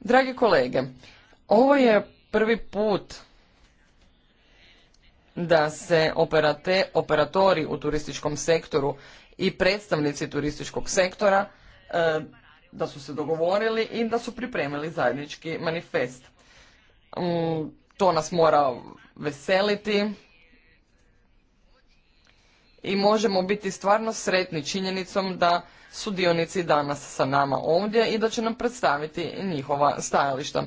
S3: Dragi kolege, ovo je prvi put da se operatori u turističkom sektoru i predstavnici turističkog sektora e, da su se dogovorili i da su pripremili zajednički manifest. Mm, to nas mora veseliti i možemo biti stvarno sretni činjenicom da su dionici danas sa nama ovdje i da će nam predstaviti njihova stajališta.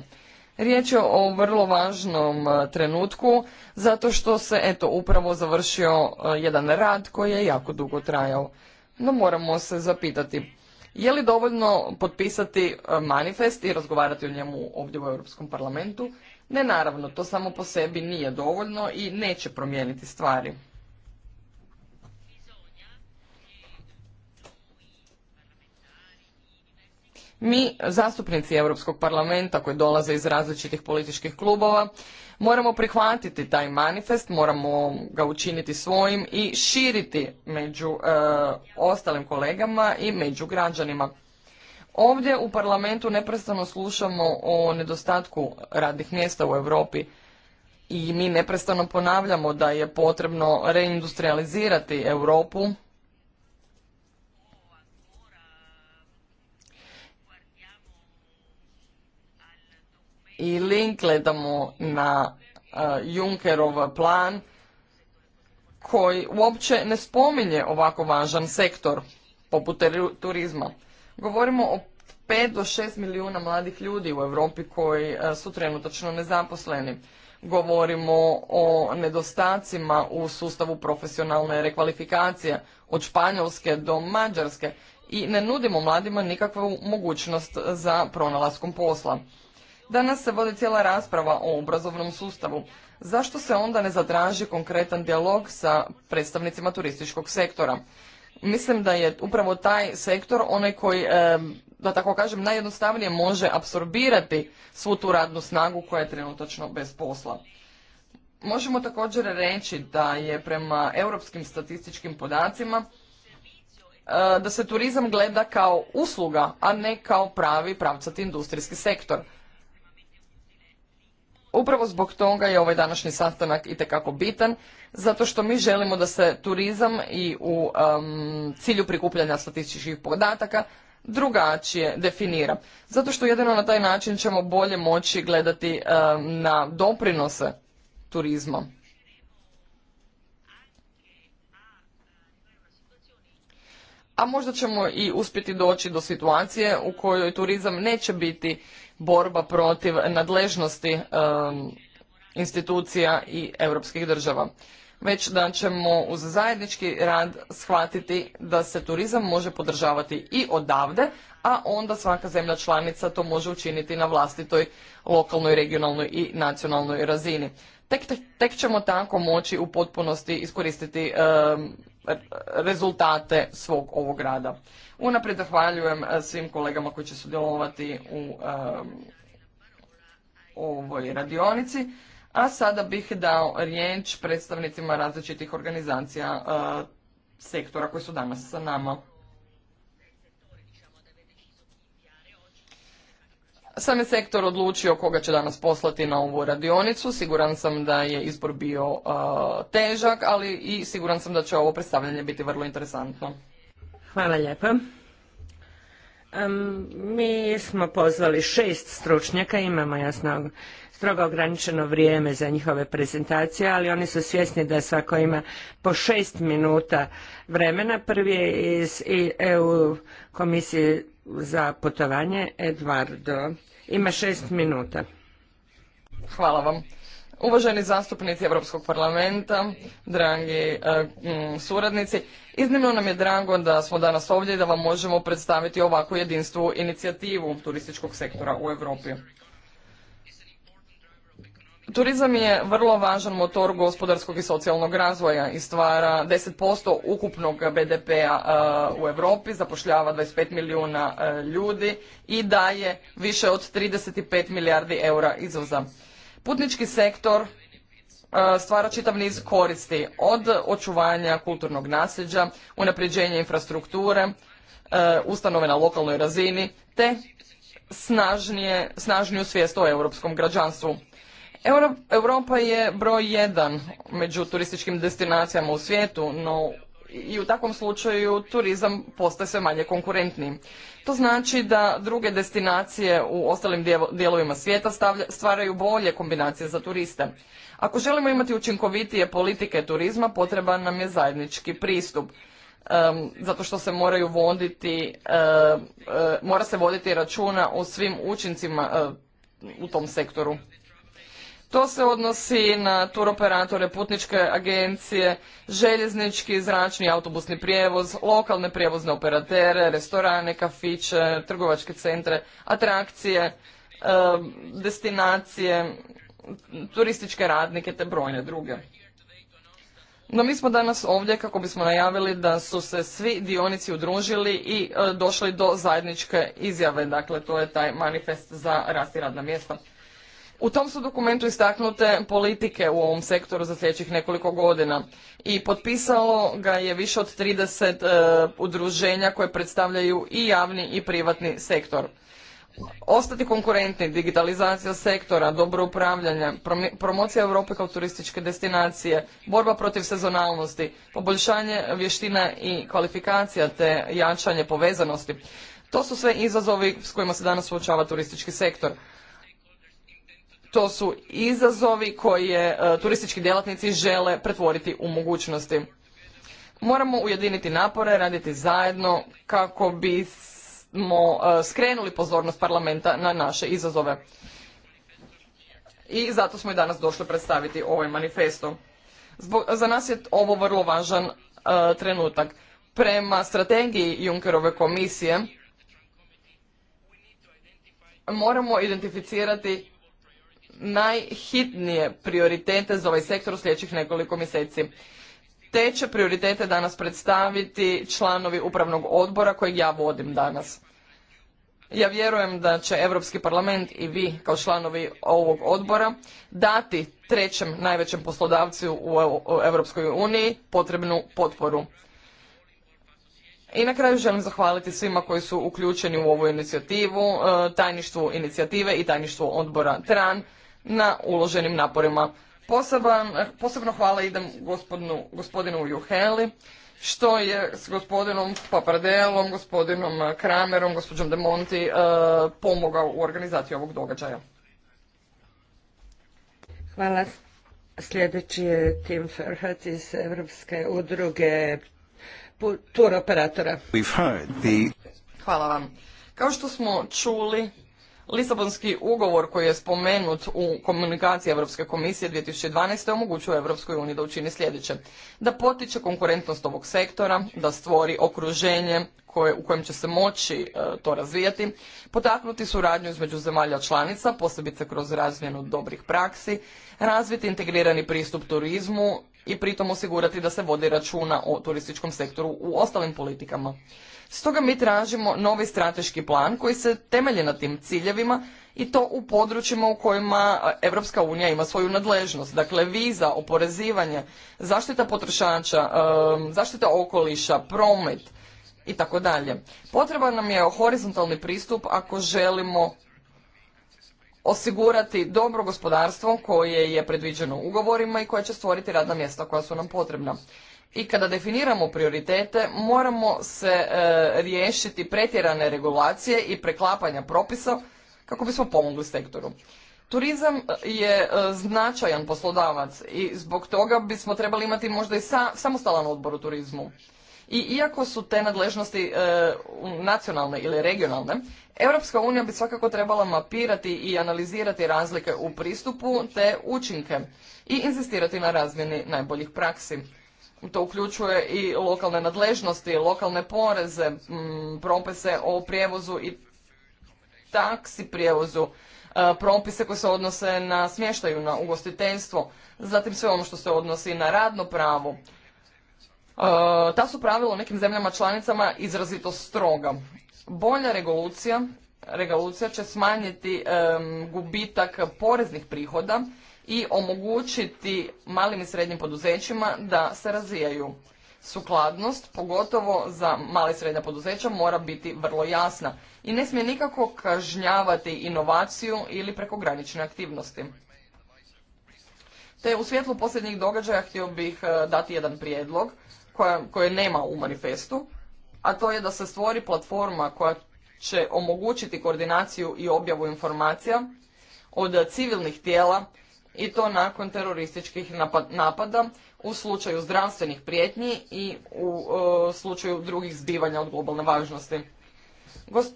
S3: Riječ je o vrlo važnom e, trenutku zato što se eto upravo završio e, jedan rad koji je jako dugo trajao. No moramo se zapitati je li dovoljno potpisati e, manifest i razgovarati o njemu ovdje u Europskom parlamentu? Ne naravno, to samo po sebi nije dovoljno i neće promijeniti stvari. Mi, zastupnici Europskog parlamenta koji dolaze iz različitih političkih klubova, moramo prihvatiti taj manifest, moramo ga učiniti svojim i širiti među e, ostalim kolegama i među građanima. Ovdje u parlamentu neprestano slušamo o nedostatku radnih mjesta u Europi i mi neprestano ponavljamo da je potrebno reindustrializirati Europu i link gledamo na e, Junckerov plan koji uopće ne spominje ovako važan sektor poput turizma. Govorimo o 5 do 6 milijuna mladih ljudi u Europi koji e, su trenutačno nezaposleni. Govorimo o nedostacima u sustavu profesionalne rekvalifikacije od Španjolske do Mađarske i ne nudimo mladima nikakvu mogućnost za pronalaskom posla. Danas se vodi cijela rasprava o obrazovnom sustavu. Zašto se onda ne zatraži konkretan dijalog sa predstavnicima turističkog sektora? Mislim da je upravo taj sektor onaj koji, da tako kažem, najjednostavnije može apsorbirati svu tu radnu snagu koja je trenutačno bez posla. Možemo također reći da je prema europskim statističkim podacima e, da se turizam gleda kao usluga, a ne kao pravi pravcati industrijski sektor. Upravo zbog toga je ovaj današnji sastanak itekako bitan, zato što mi želimo da se turizam i u cilju prikupljanja statističkih podataka drugačije definira. Zato što jedino na taj način ćemo bolje moći gledati na doprinose turizma. A možda ćemo i uspjeti doći do situacije u kojoj turizam neće biti borba protiv nadležnosti institucija i europskih država već da ćemo uz zajednički rad shvatiti da se turizam može podržavati i odavde, a onda svaka zemlja članica to može učiniti na vlastitoj lokalnoj, regionalnoj i nacionalnoj razini. Tek, ćemo tako moći u potpunosti iskoristiti rezultate svog ovog rada. Unaprijed zahvaljujem eh, svim kolegama koji će sudjelovati u ovoj radionici. A sada bih dao riječ predstavnicima različitih organizacija eh, sektora koji su danas sa nama. Sam je sektor odlučio koga će danas poslati na ovu radionicu. Siguran sam da je izbor bio eh, težak, ali i siguran sam da će ovo predstavljanje biti vrlo interesantno.
S2: Hvala lijepo. mi smo pozvali šest stručnjaka, imamo jasno strogo ograničeno vrijeme za njihove prezentacije, ali oni su svjesni da svako ima po šest minuta vremena. Prvi je iz EU komisije za putovanje, Eduardo. Ima šest minuta.
S3: Hvala vam. Uvaženi zastupnici Europskog parlamenta, dragi e, suradnici, iznimno nam je drago da smo danas ovdje i da vam možemo predstaviti ovakvu jedinstvu inicijativu turističkog sektora u Europi. Turizam je vrlo važan motor gospodarskog i socijalnog razvoja i stvara 10% ukupnog BDP-a e, u Europi, zapošljava 25 milijuna e, ljudi i daje više od 35 milijardi eura izvoza. Putnički sektor e, stvara čitav niz koristi od očuvanja kulturnog nasljeđa, unapređenja infrastrukture, e, ustanove na lokalnoj razini te snažnije, snažniju svijest o europskom građanstvu. Europa je broj jedan među turističkim destinacijama u svijetu, no i u takvom slučaju turizam postaje sve manje konkurentniji. To znači da druge destinacije u ostalim dijelovima svijeta stvaraju bolje kombinacije za turiste. Ako želimo imati učinkovitije politike turizma, potreban nam je zajednički pristup. zato što se moraju voditi, e, mora se voditi računa o svim učincima e, u tom sektoru. To se odnosi na turoperatore, putničke agencije, željeznički, zračni, autobusni prijevoz, lokalne prijevozne operatere, restorane, kafiće, trgovačke centre, atrakcije, e, destinacije, turističke radnike te brojne druge. No mi smo danas ovdje kako bismo najavili da su se svi dionici udružili i e, došli do zajedničke izjave, dakle to je taj manifest za rast i radna mjesta. U tom su dokumentu istaknute politike u ovom sektoru za sljedećih nekoliko godina i potpisalo ga je više od 30 e, udruženja koje predstavljaju i javni i privatni sektor. Ostati konkurentni, digitalizacija sektora, dobro upravljanje, promocija Europe kao turističke destinacije, borba protiv sezonalnosti, poboljšanje vještina i kvalifikacija te jačanje povezanosti. To su sve izazovi s kojima se danas suočava turistički sektor to su izazovi koje turistički djelatnici žele pretvoriti u mogućnosti. Moramo ujediniti napore, raditi zajedno kako bismo e, skrenuli pozornost parlamenta na naše izazove. I zato smo i danas došli predstaviti ovaj manifesto. za nas je ovo vrlo važan e, trenutak. Prema strategiji Junckerove komisije moramo identificirati najhitnije prioritete za ovaj sektor u sljedećih nekoliko mjeseci. Te će prioritete danas predstaviti članovi upravnog odbora kojeg ja vodim danas. Ja vjerujem da će Europski parlament i vi kao članovi ovog odbora dati trećem najvećem poslodavcu u Europskoj uniji potrebnu potporu. I na kraju želim zahvaliti svima koji su uključeni u ovu inicijativu, e, tajništvu inicijative i tajništvu odbora TRAN na uloženim naporima. posebno hvala idem gospodinu, Juheli, što je s gospodinom Papardelom, gospodinom Kramerom, gospođom De Monti e, pomogao u organizaciji ovog događaja.
S2: Hvala. Sljedeći je Tim Ferhat iz Evropske udruge tur operatora. Hvala
S3: vam. Kao što smo čuli, Lisabonski ugovor koji je spomenut u komunikaciji Europske komisije 2012. omogućuje Europskoj uniji da učini sljedeće. Da potiče konkurentnost ovog sektora, da stvori okruženje koje, u kojem će se moći e, to razvijati, potaknuti suradnju između zemalja članica, posebice kroz razmjenu dobrih praksi, razviti integrirani pristup turizmu i pritom osigurati da se vodi računa o turističkom sektoru u ostalim politikama. Stoga mi tražimo novi strateški plan koji se temelji na tim ciljevima i to u područjima u kojima Europska unija ima svoju nadležnost. Dakle, viza, oporezivanje, zaštita potrošača, zaštita okoliša, promet i tako dalje. Potreban nam je horizontalni pristup ako želimo osigurati dobro gospodarstvo koje je predviđeno ugovorima i koje će stvoriti radna mjesta koja su nam potrebna i kada definiramo prioritete moramo se e, riješiti pretjerane regulacije i preklapanja propisa kako bismo pomogli sektoru. Turizam e, je e, značajan poslodavac i zbog toga bismo trebali imati možda i samostalan odbor u turizmu. I iako su te nadležnosti nacionalne ili regionalne, Europska unija bi svakako trebala mapirati i analizirati razlike u pristupu te učinke i insistirati na razmjeni najboljih praksi to uključuje i lokalne nadležnosti, lokalne poreze, mm, propise o prijevozu i taksi prijevozu, e, propise koje se odnose na smještaju, na ugostiteljstvo, zatim sve ono što se odnosi na radno pravo. E, ta su pravila u nekim zemljama članicama izrazito stroga. Bolja regulacija, regulacija će smanjiti gubitak poreznih prihoda i omogućiti malim i srednjim poduzećima da se razvijaju. Sukladnost, pogotovo za male i srednja poduzeća, mora biti vrlo jasna i ne smije nikako kažnjavati inovaciju ili prekogranične aktivnosti. Te u svjetlu posljednjih događaja htio bih e, dati jedan prijedlog koje nema u manifestu, a to je da se stvori platforma koja će omogućiti koordinaciju i objavu informacija od civilnih tijela i to nakon terorističkih napada u slučaju zdravstvenih prijetnji i u e, slučaju drugih zbivanja od globalne važnosti.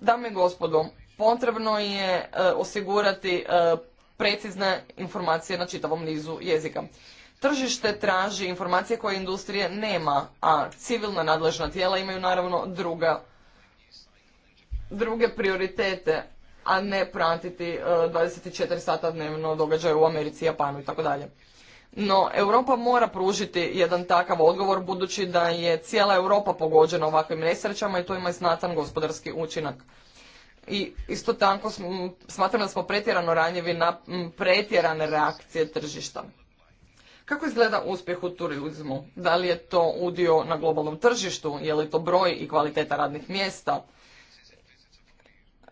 S3: dame i gospodo, potrebno je e, osigurati e, precizne informacije na čitavom nizu jezika. Tržište traži informacije koje industrije nema, a civilna nadležna tijela imaju naravno druga, druge prioritete a ne pratiti 24 e, sata dnevno događaje u Americi, Japanu i tako dalje. No, Europa mora pružiti jedan takav odgovor budući da je cijela Europa pogođena ovakvim nesrećama i to ima znatan gospodarski učinak. I isto tako smatram da smo pretjerano ranjivi na pretjerane reakcije tržišta. Kako izgleda uspjeh u turizmu? Da li je to udio na globalnom tržištu? Je li to broj i kvaliteta radnih mjesta?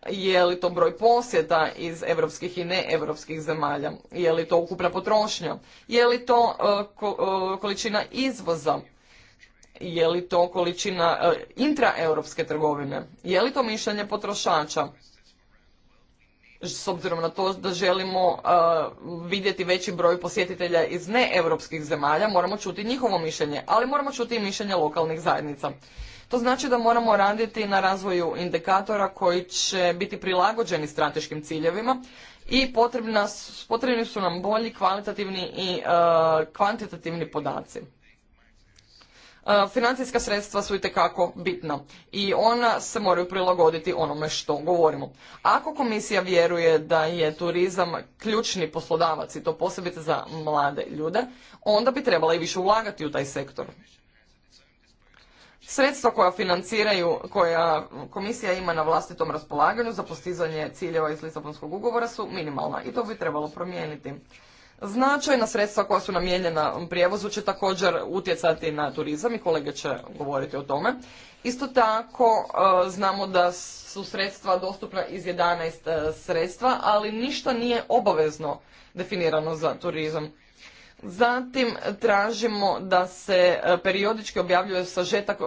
S3: je li to broj posjeta iz europskih i neevropskih zemalja, je li to ukupna potrošnja, je li to e, e, količina izvoza, je li to količina e, intraeuropske trgovine, je li to mišljenje potrošača. S obzirom na to da želimo vidjeti veći broj posjetitelja iz neevropskih zemalja, moramo čuti njihovo mišljenje, ali moramo čuti i mišljenje lokalnih zajednica. To znači da moramo raditi na razvoju indikatora koji će biti prilagođeni strateškim ciljevima i potrebni su nam bolji kvalitativni i e, kvantitativni podaci. E, financijska sredstva su itekako bitna i ona se moraju prilagoditi onome što govorimo. Ako komisija vjeruje da je turizam ključni poslodavac i to posebice za mlade ljude, onda bi trebala i više ulagati u taj sektor. Sredstva koja financiraju, koja komisija ima na vlastitom raspolaganju za postizanje ciljeva iz Lisabonskog ugovora su minimalna i to bi trebalo promijeniti. Značajna sredstva koja su namijenjena prijevozu će također utjecati na turizam i kolege će govoriti o tome. Isto tako e, znamo da su sredstva dostupna iz 11 e, sredstva, ali ništa nije obavezno definirano za turizam. Zatim tražimo da se e, periodički objavljuje sažetak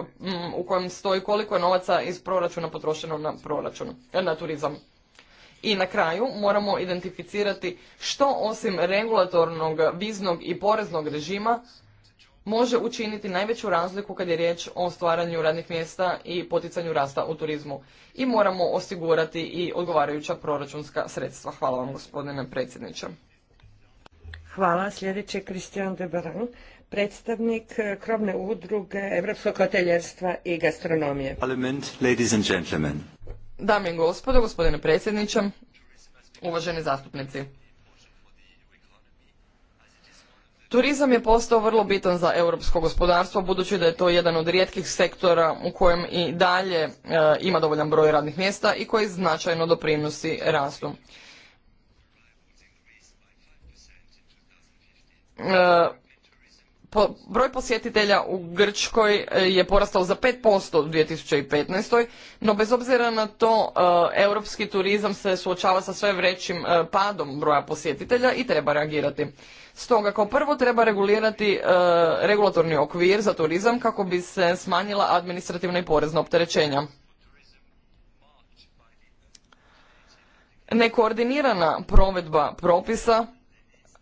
S3: u kojem stoji koliko je novaca iz proračuna potrošeno na proračun, e, na turizam. I na kraju moramo identificirati što osim regulatornog, viznog i poreznog režima može učiniti najveću razliku kad je riječ o stvaranju radnih mjesta i poticanju rasta u turizmu. I moramo osigurati i odgovarajuća proračunska sredstva. Hvala vam gospodine predsjedniče.
S2: Hvala. Sljedeći je Kristijan Debaran, predstavnik eh, krovne udruge Evropskog hoteljerstva i gastronomije.
S1: ladies and gentlemen.
S3: Dame i gospodo, gospodine predsjedniče, uvaženi zastupnici. Turizam je postao vrlo bitan za europsko gospodarstvo budući da je to jedan od rijetkih sektora u kojem i dalje eh, ima dovoljan broj radnih mjesta i koji značajno doprinosi rastu. E, broj posjetitelja u Grčkoj e, je porastao za 5% u 2015. No bez obzira na to, e, europski turizam se suočava sa sve vrećim padom broja posjetitelja i treba reagirati. Stoga kao prvo treba regulirati regulatorni okvir za turizam kako bi se smanjila administrativna i porezna opterećenja. Nekoordinirana provedba propisa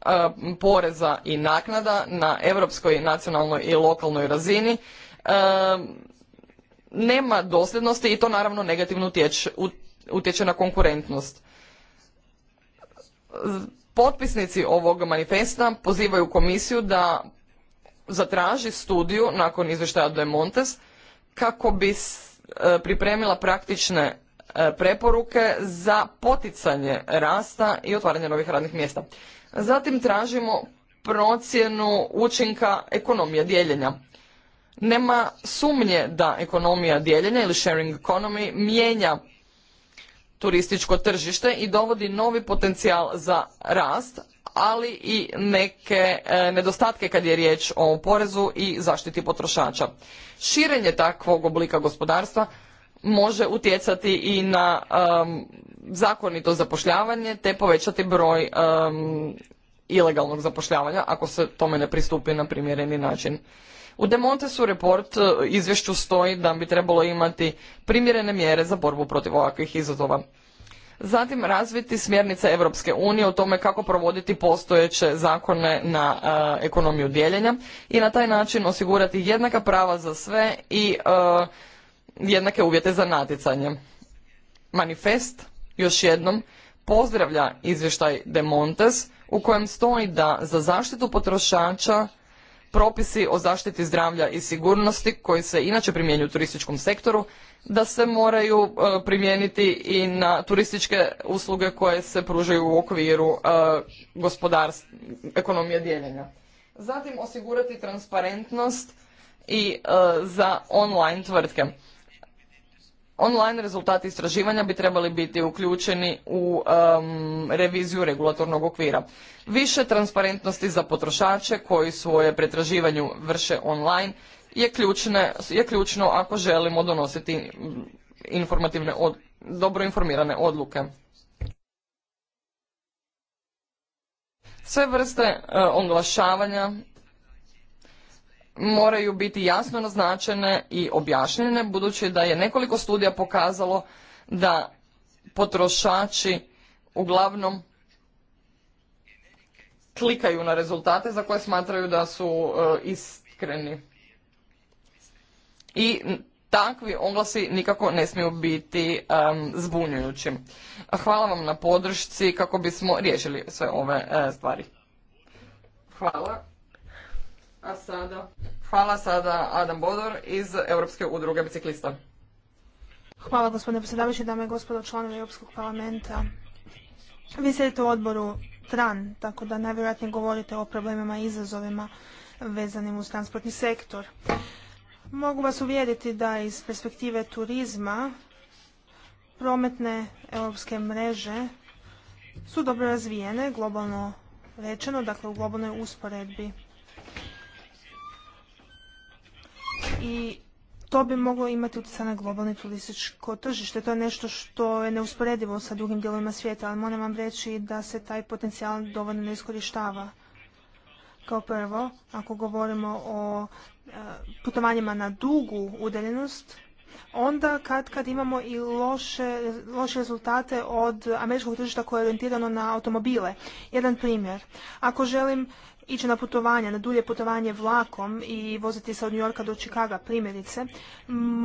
S3: E, poreza i naknada na europskoj, nacionalnoj i lokalnoj razini e, nema dosljednosti i to naravno negativno utječe, na konkurentnost. Potpisnici ovog manifesta pozivaju komisiju da zatraži studiju nakon izvještaja De Montes kako bi e, pripremila praktične preporuke za poticanje rasta i otvaranje novih radnih mjesta. Zatim tražimo procjenu učinka ekonomija dijeljenja. Nema sumnje da ekonomija dijeljenja ili sharing economy mijenja turističko tržište i dovodi novi potencijal za rast, ali i neke e, nedostatke kad je riječ o porezu i zaštiti potrošača. Širenje takvog oblika gospodarstva može utjecati i na zakonito zapošljavanje te povećati broj ilegalnog zapošljavanja ako se tome ne pristupi na primjereni način. U Demontesu report e, izvješću stoji da bi trebalo imati primjerene mjere za borbu protiv ovakvih izazova. Zatim razviti smjernice Europske unije o tome kako provoditi postojeće zakone na e, ekonomiju dijeljenja i na taj način osigurati jednaka prava za sve i e, jednake uvjete za natjecanje. Manifest, još jednom, pozdravlja izvještaj De Montes u kojem stoji da za zaštitu potrošača propisi o zaštiti zdravlja i sigurnosti koji se inače primjenjuju u turističkom sektoru da se moraju e, primijeniti i na turističke usluge koje se pružaju u okviru e, ekonomije dijeljenja. Zatim osigurati transparentnost i e, za online tvrtke. Online rezultati istraživanja bi trebali biti uključeni u reviziju regulatornog okvira. Više transparentnosti za potrošače koji svoje pretraživanju vrše online je, ključne, je ključno ako želimo donositi mm, informativne dobro informirane odluke. Sve vrste e, oglašavanja moraju biti jasno naznačene i objašnjene budući da je nekoliko studija pokazalo da potrošači uglavnom klikaju na rezultate za koje smatraju da su e, iskreni. I takvi oglasi nikako ne smiju biti zbunjujući. Hvala vam na podršci kako bismo riješili sve ove e, stvari. Hvala. A sada, hvala sada Adam Bodor iz Europske udruge biciklista.
S1: Hvala gospodine predsjedavajući, dame i gospodo članovi Europskog parlamenta. Vi sjedite u odboru TRAN, tako da najvjerojatnije govorite o problemima i izazovima vezanim uz transportni sektor. Mogu vas uvjeriti da iz perspektive turizma prometne europske mreže su dobro razvijene globalno rečeno, dakle u globalnoj usporedbi. i to bi moglo imati utjecaj na globalni turističko tržište. To je nešto što je neusporedivo sa drugim dijelovima svijeta, ali moram vam reći da se taj potencijal dovoljno ne iskorištava. Kao prvo, ako govorimo o e, putovanjima na dugu udaljenost, onda kad kad imamo i loše, loše rezultate od američkog tržišta koje je orijentirano na automobile. Jedan primjer. Ako želim ići na putovanje, na dulje putovanje vlakom i voziti se od New Yorka do Chicaga primjerice,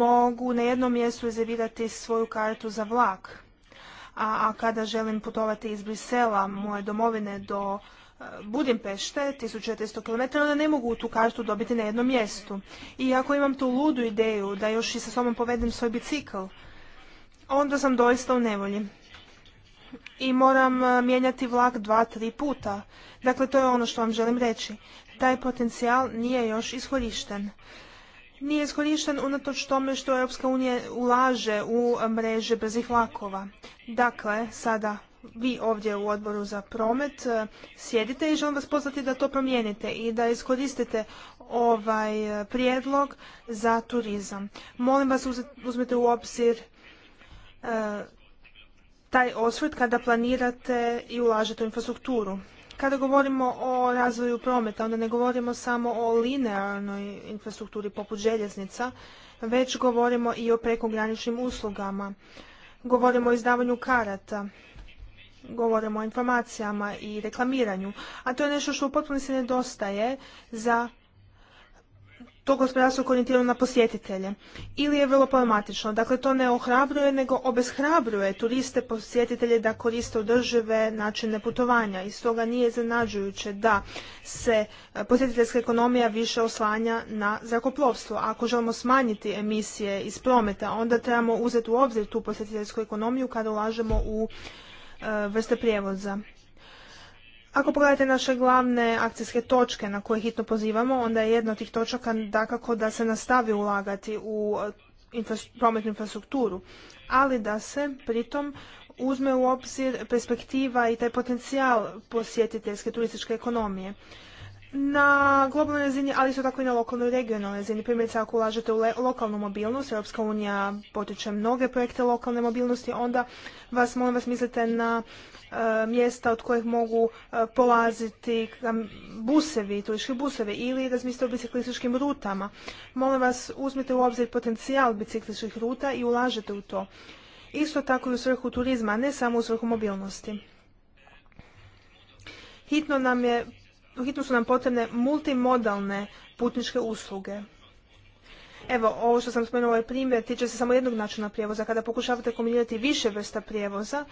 S1: mogu na jednom mjestu rezervirati svoju kartu za vlak. A, a kada želim putovati iz Brisela, moje domovine, do e, Budimpešte, 1400 km, onda ne mogu tu kartu dobiti na jednom mjestu. I ako imam tu ludu ideju da još i sa sobom povedem svoj bicikl, onda sam doista u nevolji i moram e, mijenjati vlak dva, tri puta. Dakle, to je ono što vam želim reći. Taj potencijal nije još iskorišten. Nije iskorišten unatoč tome što Europska unija ulaže u mreže brzih vlakova. Dakle, sada vi ovdje u odboru za promet e, sjedite i želim vas pozvati da to promijenite i da iskoristite ovaj e, prijedlog za turizam. Molim vas uzmete u obzir taj osvrt kada planirate i ulažete u infrastrukturu. Kada govorimo o razvoju prometa, onda ne govorimo samo o linearnoj infrastrukturi poput željeznica, već govorimo i o prekograničnim uslugama. Govorimo o izdavanju karata, govorimo o informacijama i reklamiranju, a to je nešto što u potpunosti nedostaje za to gospodarstvo orijentirano na posjetitelje. Ili je vrlo problematično. Dakle, to ne ohrabruje, nego obeshrabruje turiste, posjetitelje da koriste održive načine putovanja. I stoga nije zanađujuće da se e, posjetiteljska ekonomija više oslanja na zrakoplovstvo. Ako želimo smanjiti emisije iz prometa, onda trebamo uzeti u obzir tu posjetiteljsku ekonomiju kada ulažemo u e, vrste prijevoza. Ako pogledate naše glavne akcijske točke na koje hitno pozivamo, onda je jedna od tih točaka dakako da se nastavi ulagati u eh, prometnu infrastrukturu, ali da se pritom uzme u obzir perspektiva i taj potencijal posjetiteljske turističke ekonomije na globalnoj razini, ali isto tako i na lokalnoj i regionalnoj razini. Primjerice, ako ulažete u lokalnu mobilnost, Europska unija potiče mnoge projekte lokalne mobilnosti, onda vas, molim vas, mislite na e, mjesta od kojih mogu e, polaziti busevi, turistički busevi ili razmislite o biciklističkim rutama. Molim vas, uzmite u obzir potencijal biciklističkih ruta i ulažete u to. Isto tako i u svrhu turizma, ne samo u svrhu mobilnosti. Hitno nam je hitno su nam potrebne multimodalne putničke usluge. Evo, ovo što sam spomenula ovaj primjer tiče se samo jednog načina prijevoza. Kada pokušavate kombinirati više vrsta prijevoza,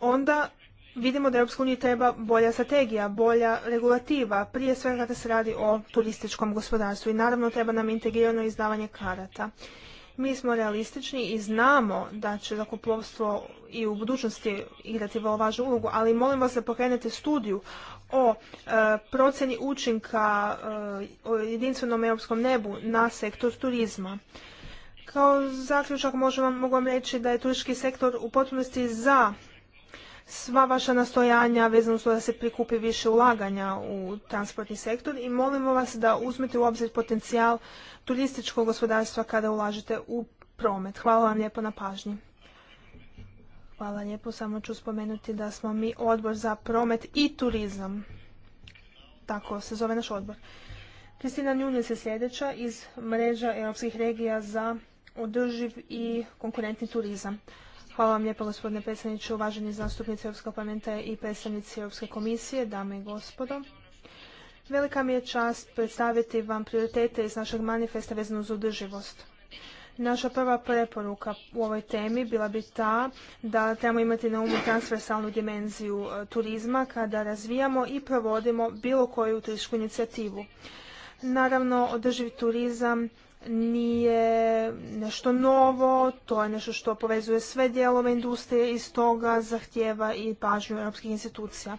S1: onda vidimo da EU treba bolja strategija, bolja regulativa, prije svega kada se radi o turističkom gospodarstvu i naravno treba nam integrirano izdavanje karata. Mi smo realistični i znamo da će zakupovstvo i u budućnosti igrati vrlo važnu ulogu, ali molim vas da pokrenete studiju o e, procjeni učinka e, o jedinstvenom europskom nebu na sektor turizma. Kao zaključak mogu vam reći da je turistički sektor u potpunosti za sva vaša nastojanja vezano to da se prikupi više ulaganja u transportni sektor i molimo vas da uzmete u obzir potencijal turističkog gospodarstva kada ulažete u promet. Hvala vam lijepo na pažnji. Hvala lijepo, samo ću spomenuti da smo mi odbor za promet i turizam. Tako se zove naš odbor. Kristina Njunes je sljedeća iz mreža europskih regija za održiv i konkurentni turizam. Hvala vam lijepo gospodine predsjedniče, uvaženi zastupnici Europskog parlamenta i predstavnici Europske komisije, dame i gospodo. Velika mi je čast predstaviti vam prioritete iz našeg manifesta vezano uz održivost. Naša prva preporuka u ovoj temi bila bi ta da trebamo imati na umu transversalnu dimenziju e, turizma kada razvijamo i provodimo bilo koju turističku inicijativu. Naravno, održivi turizam nije nešto novo, to je nešto što povezuje sve dijelove industrije i stoga zahtjeva i pažnju europskih institucija.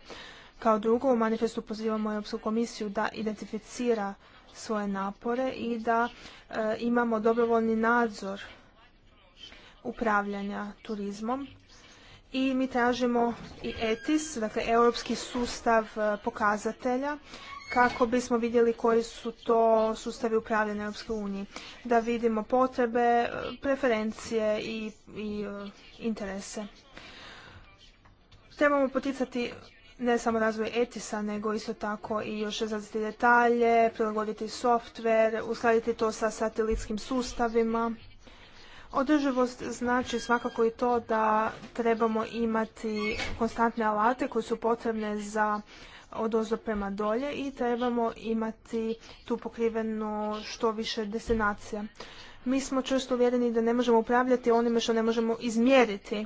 S1: Kao drugo, u manifestu pozivamo Europsku komisiju da identificira svoje napore i da e, imamo dobrovoljni nadzor upravljanja turizmom. I mi tražimo i ETIS, dakle europski sustav e, pokazatelja kako bismo vidjeli koji su to sustavi upravljanja Europske unije. Da vidimo potrebe, e, preferencije i, i interese. Trebamo poticati ne samo razvoj etisa, nego isto tako i još različite detalje, prilagoditi softver, uskladiti to sa satelitskim sustavima. Održivost znači svakako i to da trebamo imati konstantne alate koji su potrebne za odozdo prema dolje i trebamo imati tu pokriveno što više destinacija. Mi smo često uvjereni da ne možemo upravljati onime što ne možemo izmjeriti.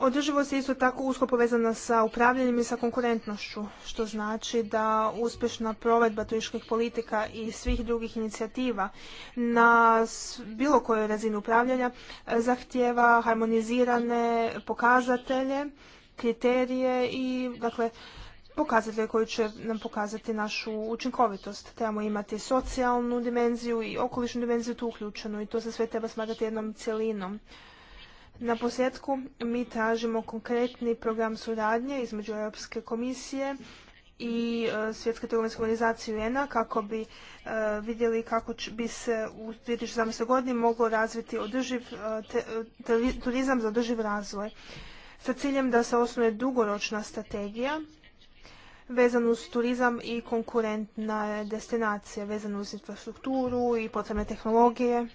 S1: Održivost je isto tako usko povezana sa upravljanjem i sa konkurentnošću, što znači da uspješna provedba turističkih politika i svih drugih inicijativa na bilo kojoj razini upravljanja e, zahtjeva harmonizirane pokazatelje, kriterije i dakle pokazatelje koji će nam pokazati našu učinkovitost. Trebamo imati socijalnu dimenziju i okolišnu dimenziju tu uključenu i to se sve treba smatrati jednom cjelinom. Na posljedku mi tražimo konkretni program suradnje između Europske komisije i e, Svjetske trgovinske organizacije un kako bi e, vidjeli kako bi se u 2017. godini moglo razviti održiv e, turizam za održiv razvoj sa ciljem da se osnuje dugoročna strategija vezan uz turizam i konkurentna destinacije, vezan uz infrastrukturu i potrebne tehnologije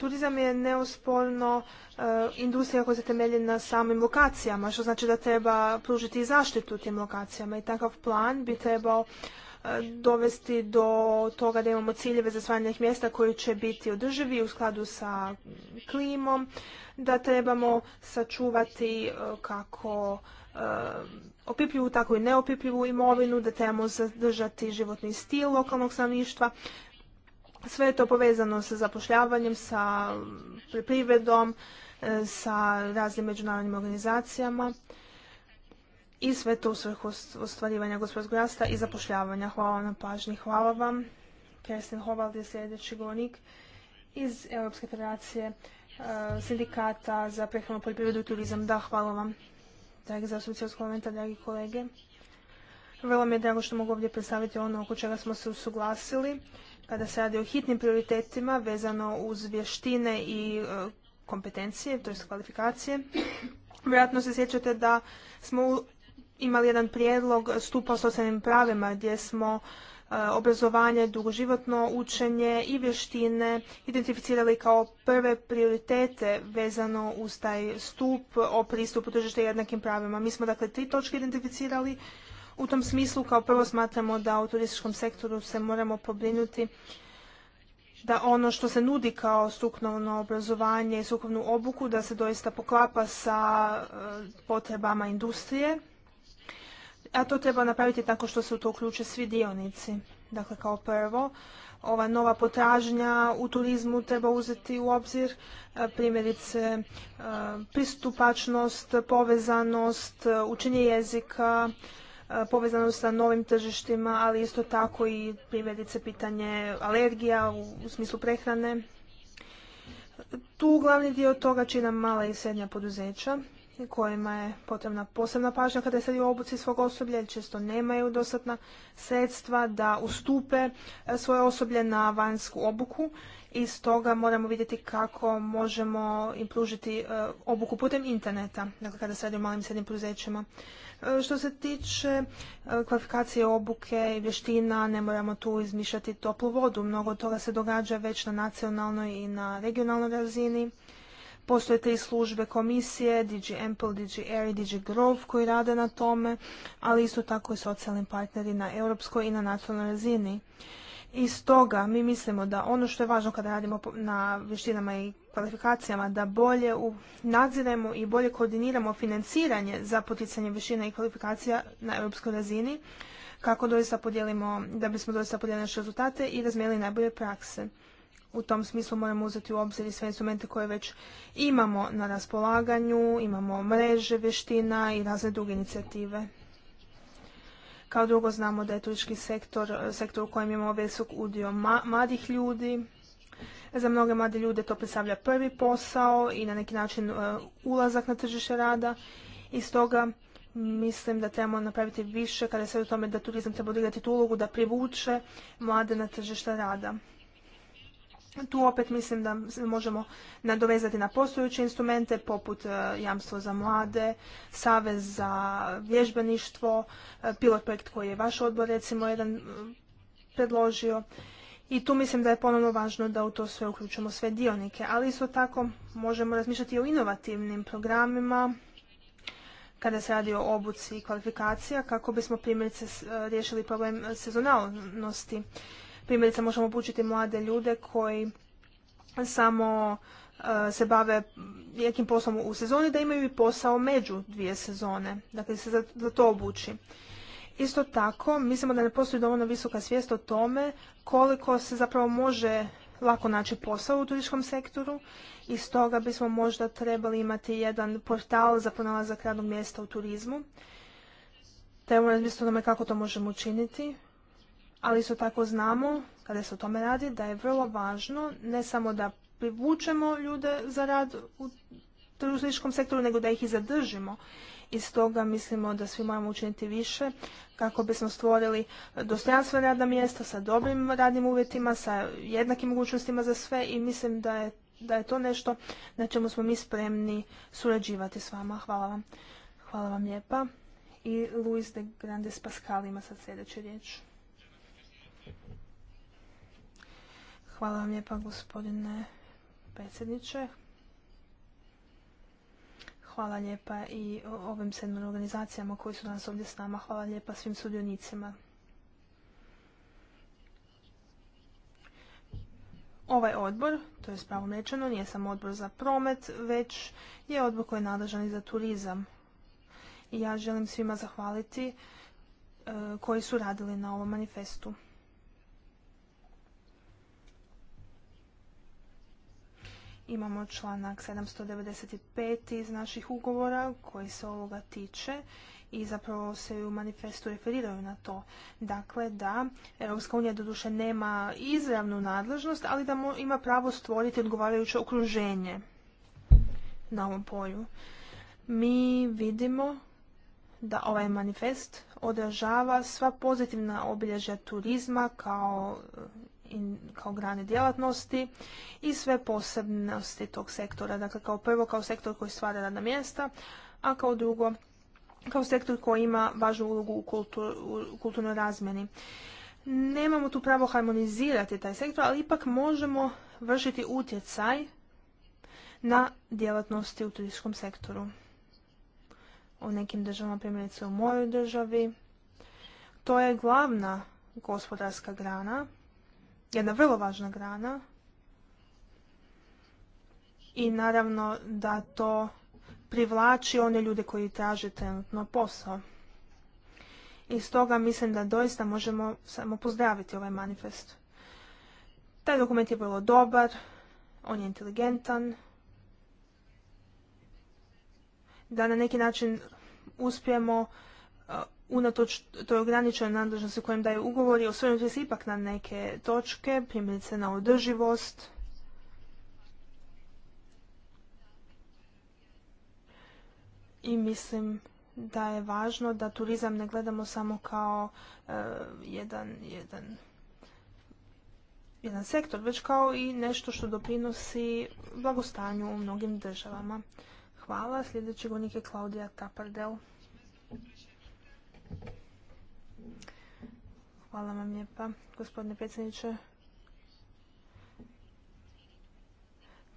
S1: Turizam je neosporno e, industrija koja se temelji na samim lokacijama, što znači da treba pružiti i zaštitu tim lokacijama i takav plan bi trebao e, dovesti do toga da imamo ciljeve za stvaranje mjesta koji će biti održivi u skladu sa klimom, da trebamo sačuvati e, kako opipljivu, tako i neopipljivu imovinu, da trebamo zadržati životni stil lokalnog stanovništva. Sve je to povezano sa zapošljavanjem, sa privredom, e, sa raznim međunarodnim organizacijama i sve to u svrhu ostvarivanja gospodarskog rasta i zapošljavanja. Hvala vam na pažnji. Hvala vam. Kerstin Hovald je sljedeći govornik iz Europske federacije e, sindikata za prehranu poljoprivredu i turizam. Da, hvala vam, dragi zastupnici od parlamenta, dragi kolege. Vrlo mi je drago što mogu ovdje predstaviti ono oko čega smo se usuglasili kada se radi o hitnim prioritetima vezano uz vještine i e, kompetencije, to je kvalifikacije. Vjerojatno se sjećate da smo imali jedan prijedlog stupa o socijalnim pravima gdje smo e, obrazovanje, dugoživotno učenje i vještine identificirali kao prve prioritete vezano uz taj stup o pristupu tržišta jednakim pravima. Mi smo dakle tri točke identificirali u tom smislu kao prvo smatramo da u turističkom sektoru se moramo pobrinuti da ono što se nudi kao strukovno obrazovanje i strukovnu obuku da se doista poklapa sa e, potrebama industrije, a to treba napraviti tako što se u to uključe svi dionici. Dakle, kao prvo, ova nova potražnja u turizmu treba uzeti u obzir, e, primjerice e, pristupačnost, povezanost, učenje jezika, povezano sa novim tržištima, ali isto tako i primjerice pitanje alergija u, smislu prehrane. Tu glavni dio toga čina mala i srednja poduzeća kojima je potrebna posebna pažnja kada se radi o obuci svog osoblja jer često nemaju dostatna sredstva da ustupe e, svoje osoblje na vanjsku obuku i stoga moramo vidjeti kako možemo im pružiti e, obuku putem interneta, dakle kada se radi o malim srednjim poduzećima. E, što se tiče e, kvalifikacije obuke i vještina, ne moramo tu izmišljati toplu vodu. Mnogo toga se događa već na nacionalnoj i na regionalnoj razini. Postoje i službe komisije, DG Ample, DG Air i DG Grove koji rade na tome, ali isto tako i socijalni partneri na europskoj i na nacionalnoj razini. I stoga mi mislimo da ono što je važno kada radimo na vještinama i kvalifikacijama, da bolje nadziremo i bolje koordiniramo financiranje za poticanje vještina i kvalifikacija na europskoj razini, kako doista podijelimo, da bismo doista podijelili naše rezultate i razmijeli najbolje prakse. U tom smislu moramo uzeti u obzir i sve instrumente koje već imamo na raspolaganju, imamo mreže vještina i razne druge inicijative. Kao drugo znamo da je turistički sektor, sektor u kojem imamo visok udio mladih ljudi. Za mnoge mlade ljude to predstavlja prvi posao i na neki način e, ulazak na tržište rada. I stoga mislim da trebamo napraviti više kada se o tome da turizam treba odigrati tu ulogu da privuče mlade na tržište rada. Tu opet mislim da možemo nadovezati na postojuće instrumente poput e, jamstvo za mlade, savez za vježbeništvo, e, pilot projekt koji je vaš odbor recimo jedan e, predložio. I tu mislim da je ponovno važno da u to sve uključimo sve dionike, ali isto tako možemo razmišljati o inovativnim programima kada se radi o obuci i kvalifikacija kako bismo primjerice riješili problem sezonalnosti Primjerice možemo obučiti mlade ljude koji samo e, se bave nekim poslom u sezoni, da imaju i posao među dvije sezone. Dakle, se za, to obuči. Isto tako, mislimo da ne postoji dovoljno visoka svijest o tome koliko se zapravo može lako naći posao u turističkom sektoru i stoga bismo možda trebali imati jedan portal za pronalazak radnog mjesta u turizmu. Trebamo razmisliti o kako to možemo učiniti ali isto tako znamo, kada se o tome radi, da je vrlo važno ne samo da privučemo ljude za rad u turističkom sektoru, nego da ih i zadržimo. I stoga mislimo da svi moramo učiniti više kako bismo stvorili dostojanstvena radna mjesta sa dobrim radnim uvjetima, sa jednakim mogućnostima za sve i mislim da je, da je to nešto na čemu smo mi spremni surađivati s vama. Hvala vam. Hvala vam lijepa. I Luis de Grandes Pascal ima sad sljedeću riječ. Hvala vam lijepa gospodine predsjedniče. Hvala lijepa i ovim sedmim organizacijama koji su danas ovdje s nama. Hvala lijepa svim sudionicima. Ovaj odbor, to je spravom rečeno, nije samo odbor za promet, već je odbor koji je nadležan i za turizam. I ja želim svima zahvaliti e, koji su radili na ovom manifestu. Imamo članak 795 iz naših ugovora koji se ovoga tiče i zapravo se u manifestu referiraju na to. Dakle, da Europska unija doduše nema izravnu nadležnost, ali da ima pravo stvoriti odgovarajuće okruženje na ovom polju. Mi vidimo da ovaj manifest odražava sva pozitivna obilježja turizma kao kao grane djelatnosti i sve posebnosti tog sektora. Dakle, kao prvo kao sektor koji stvara radna mjesta, a kao drugo kao sektor koji ima važnu ulogu u, u kulturnoj razmjeni. Nemamo tu pravo harmonizirati taj sektor, ali ipak možemo vršiti utjecaj na djelatnosti u turističkom sektoru. U nekim državama, primjerice u mojoj državi, to je glavna gospodarska grana jedna vrlo važna grana i naravno da to privlači one ljude koji traže trenutno posao. I stoga mislim da doista možemo samo pozdraviti ovaj manifest. Taj dokument je vrlo dobar, on je inteligentan, da na neki način uspijemo unatoč toj ograničenoj nadležnosti kojem daje ugovori, osvrnuti se ipak na neke točke, primjerice na održivost. I mislim da je važno da turizam ne gledamo samo kao e, jedan, jedan, sektor, već kao i nešto što doprinosi blagostanju u mnogim državama. Hvala. Sljedeći govornik je Klaudija Tapardel. Hvala vam lijepa, gospodine predsjedniče.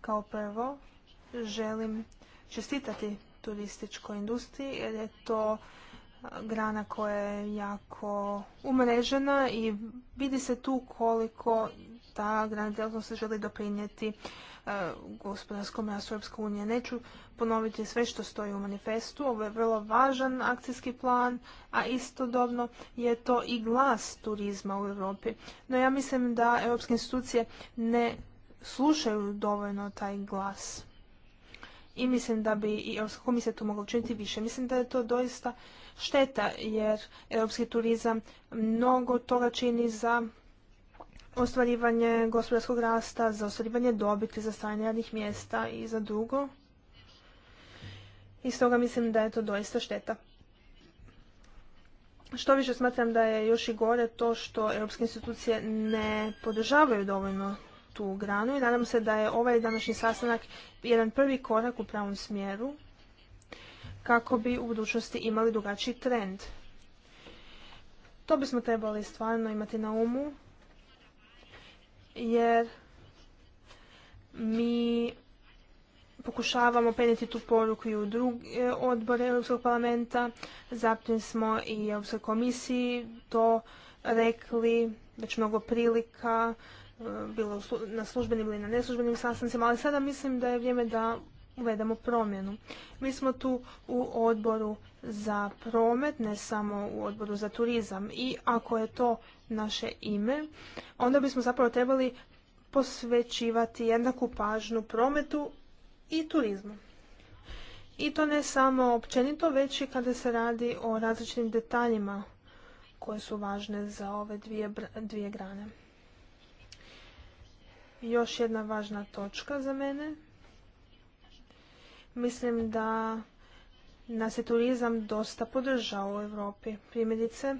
S1: Kao prvo, želim čestitati turističkoj industriji jer je to grana koja je jako umrežena i vidi se tu koliko ta grana se želi doprinijeti e, gospodarskom rastu Europske unije. Neću ponoviti sve što stoji u manifestu, ovo je vrlo važan akcijski plan, a istodobno je to i glas turizma u Europi. No ja mislim da europske institucije ne slušaju dovoljno taj glas. I mislim da bi i Europska komisija tu mogla učiniti više. Mislim da je to doista šteta jer europski turizam mnogo toga čini za ostvarivanje gospodarskog rasta, za ostvarivanje dobiti, za stanje radnih mjesta i za drugo. I stoga mislim da je to doista šteta. Što više smatram da je još i gore to što europske institucije ne podržavaju dovoljno tu granu i nadam se da je ovaj današnji sastanak jedan prvi korak u pravom smjeru kako bi u budućnosti imali drugačiji trend. To bismo trebali stvarno imati na umu jer mi pokušavamo prenijeti tu poruku i u druge odbore Europskog parlamenta. Zatim smo i Europskoj komisiji to rekli već mnogo prilika, eh, bilo na službenim ili na neslužbenim sastancima, ali sada mislim da je vrijeme da uvedemo promjenu. Mi smo tu u odboru za promet, ne samo u odboru za turizam i ako je to naše ime, onda bismo zapravo trebali posvećivati jednaku pažnju prometu i turizmu. I to ne samo općenito, već i kada se radi o različitim detaljima koje su važne za ove dvije, dvije grane. Još jedna važna točka za mene. Mislim da nas je turizam dosta podržao u Europi. Primjerice,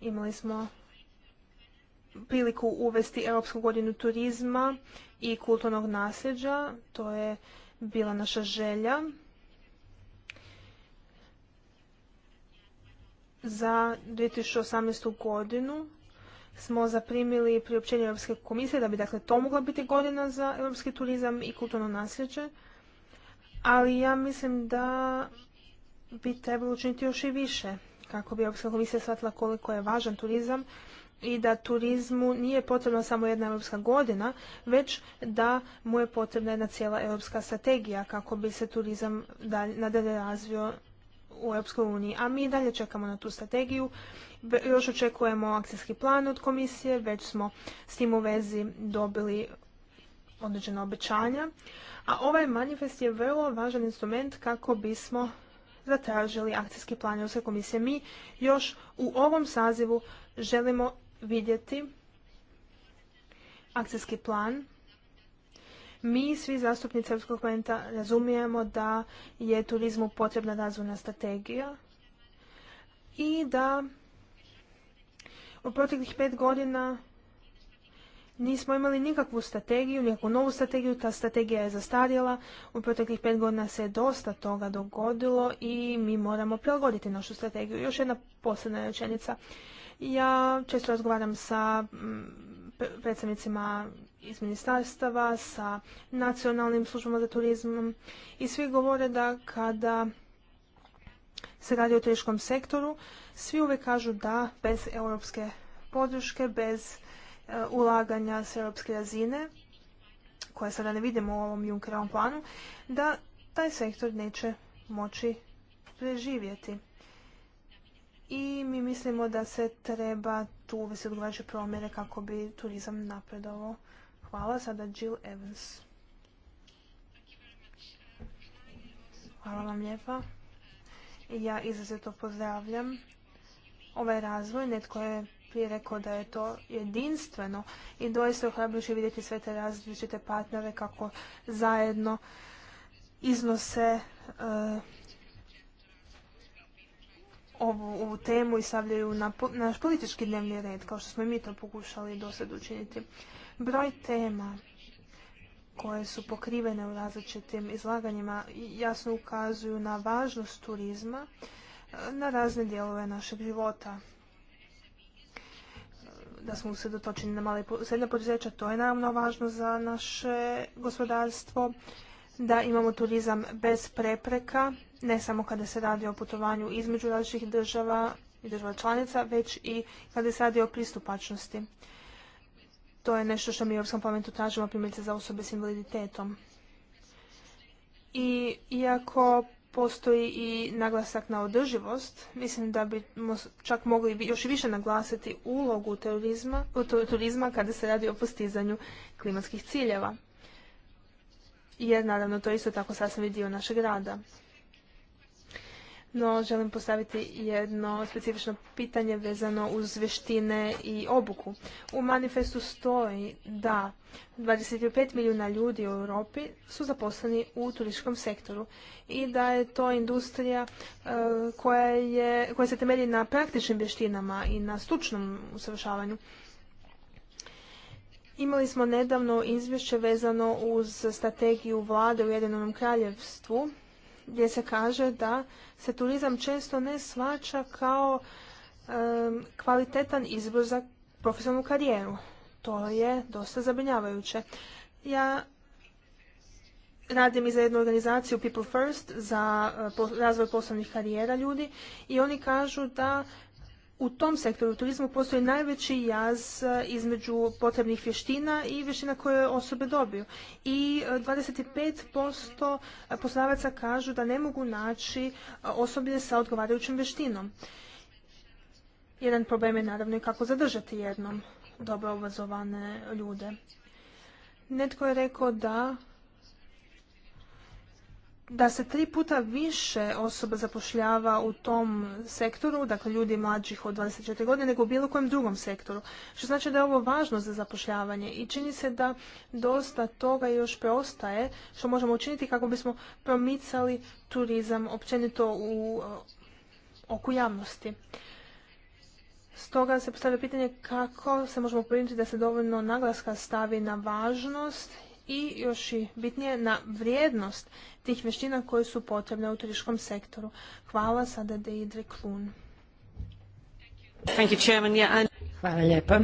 S1: Imali smo priliku uvesti Europsku godinu turizma i kulturnog nasljeđa. To je bila naša želja za 2018. godinu smo zaprimili priopćenje Europske komisije da bi dakle to mogla biti godina za europski turizam i kulturno nasljeđe. Ali ja mislim da bi trebalo učiniti još i više kako bi Europska komisija shvatila koliko je važan turizam i da turizmu nije potrebna samo jedna europska godina, već da mu je potrebna jedna cijela europska strategija kako bi se turizam nadalje razvio u Europskoj uniji. A mi dalje čekamo na tu strategiju. Još očekujemo akcijski plan od komisije, već smo s tim u vezi dobili određena obećanja. A ovaj manifest je vrlo važan instrument kako bismo zatražili akcijski plan Europske komisije. Mi još u ovom sazivu želimo vidjeti akcijski plan. Mi svi zastupnici Europskog parlamenta razumijemo da je turizmu potrebna razvojna strategija i da u proteklih pet godina nismo imali nikakvu strategiju, nikakvu novu strategiju, ta strategija je zastarjela, u proteklih pet godina se je dosta toga dogodilo i mi moramo prilagoditi našu strategiju. Još jedna posljedna rečenica. Ja često razgovaram sa mm, predstavnicima iz ministarstava, sa nacionalnim službama za turizmom i svi govore da kada se radi o turističkom sektoru, svi uvijek kažu da bez europske podrške, bez E, ulaganja s europske razine, koje sada ne vidimo u ovom Junckerovom planu, da taj sektor neće moći preživjeti. I mi mislimo da se treba tu uvesti odgovarajuće promjere kako bi turizam napredovao. Hvala. Sada Jill Evans. Hvala vam lijepa. Ja izuzetno pozdravljam ovaj razvoj. Netko je prije rekao da je to jedinstveno i doista će vidjeti sve te različite partnere kako zajedno iznose e, ovu, temu i stavljaju na naš politički dnevni red, kao što smo i mi to pokušali dosad učiniti. Broj tema koje su pokrivene u različitim izlaganjima jasno ukazuju na važnost turizma e, na razne dijelove našeg života da smo usredotočeni na male i srednje poduzeća, to je naravno važno za naše gospodarstvo, da imamo turizam bez prepreka, ne samo kada se radi o putovanju između različitih država i država članica, već i kada se radi o pristupačnosti. To je nešto što mi u Europskom parlamentu tražimo, primjerice za osobe s invaliditetom. I iako postoji i naglasak na održivost. Mislim da bi čak mogli još više naglasiti ulogu turizma kada se radi o postizanju klimatskih ciljeva. Jer naravno to je isto tako sasvim dio našeg rada no želim postaviti jedno specifično pitanje vezano uz vještine i obuku. U manifestu stoji da 25 milijuna ljudi u Europi su zaposleni u turističkom sektoru i da je to industrija e, koja, je, koja se temelji na praktičnim vještinama i na stručnom usavršavanju. Imali smo nedavno izvješće vezano uz strategiju vlade u Jedinom kraljevstvu gdje se kaže da se turizam često ne svača kao kvalitetan izbor za profesionalnu karijeru. To je dosta zabrinjavajuće. Ja radim i za jednu organizaciju People First za eh, razvoj poslovnih karijera ljudi i oni kažu da u tom sektoru turizma turizmu postoji najveći jaz e, između potrebnih vještina i vještina koje osobe dobiju. I 25% e, e, poslodavaca kažu da ne mogu naći osoblje sa odgovarajućom vještinom. Jedan problem je naravno i kako zadržati jednom dobro obrazovane ljude. Netko je rekao da da se tri puta više osoba zapošljava u tom sektoru, dakle ljudi mlađih od 24 godine, nego u bilo kojem drugom sektoru. Što znači da je ovo važno za zapošljavanje i čini se da dosta toga još preostaje što možemo učiniti kako bismo promicali turizam općenito u uh, oku javnosti. Stoga se postavlja pitanje kako se možemo primiti da se dovoljno naglaska stavi na važnost i još i bitnije na vrijednost tih vještina koje su potrebne u turističkom sektoru. Hvala sada Deidre Klun.
S2: Hvala lijepa.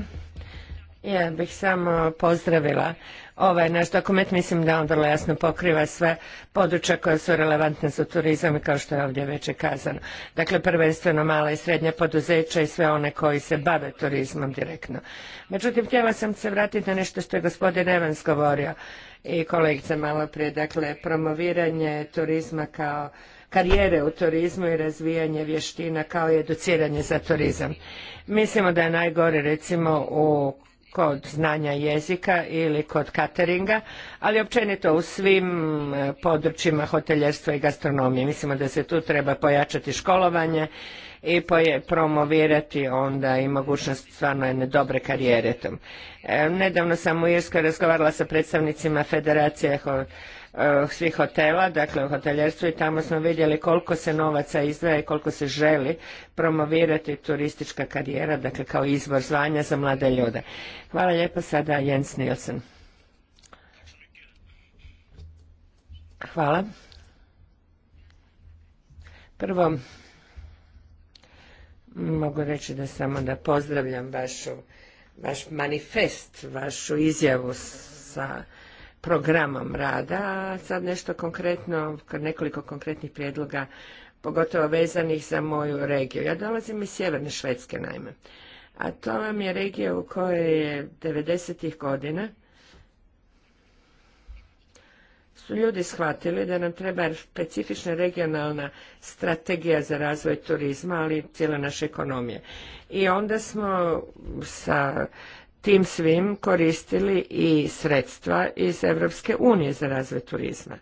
S2: Ja bih samo pozdravila ovaj naš dokument. Mislim da on vrlo jasno pokriva sve područja koja su relevantne za turizam i kao što je ovdje već kazano. Dakle, prvenstveno mala i srednja poduzeća i sve one koji se bave turizmom direktno. Međutim, htjela sam se vratiti na nešto što je gospodin Evans govorio i kolegica malo prije. Dakle, promoviranje turizma kao karijere u turizmu i razvijanje vještina kao i educiranje za turizam. Mislimo da je najgore recimo u kod znanja jezika ili kod cateringa, ali općenito u svim e, područjima hoteljerstva i gastronomije. Mislimo da se tu treba pojačati školovanje i promovirati onda i mogućnost stvarno jedne dobre karijere. E, nedavno sam u Irskoj razgovarala sa predstavnicima Federacije Eh, svih hotela, dakle u hoteljerstvu i tamo smo vidjeli koliko se novaca izdvaja i koliko se želi promovirati turistička karijera, dakle kao izbor zvanja za mlade ljude. Hvala lijepo sada Jens Nielsen. Hvala. Prvo, mogu reći da samo da pozdravljam vašu, vaš manifest, vašu izjavu sa programom rada, a sad nešto konkretno, nekoliko konkretnih prijedloga, pogotovo vezanih za moju regiju. Ja dolazim iz sjeverne Švedske, naime. A to vam je regija u kojoj je 90. godina su ljudi shvatili da nam treba specifična regionalna strategija za razvoj turizma, ali cijele naše ekonomije. I onda smo sa tim svim koristili i sredstva iz Europske unije za razvoj turizma.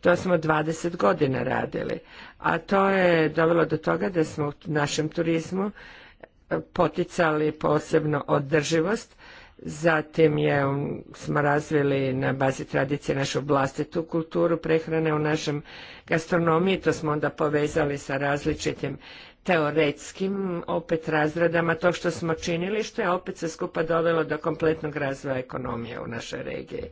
S2: To smo 20 godina radili, a to je dovelo do toga da smo u našem turizmu e, poticali posebno održivost, zatim je, um, smo razvili na bazi tradicije našu vlastitu kulturu prehrane u našem gastronomiji, to smo onda povezali sa različitim teoretskim opet razradama to što smo činili, što je opet se skupa dovelo do kompletnog razvoja ekonomije u našoj regiji.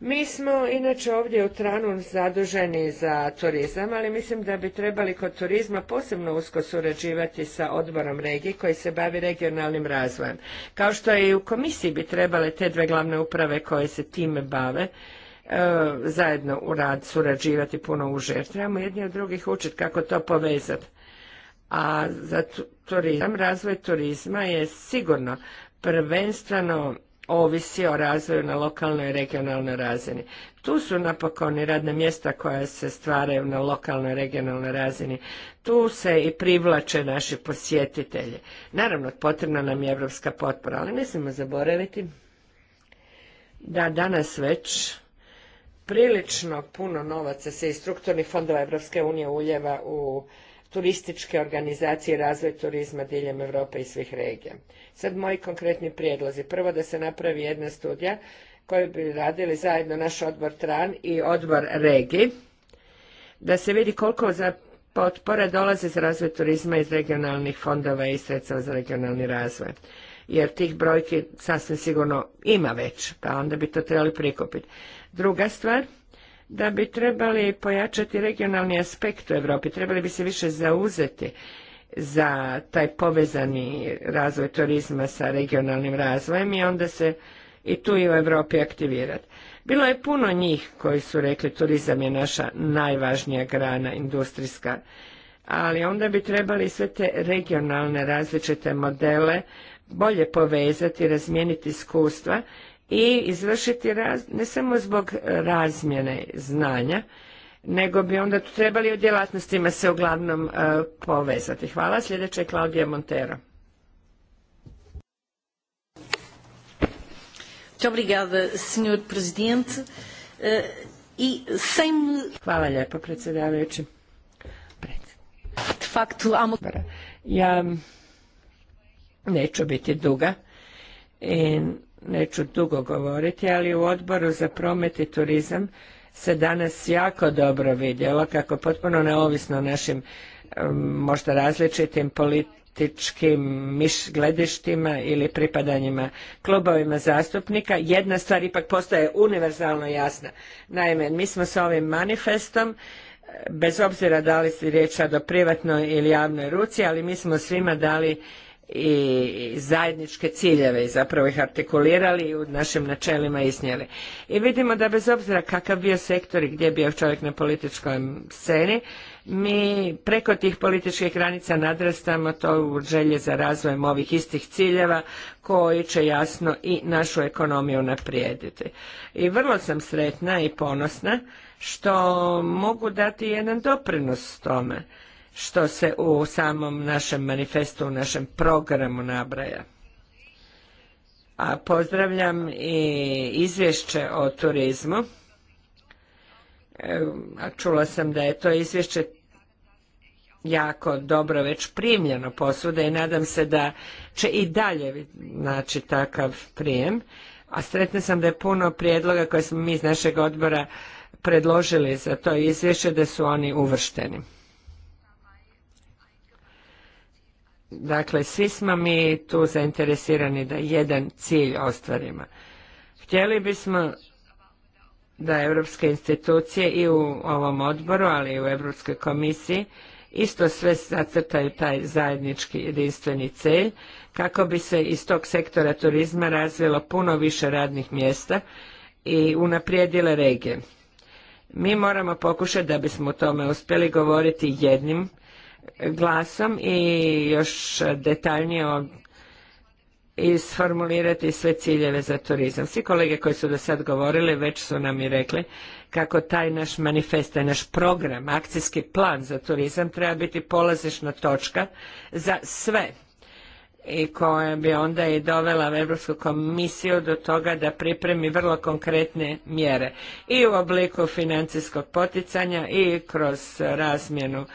S2: Mi smo inače ovdje u Tranu zaduženi za turizam, ali mislim da bi trebali kod turizma posebno usko surađivati sa odborom regije koji se bavi regionalnim razvojem. Kao što je i u komisiji bi trebale te dve glavne uprave koje se time bave, e, zajedno u rad surađivati puno uže. Trebamo jedni od drugih učiti kako to povezati. A za turizam, razvoj turizma je sigurno prvenstveno ovisi o razvoju na lokalnoj i regionalnoj razini. Tu su napokon i radna mjesta koja se stvaraju na lokalnoj i regionalnoj razini. Tu se i privlače naši posjetitelji. Naravno, potrebna nam je evropska potpora, ali ne smijemo zaboraviti da danas već prilično puno novaca se iz strukturnih fondova Evropske unije uljeva u turističke organizacije i razvoj turizma diljem Europe i svih regija. Sad moji konkretni prijedlozi. Prvo da se napravi jedna studija koju bi radili zajedno naš odbor TRAN i odbor REGI, da se vidi koliko za potpore dolaze za razvoj turizma iz regionalnih fondova i sredstva za regionalni razvoj. Jer tih brojki sasvim sigurno ima već, pa onda bi to trebali prikupiti. Druga stvar, da bi trebali pojačati regionalni aspekt u Europi, trebali bi se više zauzeti za taj povezani razvoj turizma sa regionalnim razvojem i onda se i tu i u Europi aktivirati. Bilo je puno njih koji su rekli turizam je naša najvažnija grana industrijska, ali onda bi trebali sve te regionalne različite modele bolje povezati, razmijeniti iskustva i izvršiti ne samo zbog razmjene znanja, nego bi onda trebali u djelatnostima se uglavnom e, povezati. Hvala. Sljedeća je Klaudija Montero. E, e Hvala lijepo, predsjedavajući. Ja neću biti duga. I neću dugo govoriti, ali u odboru za promet i turizam se danas jako dobro vidjelo kako potpuno neovisno našim možda različitim političkim miš gledištima ili pripadanjima klubovima zastupnika, jedna stvar ipak postaje univerzalno jasna. Naime, mi smo s ovim manifestom eh, bez obzira da li se riječ o privatnoj ili javnoj ruci, ali mi smo svima dali i zajedničke ciljeve i zapravo ih artikulirali i u našim načelima iznijeli. I vidimo da bez obzira kakav bio sektor i gdje bio čovjek na političkoj sceni, mi preko tih političkih granica nadrastamo to u želje za razvojem ovih istih ciljeva koji će jasno i našu ekonomiju naprijediti. I vrlo sam sretna i ponosna što mogu dati jedan doprinos tome što se u samom našem manifestu, u našem programu nabraja. A pozdravljam i izvješće o turizmu. A čula sam da je to izvješće jako dobro već primljeno posude i nadam se da će i dalje naći takav prijem. A sretna sam da je puno prijedloga koje smo mi iz našeg odbora predložili za to izvješće da su oni uvršteni. Dakle, svi smo mi tu zainteresirani da jedan cilj ostvarimo. Htjeli bismo da europske institucije i u ovom odboru, ali i u Europskoj komisiji isto sve zacrtaju taj zajednički jedinstveni cilj kako bi se iz tog sektora turizma razvilo puno više radnih mjesta i unaprijedile regije. Mi moramo pokušati da bismo o tome uspjeli govoriti jednim glasom i još detaljnije isformulirati sve ciljeve za turizam. Svi kolege koji su do sad govorili već su nam i rekli kako taj naš manifest, taj naš program, akcijski plan za turizam treba biti polazišna točka za sve i koja bi onda i dovela Europsku komisiju do toga da pripremi vrlo konkretne mjere i u obliku financijskog poticanja i kroz razmjenu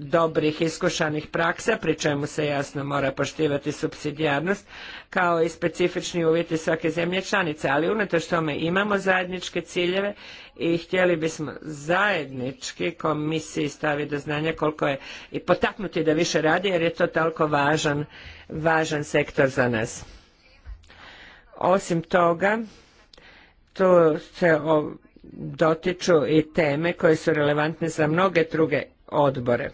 S2: dobrih iskušanih praksa, pri čemu se jasno mora poštivati supsidijarnost kao i specifični uvjeti svake zemlje članice. Ali unatoč tome imamo zajedničke ciljeve i htjeli bismo zajednički komisiji staviti do znanja koliko je i potaknuti da više radi jer je to toliko važan važan sektor za nas. Osim toga, tu se dotiču i teme koje su relevantne za mnoge druge odbore.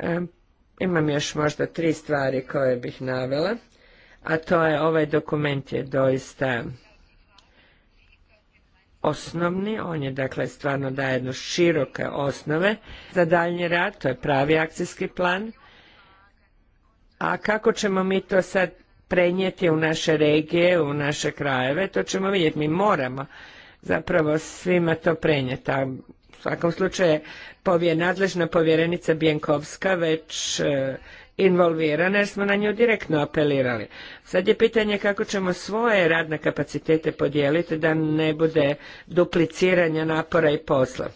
S2: E, imam još možda tri stvari koje bih navela, a to je ovaj dokument je doista osnovni, on je dakle stvarno daje jedno široke osnove za daljnji rad, to je pravi akcijski plan. A kako ćemo mi to sad prenijeti u naše regije, u naše krajeve, to ćemo vidjeti, mi moramo zapravo svima to prenijeti. A u svakom slučaju nadležna povjerenica Bjenkovska već e, involvirana jer smo na nju direktno apelirali. Sad je pitanje kako ćemo svoje radne kapacitete podijeliti da ne bude dupliciranja napora i posla.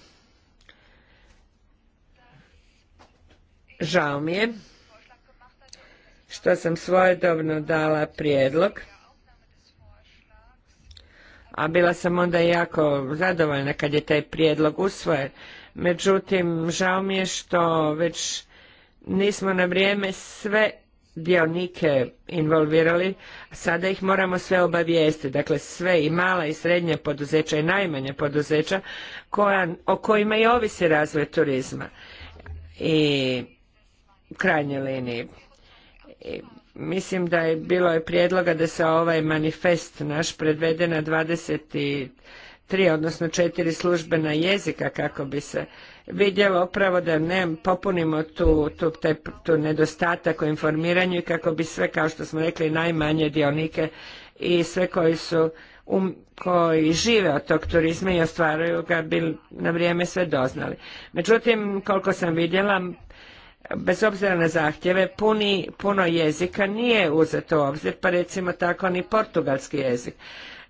S2: Žao mi je što sam svojedobno dala prijedlog, a bila sam onda jako zadovoljna kad je taj prijedlog usvojen. Međutim, žao mi je što već nismo na vrijeme sve dionike involvirali, sada ih moramo sve obavijesti. Dakle, sve i mala i srednja poduzeća i najmanja poduzeća koja, o kojima i ovisi razvoj turizma i krajnje linije. I mislim da je bilo je prijedloga da se ovaj manifest naš predvede na 23, odnosno 4 službena jezika kako bi se vidjelo upravo da ne popunimo tu, tu, te, tu nedostatak u informiranju kako bi sve, kao što smo rekli, najmanje dionike i sve koji su um, koji žive od tog turizma i ostvaruju ga bi na vrijeme sve doznali. Međutim, koliko sam vidjela, bez obzira na zahtjeve, puni, puno jezika nije uzeto u obzir, pa recimo tako ni portugalski jezik.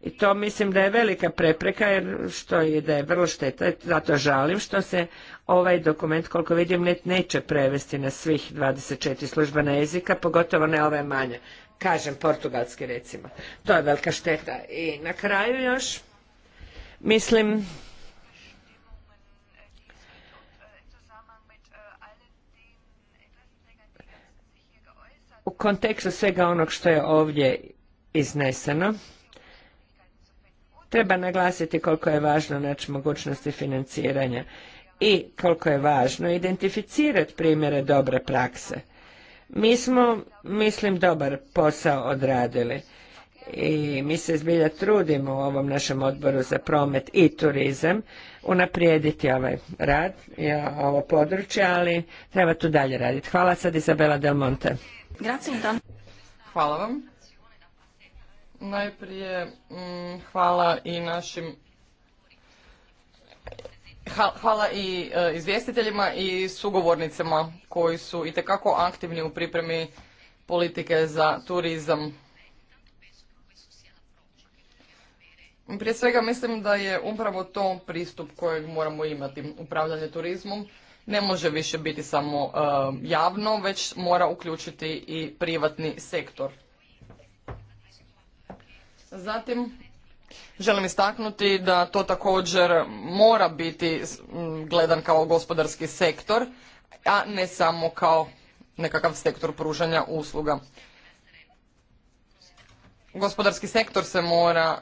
S2: I to mislim da je velika prepreka, jer što je da je vrlo šteta, zato žalim što se ovaj dokument, koliko vidim, neće prevesti na svih 24 službena jezika, pogotovo ne ove manje. Kažem, portugalski recimo. To je velika šteta. I na kraju još, mislim, u kontekstu svega onog što je ovdje izneseno, Treba naglasiti koliko je važno naći mogućnosti financiranja i koliko je važno identificirati primjere dobre prakse. Mi smo, mislim, dobar posao odradili i mi se zbilja trudimo u ovom našem odboru za promet i turizam unaprijediti ovaj rad, ovo područje, ali treba tu dalje raditi. Hvala sad Izabela Del Monte.
S3: Hvala vam. Najprije mm, hvala i našim Hvala i e, izvjestiteljima i sugovornicama koji su itekako aktivni u pripremi politike za turizam. Prije svega mislim da je upravo to pristup kojeg moramo imati. Upravljanje turizmom ne može više biti samo e, javno, već mora uključiti i privatni sektor. Zatim, želim istaknuti da to također mora biti gledan kao gospodarski sektor, a ne samo kao nekakav sektor pružanja usluga. Gospodarski sektor se mora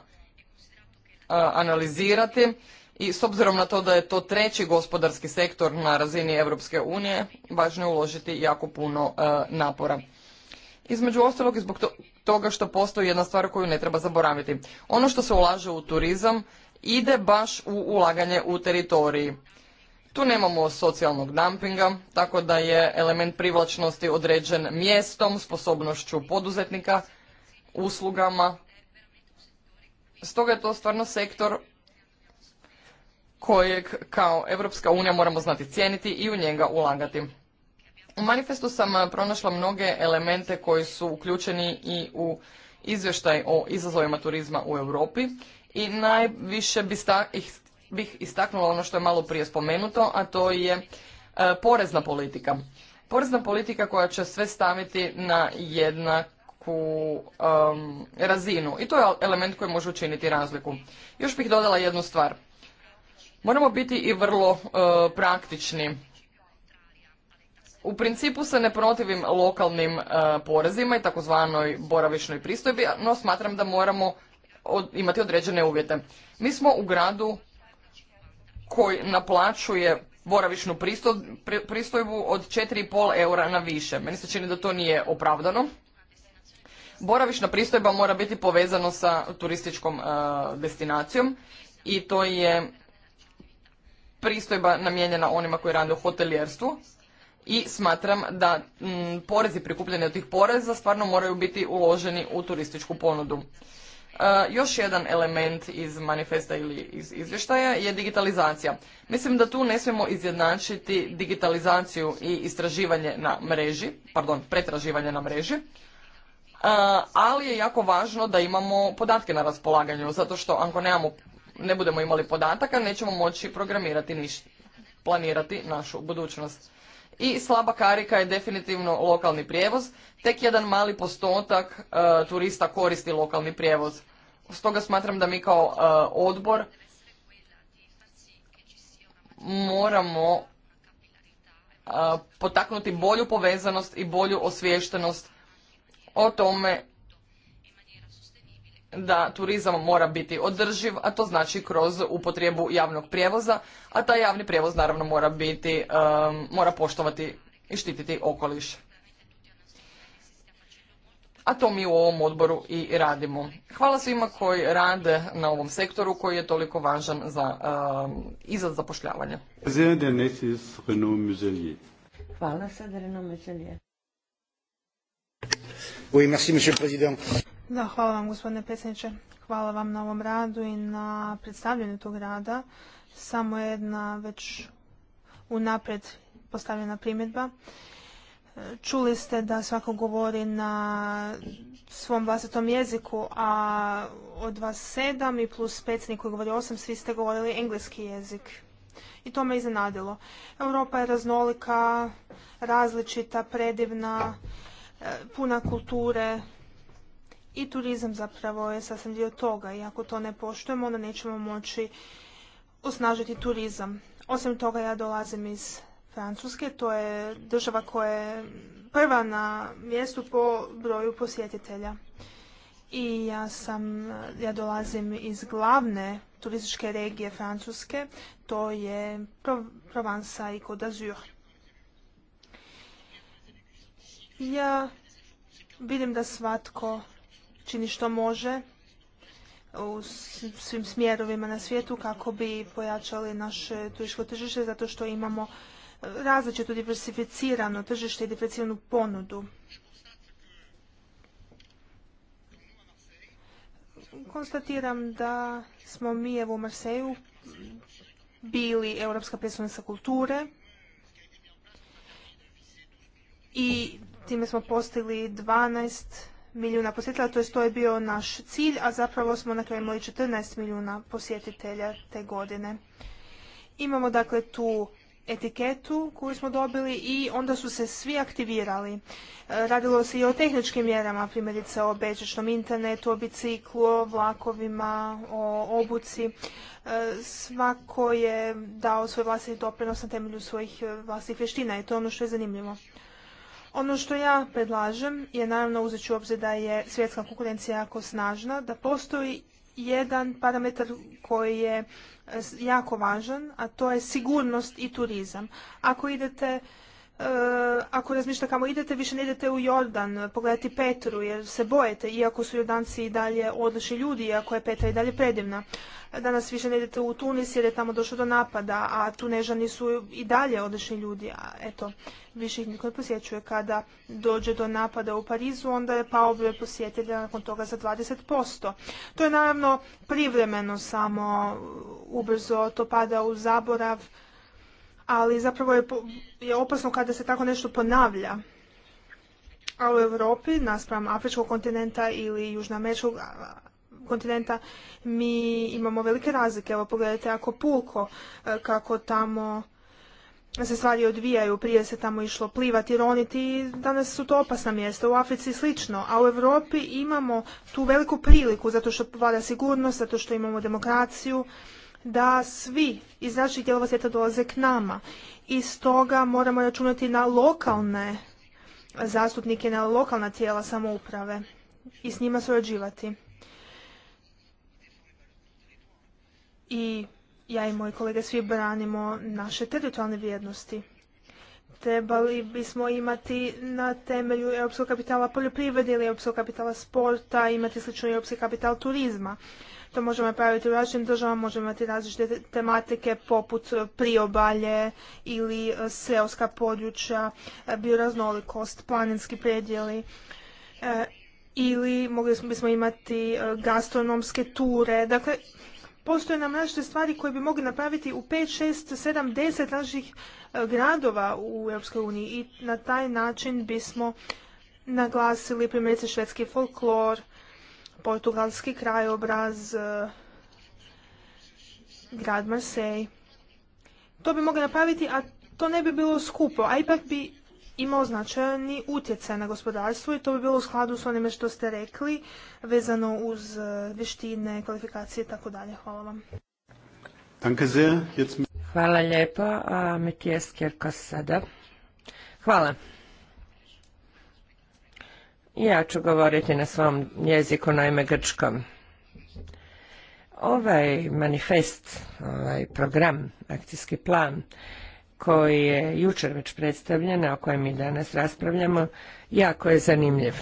S3: analizirati i s obzirom na to da je to treći gospodarski sektor na razini Europske unije, važno je uložiti jako puno napora. Između ostalog i zbog toga što postoji jedna stvar koju ne treba zaboraviti. Ono što se ulaže u turizam ide baš u ulaganje u teritoriji. Tu nemamo socijalnog dumpinga, tako da je element privlačnosti određen mjestom, sposobnošću poduzetnika, uslugama. Stoga je to stvarno sektor kojeg kao Europska unija moramo znati cijeniti i u njega ulagati. U manifestu sam pronašla mnoge elemente koji su uključeni i u izvještaj o izazovima turizma u Europi i najviše bih istaknula ono što je malo prije spomenuto, a to je porezna politika. Porezna politika koja će sve staviti na jednaku razinu i to je element koji može učiniti razliku. Još bih dodala jednu stvar. Moramo biti i vrlo praktični u principu se ne protivim lokalnim e, porezima i takozvanoj boravišnoj pristojbi, no smatram da moramo imati određene uvjete. Mi smo u gradu koji naplaćuje boravišnu pristojbu od 4,5 eura na više. Meni se čini da to nije opravdano. Boravišna pristojba mora biti povezana sa turističkom e, destinacijom i to je pristojba namijenjena onima koji rade u hotelijerstvu, i smatram da mm, porezi prikupljeni od tih poreza stvarno moraju biti uloženi u turističku ponudu. E, još jedan element iz manifesta ili iz izvještaja je digitalizacija. Mislim da tu ne smijemo izjednačiti digitalizaciju i istraživanje na mreži, pardon, pretraživanje na mreži, e, ali je jako važno da imamo podatke na raspolaganju, zato što ako nemamo, ne budemo imali podataka, nećemo moći programirati ništa, planirati našu budućnost i slaba karika je definitivno lokalni prijevoz. Tek jedan mali postotak e, turista koristi lokalni prijevoz. Stoga smatram da mi kao e, odbor moramo e, potaknuti bolju povezanost i bolju osviještenost o tome da turizam mora biti održiv, a to znači kroz upotrebu javnog prijevoza, a taj javni prijevoz naravno mora biti, um, mora poštovati i štititi okoliš. A to mi u ovom odboru i radimo. Hvala svima koji rade na ovom sektoru koji je toliko važan za, um, i za zapošljavanje.
S1: Hvala sad da, hvala vam gospodine predsjedniče. Hvala vam na ovom radu i na predstavljanju tog rada. Samo jedna već unaprijed postavljena primjedba. Čuli ste da svako govori na svom vlastitom jeziku, a od vas sedam i plus predsjednik koji govori osam, svi ste govorili engleski jezik. I to me iznenadilo. Europa je raznolika, različita, predivna, puna kulture i turizam zapravo je sasvim dio toga i ako to ne poštujemo onda nećemo moći osnažiti turizam. Osim toga ja dolazim iz Francuske, to je država koja je prva na mjestu po broju posjetitelja. I ja sam, ja dolazim iz glavne turističke regije Francuske, to je Provansa i Côte d'Azur. Ja vidim da svatko čini što može u svim smjerovima na svijetu kako bi pojačali naše turističko tržište zato što imamo različito diversificirano tržište i diversificiranu ponudu. Konstatiram da smo mi evo u Marseju bili Europska predstavnica kulture i time smo postigli 12 milijuna posjetitelja, to je to je bio naš cilj, a zapravo smo na kraju imali 14 milijuna posjetitelja te godine. Imamo dakle tu etiketu koju smo dobili i onda su se svi aktivirali. Radilo se i o tehničkim mjerama, primjerice o bežičnom internetu, o biciklu, o vlakovima, o obuci. Svako je dao svoj vlastiti doprinos na temelju svojih vlastnih vještina i to je ono što je zanimljivo. Ono što ja predlažem je naravno uzet ću obzir da je svjetska konkurencija jako snažna, da postoji jedan parametar koji je e, jako važan, a to je sigurnost i turizam. Ako idete Eh, ako razmišljate kamo idete, više ne idete u Jordan eh, pogledati Petru jer se bojete, iako su Jordanci i dalje odlični ljudi, iako je Petra i dalje predivna. Danas više ne idete u Tunis jer je tamo došlo do napada, a Tunežani su i dalje odlični ljudi, a eto, više ih niko ne posjećuje. Kada dođe do napada u Parizu, onda je pao broj posjetelja nakon toga za 20%. To je naravno privremeno samo, eh, ubrzo to pada u zaborav, ali zapravo je, je opasno kada se tako nešto ponavlja. A u Europi, naspram Afričkog kontinenta ili Južnoameričkog kontinenta, mi imamo velike razlike. Evo pogledajte ako pulko, e, kako tamo se stvari odvijaju, prije se tamo išlo plivati, roniti, danas su to opasna mjesta, u Africi slično, a u Europi imamo tu veliku priliku, zato što vlada sigurnost, zato što imamo demokraciju, da svi iz naših dijelova svijeta dolaze k nama i stoga moramo računati na lokalne zastupnike, na lokalna tijela samouprave i s njima surađivati. I ja i moji kolege svi branimo naše teritorijalne vrijednosti. Trebali bismo imati na temelju europskog kapitala poljoprivrede ili europskog kapitala sporta, imati slično europski kapital turizma. To možemo napraviti u različitim državama, možemo imati različite tematike poput priobalje ili e, seoska područja, e, bioraznolikost, planinski predjeli e, ili mogli bismo imati gastronomske ture. Dakle, postoje nam različite stvari koje bi mogli napraviti u 5, 6, 7, 10 različitih gradova u EU i na taj način bismo naglasili primjerice švedski folklor, portugalski krajobraz, e, grad Marseille. To bi mogli napraviti, a to ne bi bilo skupo, a ipak bi imao značajni utjecaj na gospodarstvo i to bi bilo u skladu s onime što ste rekli vezano uz e, vještine, kvalifikacije i tako dalje. Hvala vam.
S2: Hvala Hvala. Ja ću govoriti na svom jeziku, naime grčkom. Ovaj manifest, ovaj program, akcijski plan, koji je jučer već predstavljen, o kojem mi danas raspravljamo, jako je zanimljiv.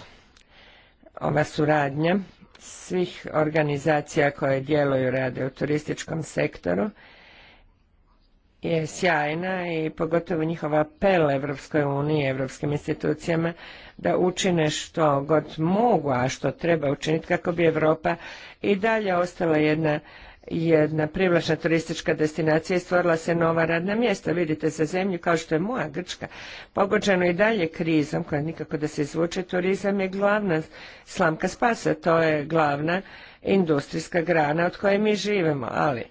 S2: Ova suradnja svih organizacija koje djeluju rade u turističkom sektoru je sjajna i pogotovo njihova apel Evropskoj uniji i evropskim institucijama da učine što god mogu, a što treba učiniti kako bi Europa i dalje ostala jedna jedna privlačna turistička destinacija i stvorila se nova radna mjesta. Vidite za zemlju kao što je moja Grčka, pogođeno i dalje krizom, koja nikako da se izvuče, turizam je glavna slamka spasa, to je glavna industrijska grana od koje mi živimo, ali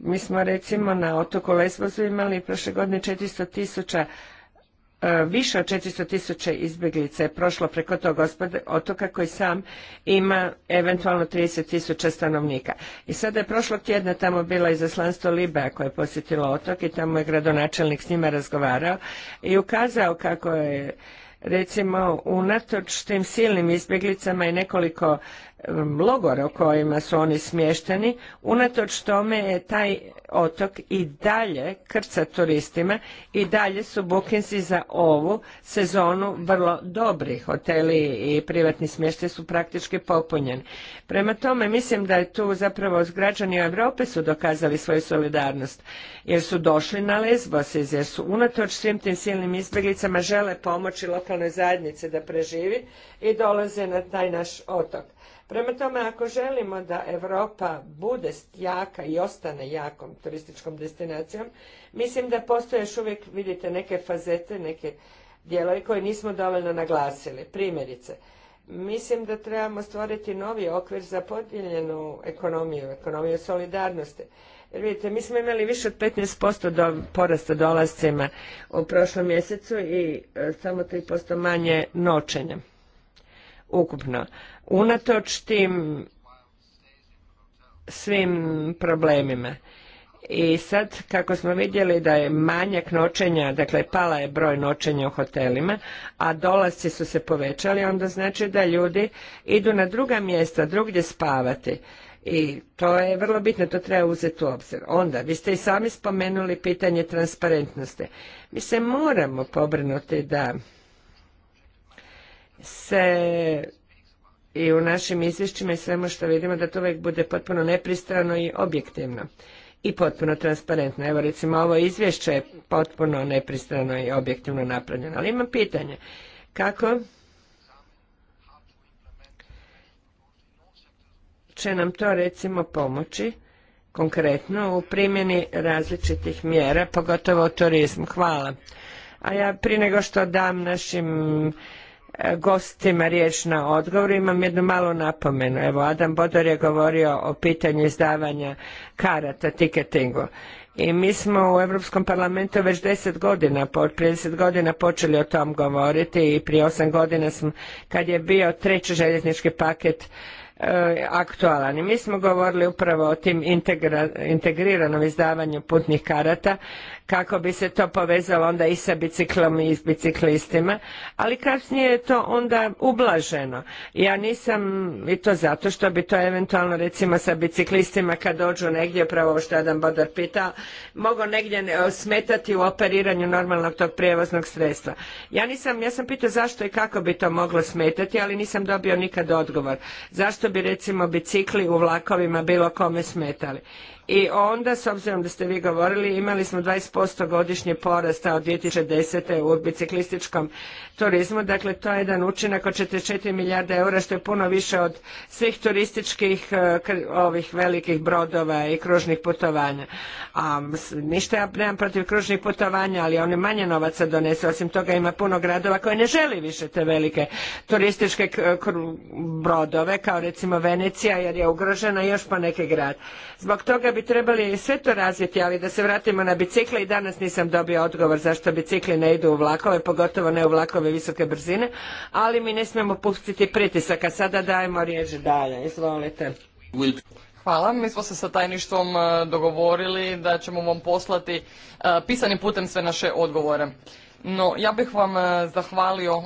S2: mi smo recimo na otoku Lesbosu imali prošle godine 400 tisuća e, više od 400 tisuća izbjeglica je prošlo preko tog otoka koji sam ima eventualno 30 tisuća stanovnika. I sada je prošlog tjedna tamo bila izaslanstvo Libea koje je posjetilo otok i tamo je gradonačelnik s njima razgovarao i ukazao kako je recimo unatoč tim silnim izbjeglicama i nekoliko logore u kojima su oni smješteni, unatoč tome je taj otok i dalje krca turistima i dalje su bukinzi za ovu sezonu vrlo dobri. Hoteli i privatni smješte su praktički popunjeni. Prema tome mislim da je tu zapravo građani Europe su dokazali svoju solidarnost jer su došli na Lesbos jer su unatoč svim tim silnim izbjeglicama žele pomoći lokalnoj zajednici da preživi i dolaze na taj naš otok. Prema tome, ako želimo da Europa bude jaka i ostane jakom turističkom destinacijom, mislim da postoje još uvijek, vidite, neke fazete, neke dijelovi koje nismo dovoljno naglasili. Primjerice, mislim da trebamo stvoriti novi okvir za podijeljenu ekonomiju, ekonomiju solidarnosti. Jer vidite, mi smo imali više od 15% do, porasta dolazcima u prošlom mjesecu i e, samo 3% manje noćenja ukupno unatoč tim svim problemima. I sad, kako smo vidjeli da je manjak noćenja, dakle pala je broj noćenja u hotelima, a dolasci su se povećali, onda znači da ljudi idu na druga mjesta, drugdje spavati. I to je vrlo bitno, to treba uzeti u obzir. Onda, vi ste i sami spomenuli pitanje transparentnosti. Mi se moramo pobrinuti da se i u našim izvješćima i svemu što vidimo da to uvijek bude potpuno nepristrano i objektivno i potpuno transparentno. Evo recimo ovo izvješće je potpuno nepristrano i objektivno napravljeno. Ali imam pitanje. Kako će nam to recimo pomoći konkretno u primjeni različitih mjera, pogotovo u turizmu? Hvala. A ja prije nego što dam našim gostima riječ na odgovor. Imam jednu malu napomenu. Evo, Adam Bodor je govorio o pitanju izdavanja karata, tiketingu. I mi smo u Europskom parlamentu već deset godina, prije deset godina počeli o tom govoriti i prije osam godina smo, kad je bio treći željeznički paket e, aktualan. I mi smo govorili upravo o tim integriranom izdavanju putnih karata kako bi se to povezalo onda i sa biciklom i s biciklistima, ali kasnije je to onda ublaženo. Ja nisam, i to zato što bi to eventualno recimo sa biciklistima kad dođu negdje, pravo što Adam bodar pitao, mogo negdje smetati u operiranju normalnog tog prijevoznog sredstva. Ja nisam, ja sam pitao zašto i kako bi to moglo smetati, ali nisam dobio nikad odgovor. Zašto bi recimo bicikli u vlakovima bilo kome smetali? i onda, s obzirom da ste vi govorili, imali smo 20% godišnje porasta od 2010. u biciklističkom turizmu, dakle to je jedan učinak od 44 milijarde eura, što je puno više od svih turističkih e, ovih velikih brodova i kružnih putovanja. A ništa ja nemam protiv kružnih putovanja, ali oni manje novaca donese, osim toga ima puno gradova koje ne želi više te velike turističke brodove, kao recimo Venecija, jer je ugrožena još po neki grad. Zbog toga bi trebali sve to razviti, ali da se vratimo na bicikle i danas nisam dobio odgovor zašto bicikli ne idu u vlakove, pogotovo ne u vlakove visoke brzine, ali mi ne smijemo pustiti a Sada dajemo riječ dalje. Izvolite. Hvala. Mi smo se sa tajništvom e,
S3: dogovorili da ćemo vam poslati e, pisanim putem sve naše odgovore. No, ja bih vam e, zahvalio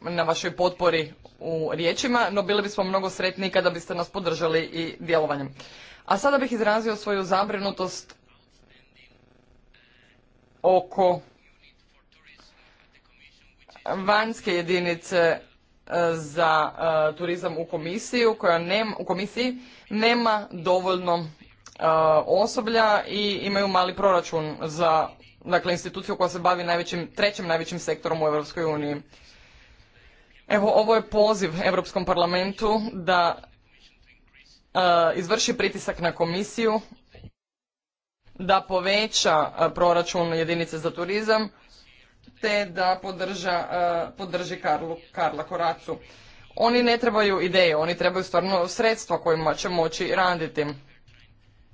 S3: na vašoj potpori u riječima, no bili bismo mnogo sretniji kada biste nas podržali i djelovanjem. A sada bih izrazio svoju zabrinutost oko vanjske jedinice e, za e, turizam u komisiju koja nema, u komisiji nema dovoljno e, osoblja i imaju mali proračun za dakle instituciju koja se bavi najvećim, trećim najvećim sektorom u Europskoj uniji. Evo ovo je poziv Europskom parlamentu da E, izvrši pritisak na komisiju da poveća e, proračun jedinice za turizam te da e, podrži Karla Koracu. Oni ne trebaju ideje, oni trebaju stvarno sredstva kojima će moći raditi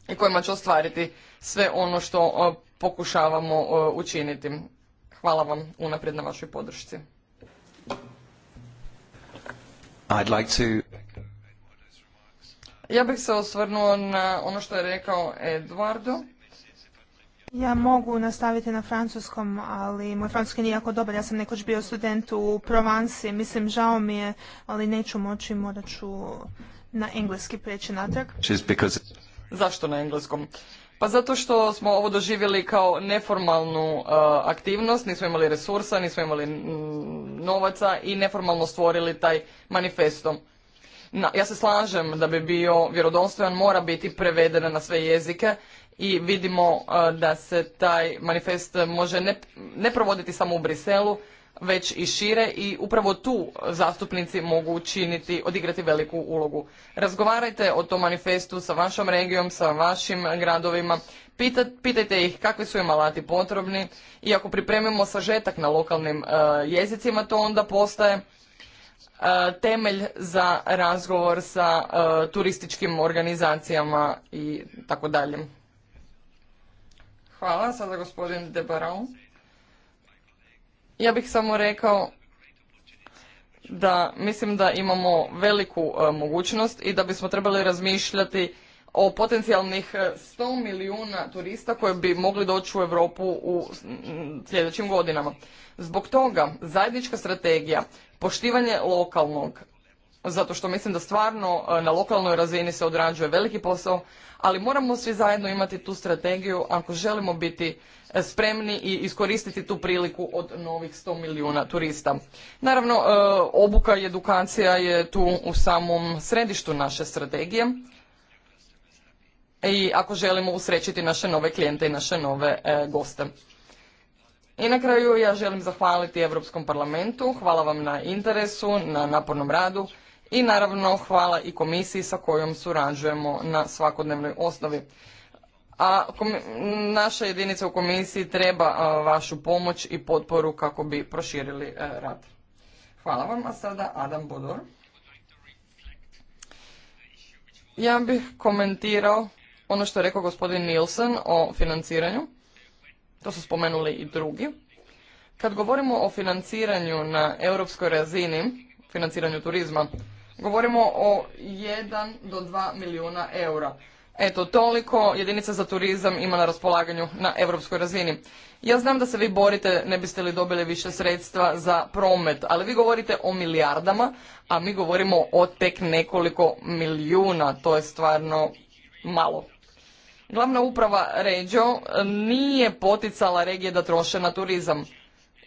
S3: i kojima će ostvariti sve ono što pokušavamo učiniti. Hvala vam unaprijed na vašoj podršci. Ja bih se osvrnuo na ono što je rekao Eduardo.
S1: Ja mogu nastaviti na francuskom, ali moj francuski nije jako dobar. Ja sam nekoć bio student u Provansi. Mislim, žao mi je, ali neću moći, morat ću na engleski preći natrag.
S3: Zašto na engleskom? Pa zato što smo ovo doživjeli kao neformalnu uh, aktivnost, nismo imali resursa, nismo imali mm, novaca i neformalno stvorili taj manifestom ja se slažem da bi bio vjerodostojan, mora biti prevedena na sve jezike i vidimo uh, da se taj manifest može ne, provoditi samo u Briselu, već i šire i upravo tu zastupnici mogu učiniti, odigrati veliku ulogu. Razgovarajte o tom manifestu sa vašom regijom, sa vašim gradovima, pitajte ih kakvi su im alati potrebni i ako pripremimo sažetak na lokalnim uh, jezicima to onda postaje E, temelj za razgovor sa e, turističkim organizacijama i tako dalje. Hvala, sada gospodin Debarao. Ja bih samo rekao da mislim da imamo veliku e, mogućnost i da bismo trebali razmišljati o potencijalnih 100 e, milijuna turista koji bi mogli doći u Europu u sljedećim godinama. Zbog toga zajednička strategija, poštivanje lokalnog, zato što mislim da stvarno e, na lokalnoj razini se odrađuje veliki posao, ali moramo svi zajedno imati tu strategiju ako želimo biti e, spremni i iskoristiti tu priliku od novih 100 milijuna turista. Naravno, obuka i edukacija je tu u samom središtu naše strategije i ako želimo usrećiti naše nove klijente i naše nove e, goste. I na kraju ja želim zahvaliti Europskom parlamentu, hvala vam na interesu, na napornom radu i naravno hvala i komisiji sa kojom surađujemo na svakodnevnoj osnovi. A naša jedinica u komisiji treba vašu pomoć i potporu kako bi proširili e, rad. Hvala vam, a sada Adam Bodor. Ja bih komentirao ono što je rekao gospodin Nilsen o financiranju, to su spomenuli i drugi. Kad govorimo o financiranju na europskoj razini, financiranju turizma, govorimo o 1 do 2 milijuna eura. Eto, toliko jedinica za turizam ima na raspolaganju na europskoj razini. Ja znam da se vi borite, ne biste li dobili više sredstva za promet, ali vi govorite o milijardama, a mi govorimo o tek nekoliko milijuna, to je stvarno malo. Glavna uprava Ređo nije poticala regije da troše na turizam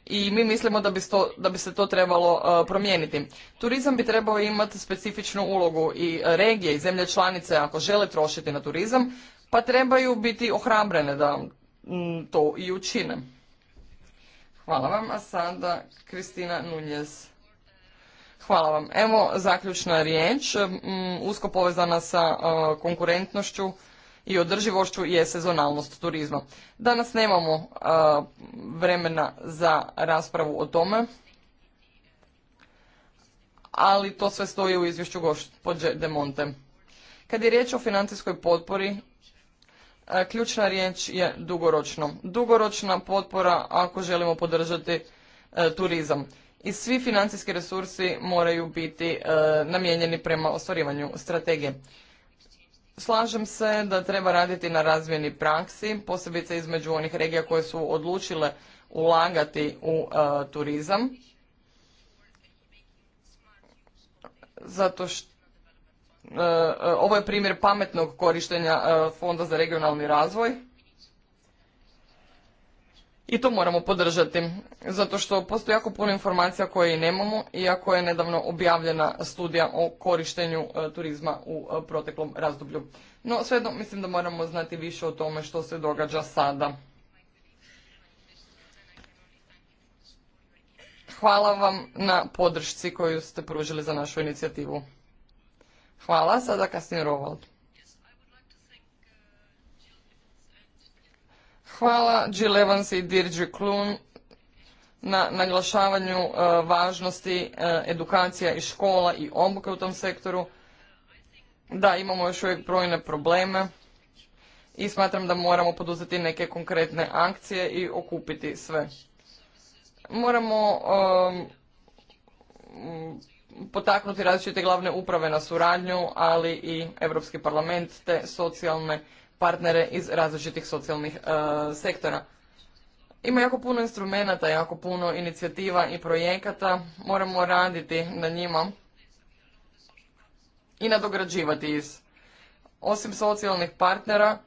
S3: i mi mislimo da bi, da bi se to trebalo e, promijeniti. Turizam bi trebao imati specifičnu ulogu i regije i zemlje članice ako žele trošiti na turizam pa trebaju biti ohrabrene da to i učine. Hvala vam, a sada Kristina Nunjez. Hvala vam. Evo zaključna riječ, usko povezana sa e, konkurentnošću i održivošću je sezonalnost turizma. Danas nemamo vremena za raspravu o tome, ali to sve stoji u izvješću gospođe de Monte. Kad je riječ o financijskoj potpori, ključna riječ je dugoročno. Dugoročna potpora ako želimo podržati turizam i svi financijski resursi moraju biti namjenjeni namijenjeni prema ostvarivanju strategije. Slažem se da treba raditi na razvijeni praksi, posebice između onih regija koje su odlučile ulagati u e, turizam. Zato što e, e, ovo je primjer pametnog korištenja Fonda za regionalni razvoj i to moramo podržati, zato što postoji jako puno informacija koje i nemamo, iako je nedavno objavljena studija o korištenju e, turizma u e, proteklom razdoblju. No, svejedno mislim da moramo znati više o tome što se događa sada. Hvala vam na podršci koju ste pružili za našu inicijativu. Hvala, sada Kastin Rovald. Hvala Jill Evans i Klun na naglašavanju e, važnosti e, edukacija i škola i obuke u tom sektoru. Da, imamo još uvijek brojne probleme i smatram da moramo poduzeti neke konkretne akcije i okupiti sve. Moramo potaknuti različite glavne uprave na suradnju, ali i Europski parlament te socijalne partnere iz različitih socijalnih e, sektora. Ima jako puno instrumenata, jako puno inicijativa i projekata. Moramo raditi na njima i nadograđivati iz. Osim socijalnih partnera,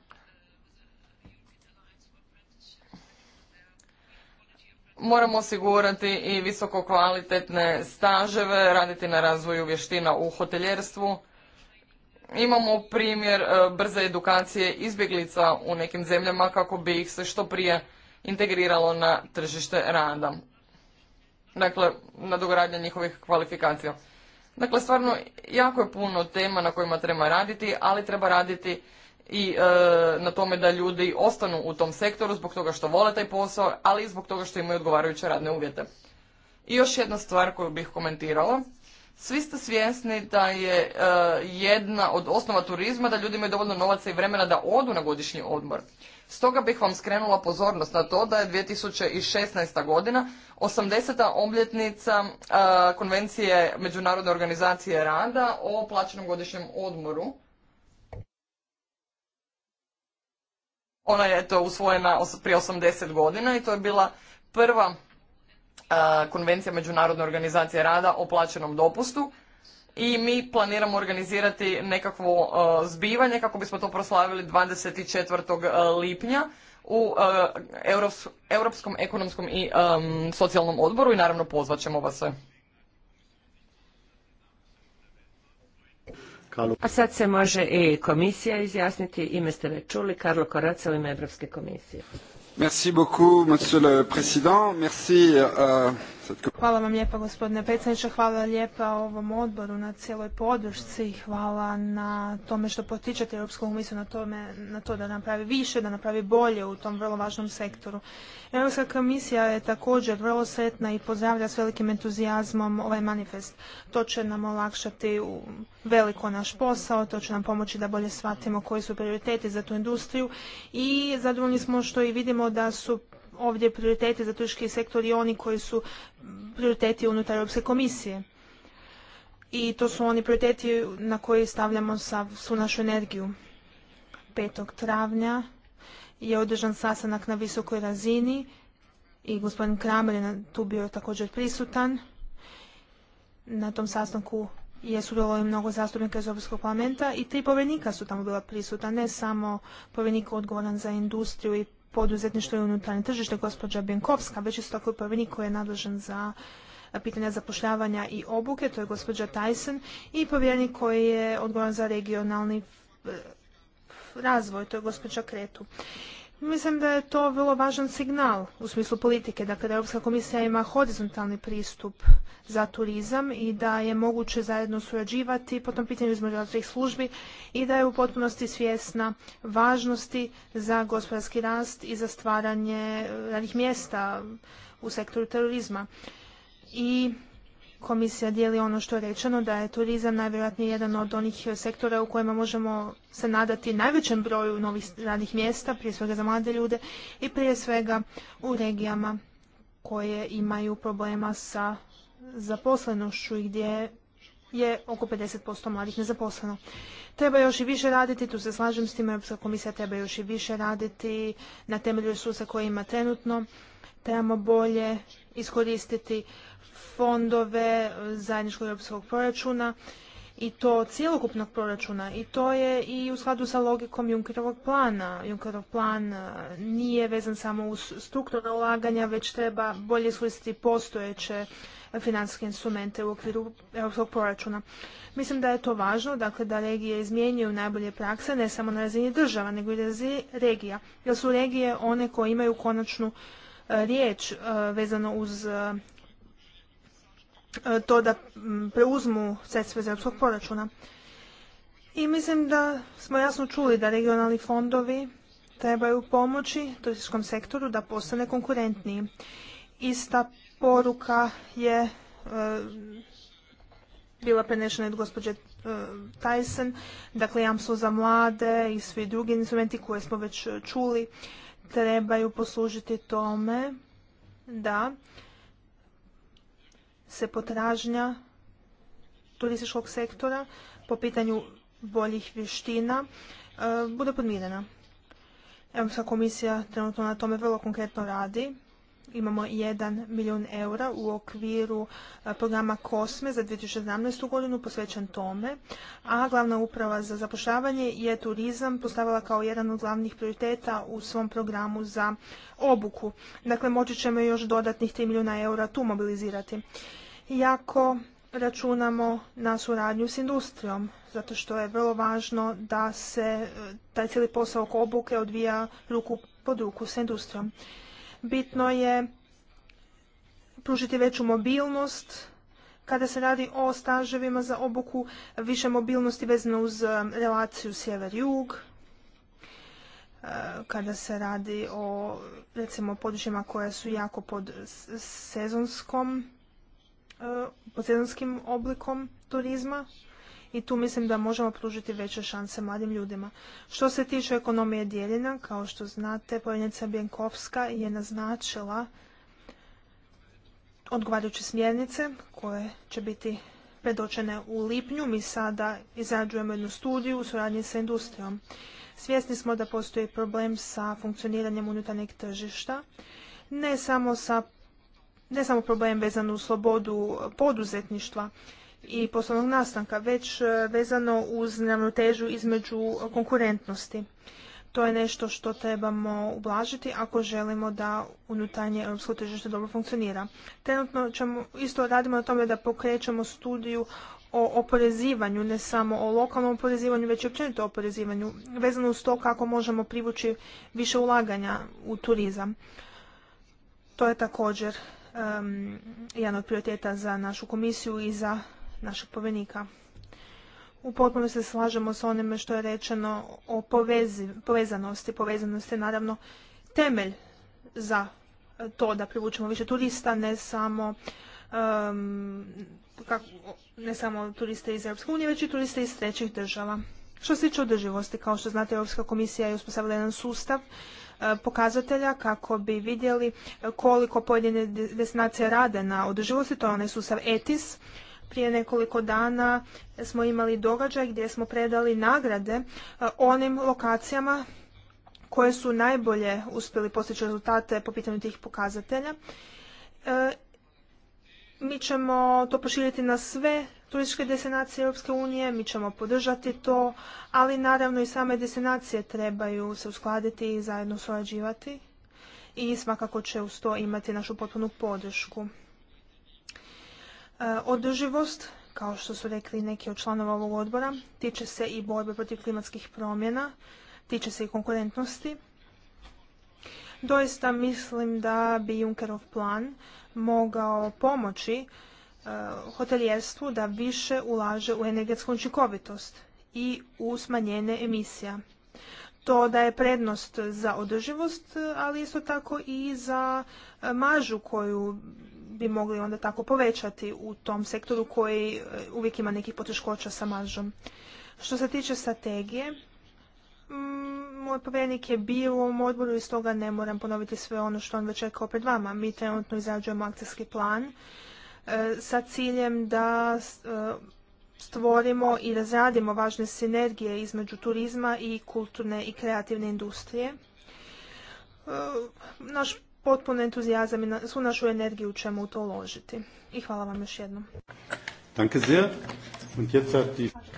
S3: moramo osigurati i visoko kvalitetne staževe, raditi na razvoju vještina u hoteljerstvu, imamo primjer e, brze edukacije izbjeglica u nekim zemljama kako bi ih se što prije integriralo na tržište rada. Dakle, nadogradnja njihovih kvalifikacija. Dakle, stvarno jako je puno tema na kojima treba raditi, ali treba raditi i e, na tome da ljudi ostanu u tom sektoru zbog toga što vole taj posao, ali i zbog toga što imaju odgovarajuće radne uvjete. I još jedna stvar koju bih komentirala svi ste svjesni da je e, jedna od osnova turizma da ljudi imaju dovoljno novaca i vremena da odu na godišnji odmor. Stoga bih vam skrenula pozornost na to da je 2016. godina 80. obljetnica e, konvencije Međunarodne organizacije rada o plaćenom godišnjem odmoru. Ona je to usvojena prije 80 godina i to je bila prva E, Konvencija Međunarodne organizacije rada o plaćenom dopustu i mi planiramo organizirati nekakvo e, zbivanje kako bismo to proslavili 24. E, lipnja u Europskom ekonomskom i socijalnom odboru i naravno pozvat ćemo vas sve.
S2: A sad se može i komisija izjasniti. Ime ste već čuli, Karlo Koraca u ime Evropske komisije. Merci beaucoup, Monsieur le Président. Merci euh,
S1: Hvala vam lijepa gospodine predsjedniče, hvala lijepa ovom odboru na cijeloj podršci, hvala na tome što potičete Europsku komisiju na, tome, na to da napravi više, da napravi bolje u tom vrlo važnom sektoru. Europska komisija je također vrlo sretna i pozdravlja s velikim entuzijazmom ovaj manifest. To će nam olakšati u veliko naš posao, to će nam pomoći da bolje shvatimo koji su prioriteti za tu industriju i zadovoljni smo što i vidimo da su ovdje prioriteti za turistički sektor i oni koji su prioriteti unutar Europske komisije. I to su oni prioriteti na koji stavljamo svu našu energiju. 5. travnja je održan sastanak na visokoj razini i gospodin Kramer je tu bio također prisutan. Na tom sastanku je sudjelovalo i mnogo zastupnika iz Europskog parlamenta i tri povjerenika su tamo bila prisutna, ne samo povjerenik odgovoran za industriju i poduzetništvo i unutarnje tržište, gospođa Bjenkovska, već isto tako upravenik koji je nadležan za eh, pitanja zapošljavanja i obuke, to je gospođa Tyson, i povjerenik koji je odgovoran za regionalni eh, razvoj, to je gospođa Kretu. Mislim da je to vrlo važan signal u smislu politike, dakle da Europska komisija ima horizontalni pristup za turizam i da je moguće zajedno surađivati po tom pitanju između različitih službi i da je u potpunosti svjesna važnosti za gospodarski rast i za stvaranje radnih mjesta u sektoru terorizma. I komisija dijeli ono što je rečeno, da je turizam najvjerojatnije jedan od onih sektora u kojima možemo se nadati najvećem broju novih radnih mjesta, prije svega za mlade ljude i prije svega u regijama koje imaju problema sa zaposlenošću i gdje je oko 50% mladih nezaposleno. Treba još i više raditi, tu se slažem s tim, Europska komisija treba još i više raditi na temelju resursa koje ima trenutno. Trebamo bolje iskoristiti fondove zajedničkog europskog proračuna i to cijelokupnog proračuna i to je i u skladu sa logikom Junkerovog plana. Junkerov plan e, nije vezan samo uz strukturna ulaganja, već treba bolje iskoristiti postojeće financijske instrumente u okviru europskog proračuna. Mislim da je to važno, dakle da regije izmjenjuju najbolje prakse ne samo na razini država, nego i razini regija. Jer su regije one koje imaju konačnu e, riječ e, vezano uz E, to da preuzmu sredstva iz europskog proračuna. I mislim da smo jasno čuli da regionalni fondovi trebaju pomoći turističkom sektoru da postane konkurentniji. Ista poruka je e, bila prenešena od gospođe e, Tyson, dakle jamstvo za mlade i svi drugi instrumenti koje smo već čuli trebaju poslužiti tome da se potražnja turističkog sektora po pitanju boljih vještina e, bude podmirena. Europska komisija trenutno na tome vrlo konkretno radi. Imamo 1 milijun eura u okviru e, programa KOSME za 2017. godinu posvećen tome, a glavna uprava za zapošljavanje je turizam postavila kao jedan od glavnih prioriteta u svom programu za obuku. Dakle, moći ćemo još dodatnih 3 milijuna eura tu mobilizirati jako računamo na suradnju s industrijom, zato što je vrlo važno da se e, taj cijeli posao oko obuke odvija ruku pod ruku s industrijom. Bitno je pružiti veću mobilnost kada se radi o staževima za obuku, više mobilnosti vezano uz e, relaciju sjever-jug, e, kada se radi o recimo područjima koja su jako pod sezonskom sezonskim oblikom turizma i tu mislim da možemo pružiti veće šanse mladim ljudima. Što se tiče ekonomije dijeljena, kao što znate, pojedinica Bjenkovska je naznačila odgovarajuće smjernice koje će biti predočene u lipnju. Mi sada izrađujemo jednu studiju u suradnji sa industrijom. Svjesni smo da postoji problem sa funkcioniranjem unutarnjeg tržišta, ne samo sa ne samo problem vezan u slobodu poduzetništva i poslovnog nastanka, već e, vezano uz ravnotežu između konkurentnosti. To je nešto što trebamo ublažiti ako želimo da unutarnje europsko tržište dobro funkcionira. Trenutno ćemo, isto radimo na tome da pokrećemo studiju o oporezivanju, ne samo o lokalnom oporezivanju, već i općenito oporezivanju, vezano uz to kako možemo privući više ulaganja u turizam. To je također Um, jedan od prioriteta za našu komisiju i za našeg povjenika. U potpuno se slažemo s onime što je rečeno o povezanosti. Povezanost je naravno temelj za to da privučemo više turista, ne samo um, ne samo turiste iz Europske unije, već i turiste iz trećih država. Što se tiče održivosti, kao što znate, Europska komisija je uspostavila jedan sustav E, pokazatelja kako bi vidjeli koliko pojedine destinacije rade na održivosti, to je onaj sustav ETIS. Prije nekoliko dana smo imali događaj gdje smo predali nagrade e, onim lokacijama koje su najbolje uspjeli postići rezultate po pitanju tih pokazatelja. E, mi ćemo to proširiti na sve turističke destinacije Europske unije, mi ćemo podržati to, ali naravno i same destinacije trebaju se uskladiti i zajedno surađivati i svakako će uz to imati našu potpunu podršku. E, održivost, kao što su rekli neki od članova ovog odbora, tiče se i borbe protiv klimatskih promjena, tiče se i konkurentnosti. Doista mislim da bi Junckerov plan mogao pomoći hotelijerstvu da više ulaže u energetsku učinkovitost i u smanjenje emisija. To daje prednost za održivost, ali isto tako i za e, mažu koju bi mogli onda tako povećati u tom sektoru koji e, uvijek ima nekih poteškoća sa maržom. Što se tiče strategije, mm, moj povjerenik je bio u ovom odboru i stoga ne moram ponoviti sve ono što on već rekao pred vama. Mi trenutno izrađujemo akcijski plan E, sa ciljem da e, stvorimo i razradimo važne sinergije između turizma i kulturne i kreativne industrije. E, naš potpun entuzijazam i svu našu energiju ćemo u to uložiti. I hvala vam još jednom.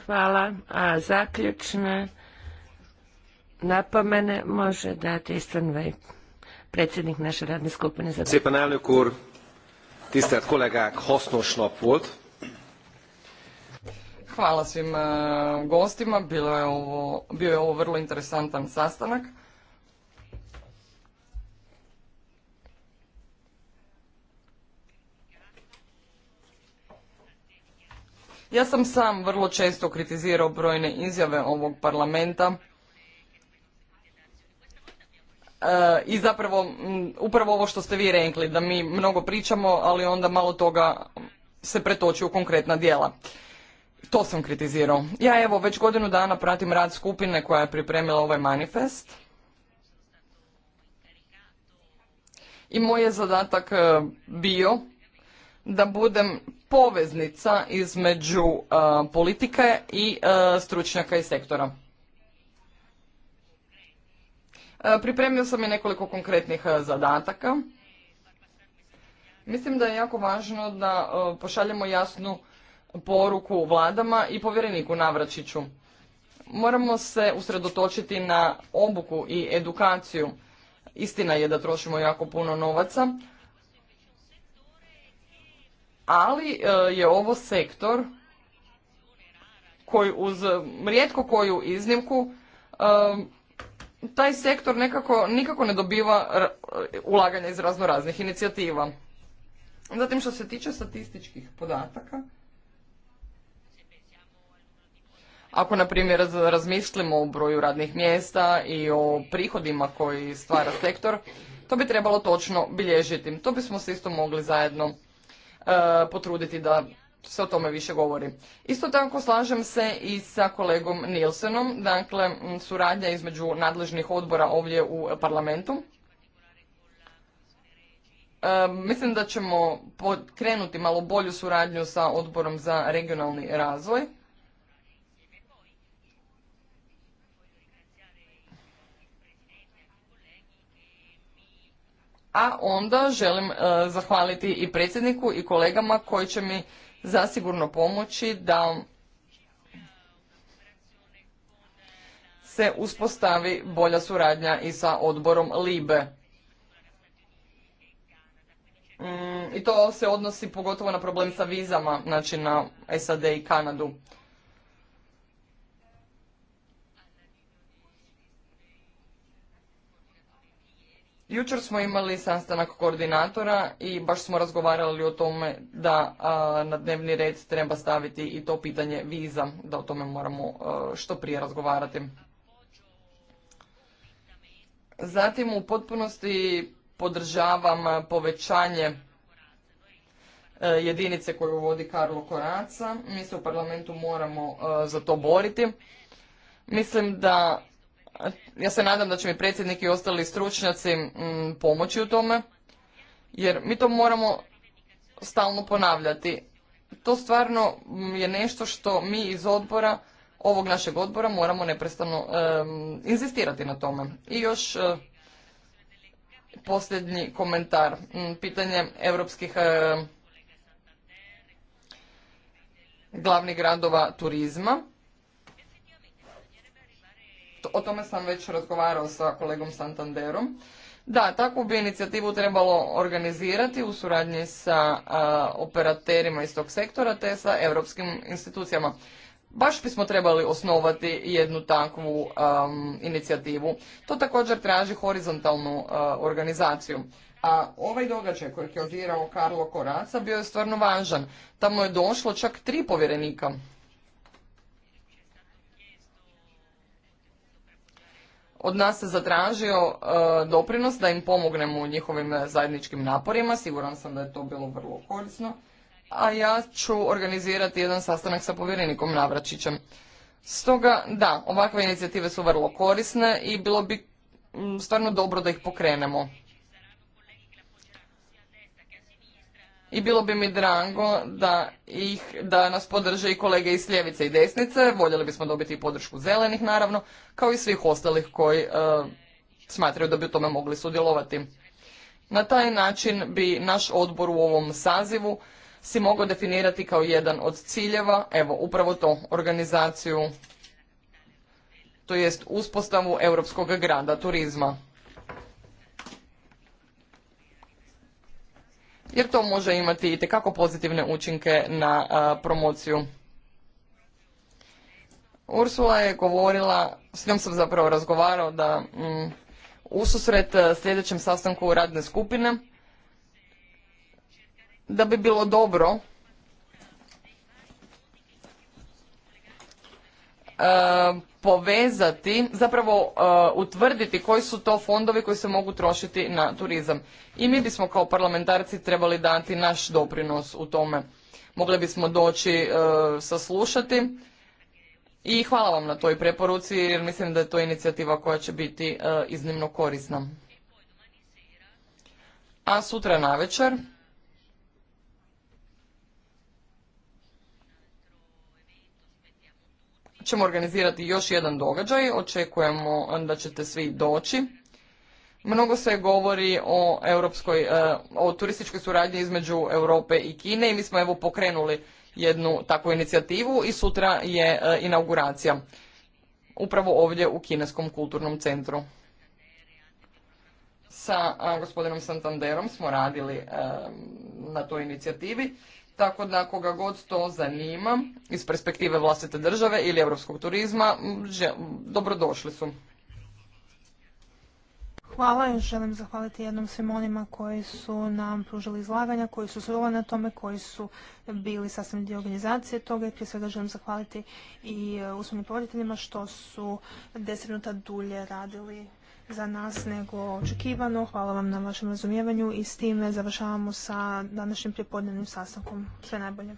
S2: Hvala. A zaključne napomene može dati Istvan Vej, predsjednik naše radne skupine za...
S1: Tisztelt kollégák, hasznos nap volt.
S2: Hvala svim
S3: e, gostima, Bilo je bio je ovo vrlo interesantan sastanak. Ja sam sam vrlo često kritizirao brojne izjave ovog parlamenta i zapravo upravo ovo što ste vi rekli, da mi mnogo pričamo, ali onda malo toga se pretoči u konkretna djela. To sam kritizirao. Ja evo već godinu dana pratim rad skupine koja je pripremila ovaj manifest. I moj je zadatak e, bio da budem poveznica između e, politike i e, stručnjaka i sektora. E, pripremio sam i nekoliko konkretnih e, zadataka. Mislim da je jako važno da e, pošaljemo jasnu poruku vladama i povjereniku Navračiću. Moramo se usredotočiti na obuku i edukaciju. Istina je da trošimo jako puno novaca, ali je ovo sektor koji uz rijetko koju iznimku taj sektor nekako nikako ne dobiva ulaganja iz razno raznih inicijativa. Zatim što se tiče statističkih podataka, ako na primjer razmislimo o broju radnih mjesta i o prihodima koji stvara sektor, to bi trebalo točno bilježiti. To bismo se isto mogli zajedno e, potruditi da se o tome više govori. Isto tako slažem se i sa kolegom Nilsenom, dakle suradnja između nadležnih odbora ovdje u parlamentu. E, mislim da ćemo krenuti malo bolju suradnju sa odborom za regionalni razvoj. a onda želim e, zahvaliti i predsjedniku i kolegama koji će mi zasigurno pomoći da se uspostavi bolja suradnja i sa odborom LIBE. Mm, I to se odnosi pogotovo na problem sa vizama, znači na SAD i Kanadu. Jučer smo imali sastanak koordinatora i baš smo razgovarali o tome da na dnevni red treba staviti i to pitanje viza, da o tome moramo e, što prije razgovarati. Zatim u potpunosti podržavam povećanje e, jedinice koju vodi Karlo Koraca. Mi se u parlamentu moramo e, za to boriti. Mislim da ja se nadam da će mi predsjednik i ostali stručnjaci mm, pomoći u tome, jer mi to moramo stalno ponavljati. To stvarno mm, je nešto što mi iz odbora, ovog našeg odbora, moramo neprestano inzistirati na tome. I još e, posljednji komentar. Mm, pitanje europskih e, glavnih gradova turizma o tome sam već razgovarao sa kolegom Santanderom. Da, takvu bi inicijativu trebalo organizirati u suradnji sa a, operaterima iz tog sektora te sa europskim institucijama. Baš bismo trebali osnovati jednu takvu inicijativu. To također traži horizontalnu organizaciju. A ovaj događaj koji je organizirao Karlo Koraca bio je stvarno važan. Tamo je došlo čak tri povjerenika od nas se zatražio e, doprinos da im pomognemo u njihovim zajedničkim naporima. Siguran sam da je to bilo vrlo korisno. A ja ću organizirati jedan sastanak sa povjerenikom Navračićem. Stoga, da, ovakve inicijative su vrlo korisne i bilo bi stvarno dobro da ih pokrenemo. i bilo bi mi drago da, ih, da nas podrže i kolege iz ljevice i desnice, voljeli bismo dobiti i podršku zelenih naravno, kao i svih ostalih koji e, smatraju da bi u tome mogli sudjelovati. Na taj način bi naš odbor u ovom sazivu si mogao definirati kao jedan od ciljeva, evo upravo to, organizaciju, to jest uspostavu Europskog grada turizma. jer to može imati i tekako pozitivne učinke na promociju. Ursula je govorila, s njom sam zapravo razgovarao da mm, ususret sljedećem sastanku radne skupine da bi bilo dobro E, povezati, zapravo e, utvrditi koji su to fondovi koji se mogu trošiti na turizam. I mi bismo kao parlamentarci trebali dati naš doprinos u tome. Mogli bismo doći e, saslušati i hvala vam na toj preporuci jer mislim da je to inicijativa koja će biti iznimno korisna. A sutra večer ćemo organizirati još jedan događaj, očekujemo da ćete svi doći. Mnogo se govori o, europskoj, e, o turističkoj suradnji između Europe i Kine i mi smo evo pokrenuli jednu takvu inicijativu i sutra je e, inauguracija upravo ovdje u Kineskom kulturnom centru. Sa gospodinom Santanderom smo radili e, na toj inicijativi tako da koga god to zanima iz perspektive vlastite države ili europskog turizma, dobrodošli su.
S1: Hvala, i želim zahvaliti jednom svim onima koji su nam pružili izlaganja, koji su sudjelovali na tome, koji su bili sasvim dio organizacije toga i prije svega želim zahvaliti i e, usmenim povoditeljima što su deset minuta dulje radili za nas nego očekivano. Hvala vam na vašem razumijevanju i s time završavamo sa današnjim prijepodnevnim sastankom. Sve najbolje.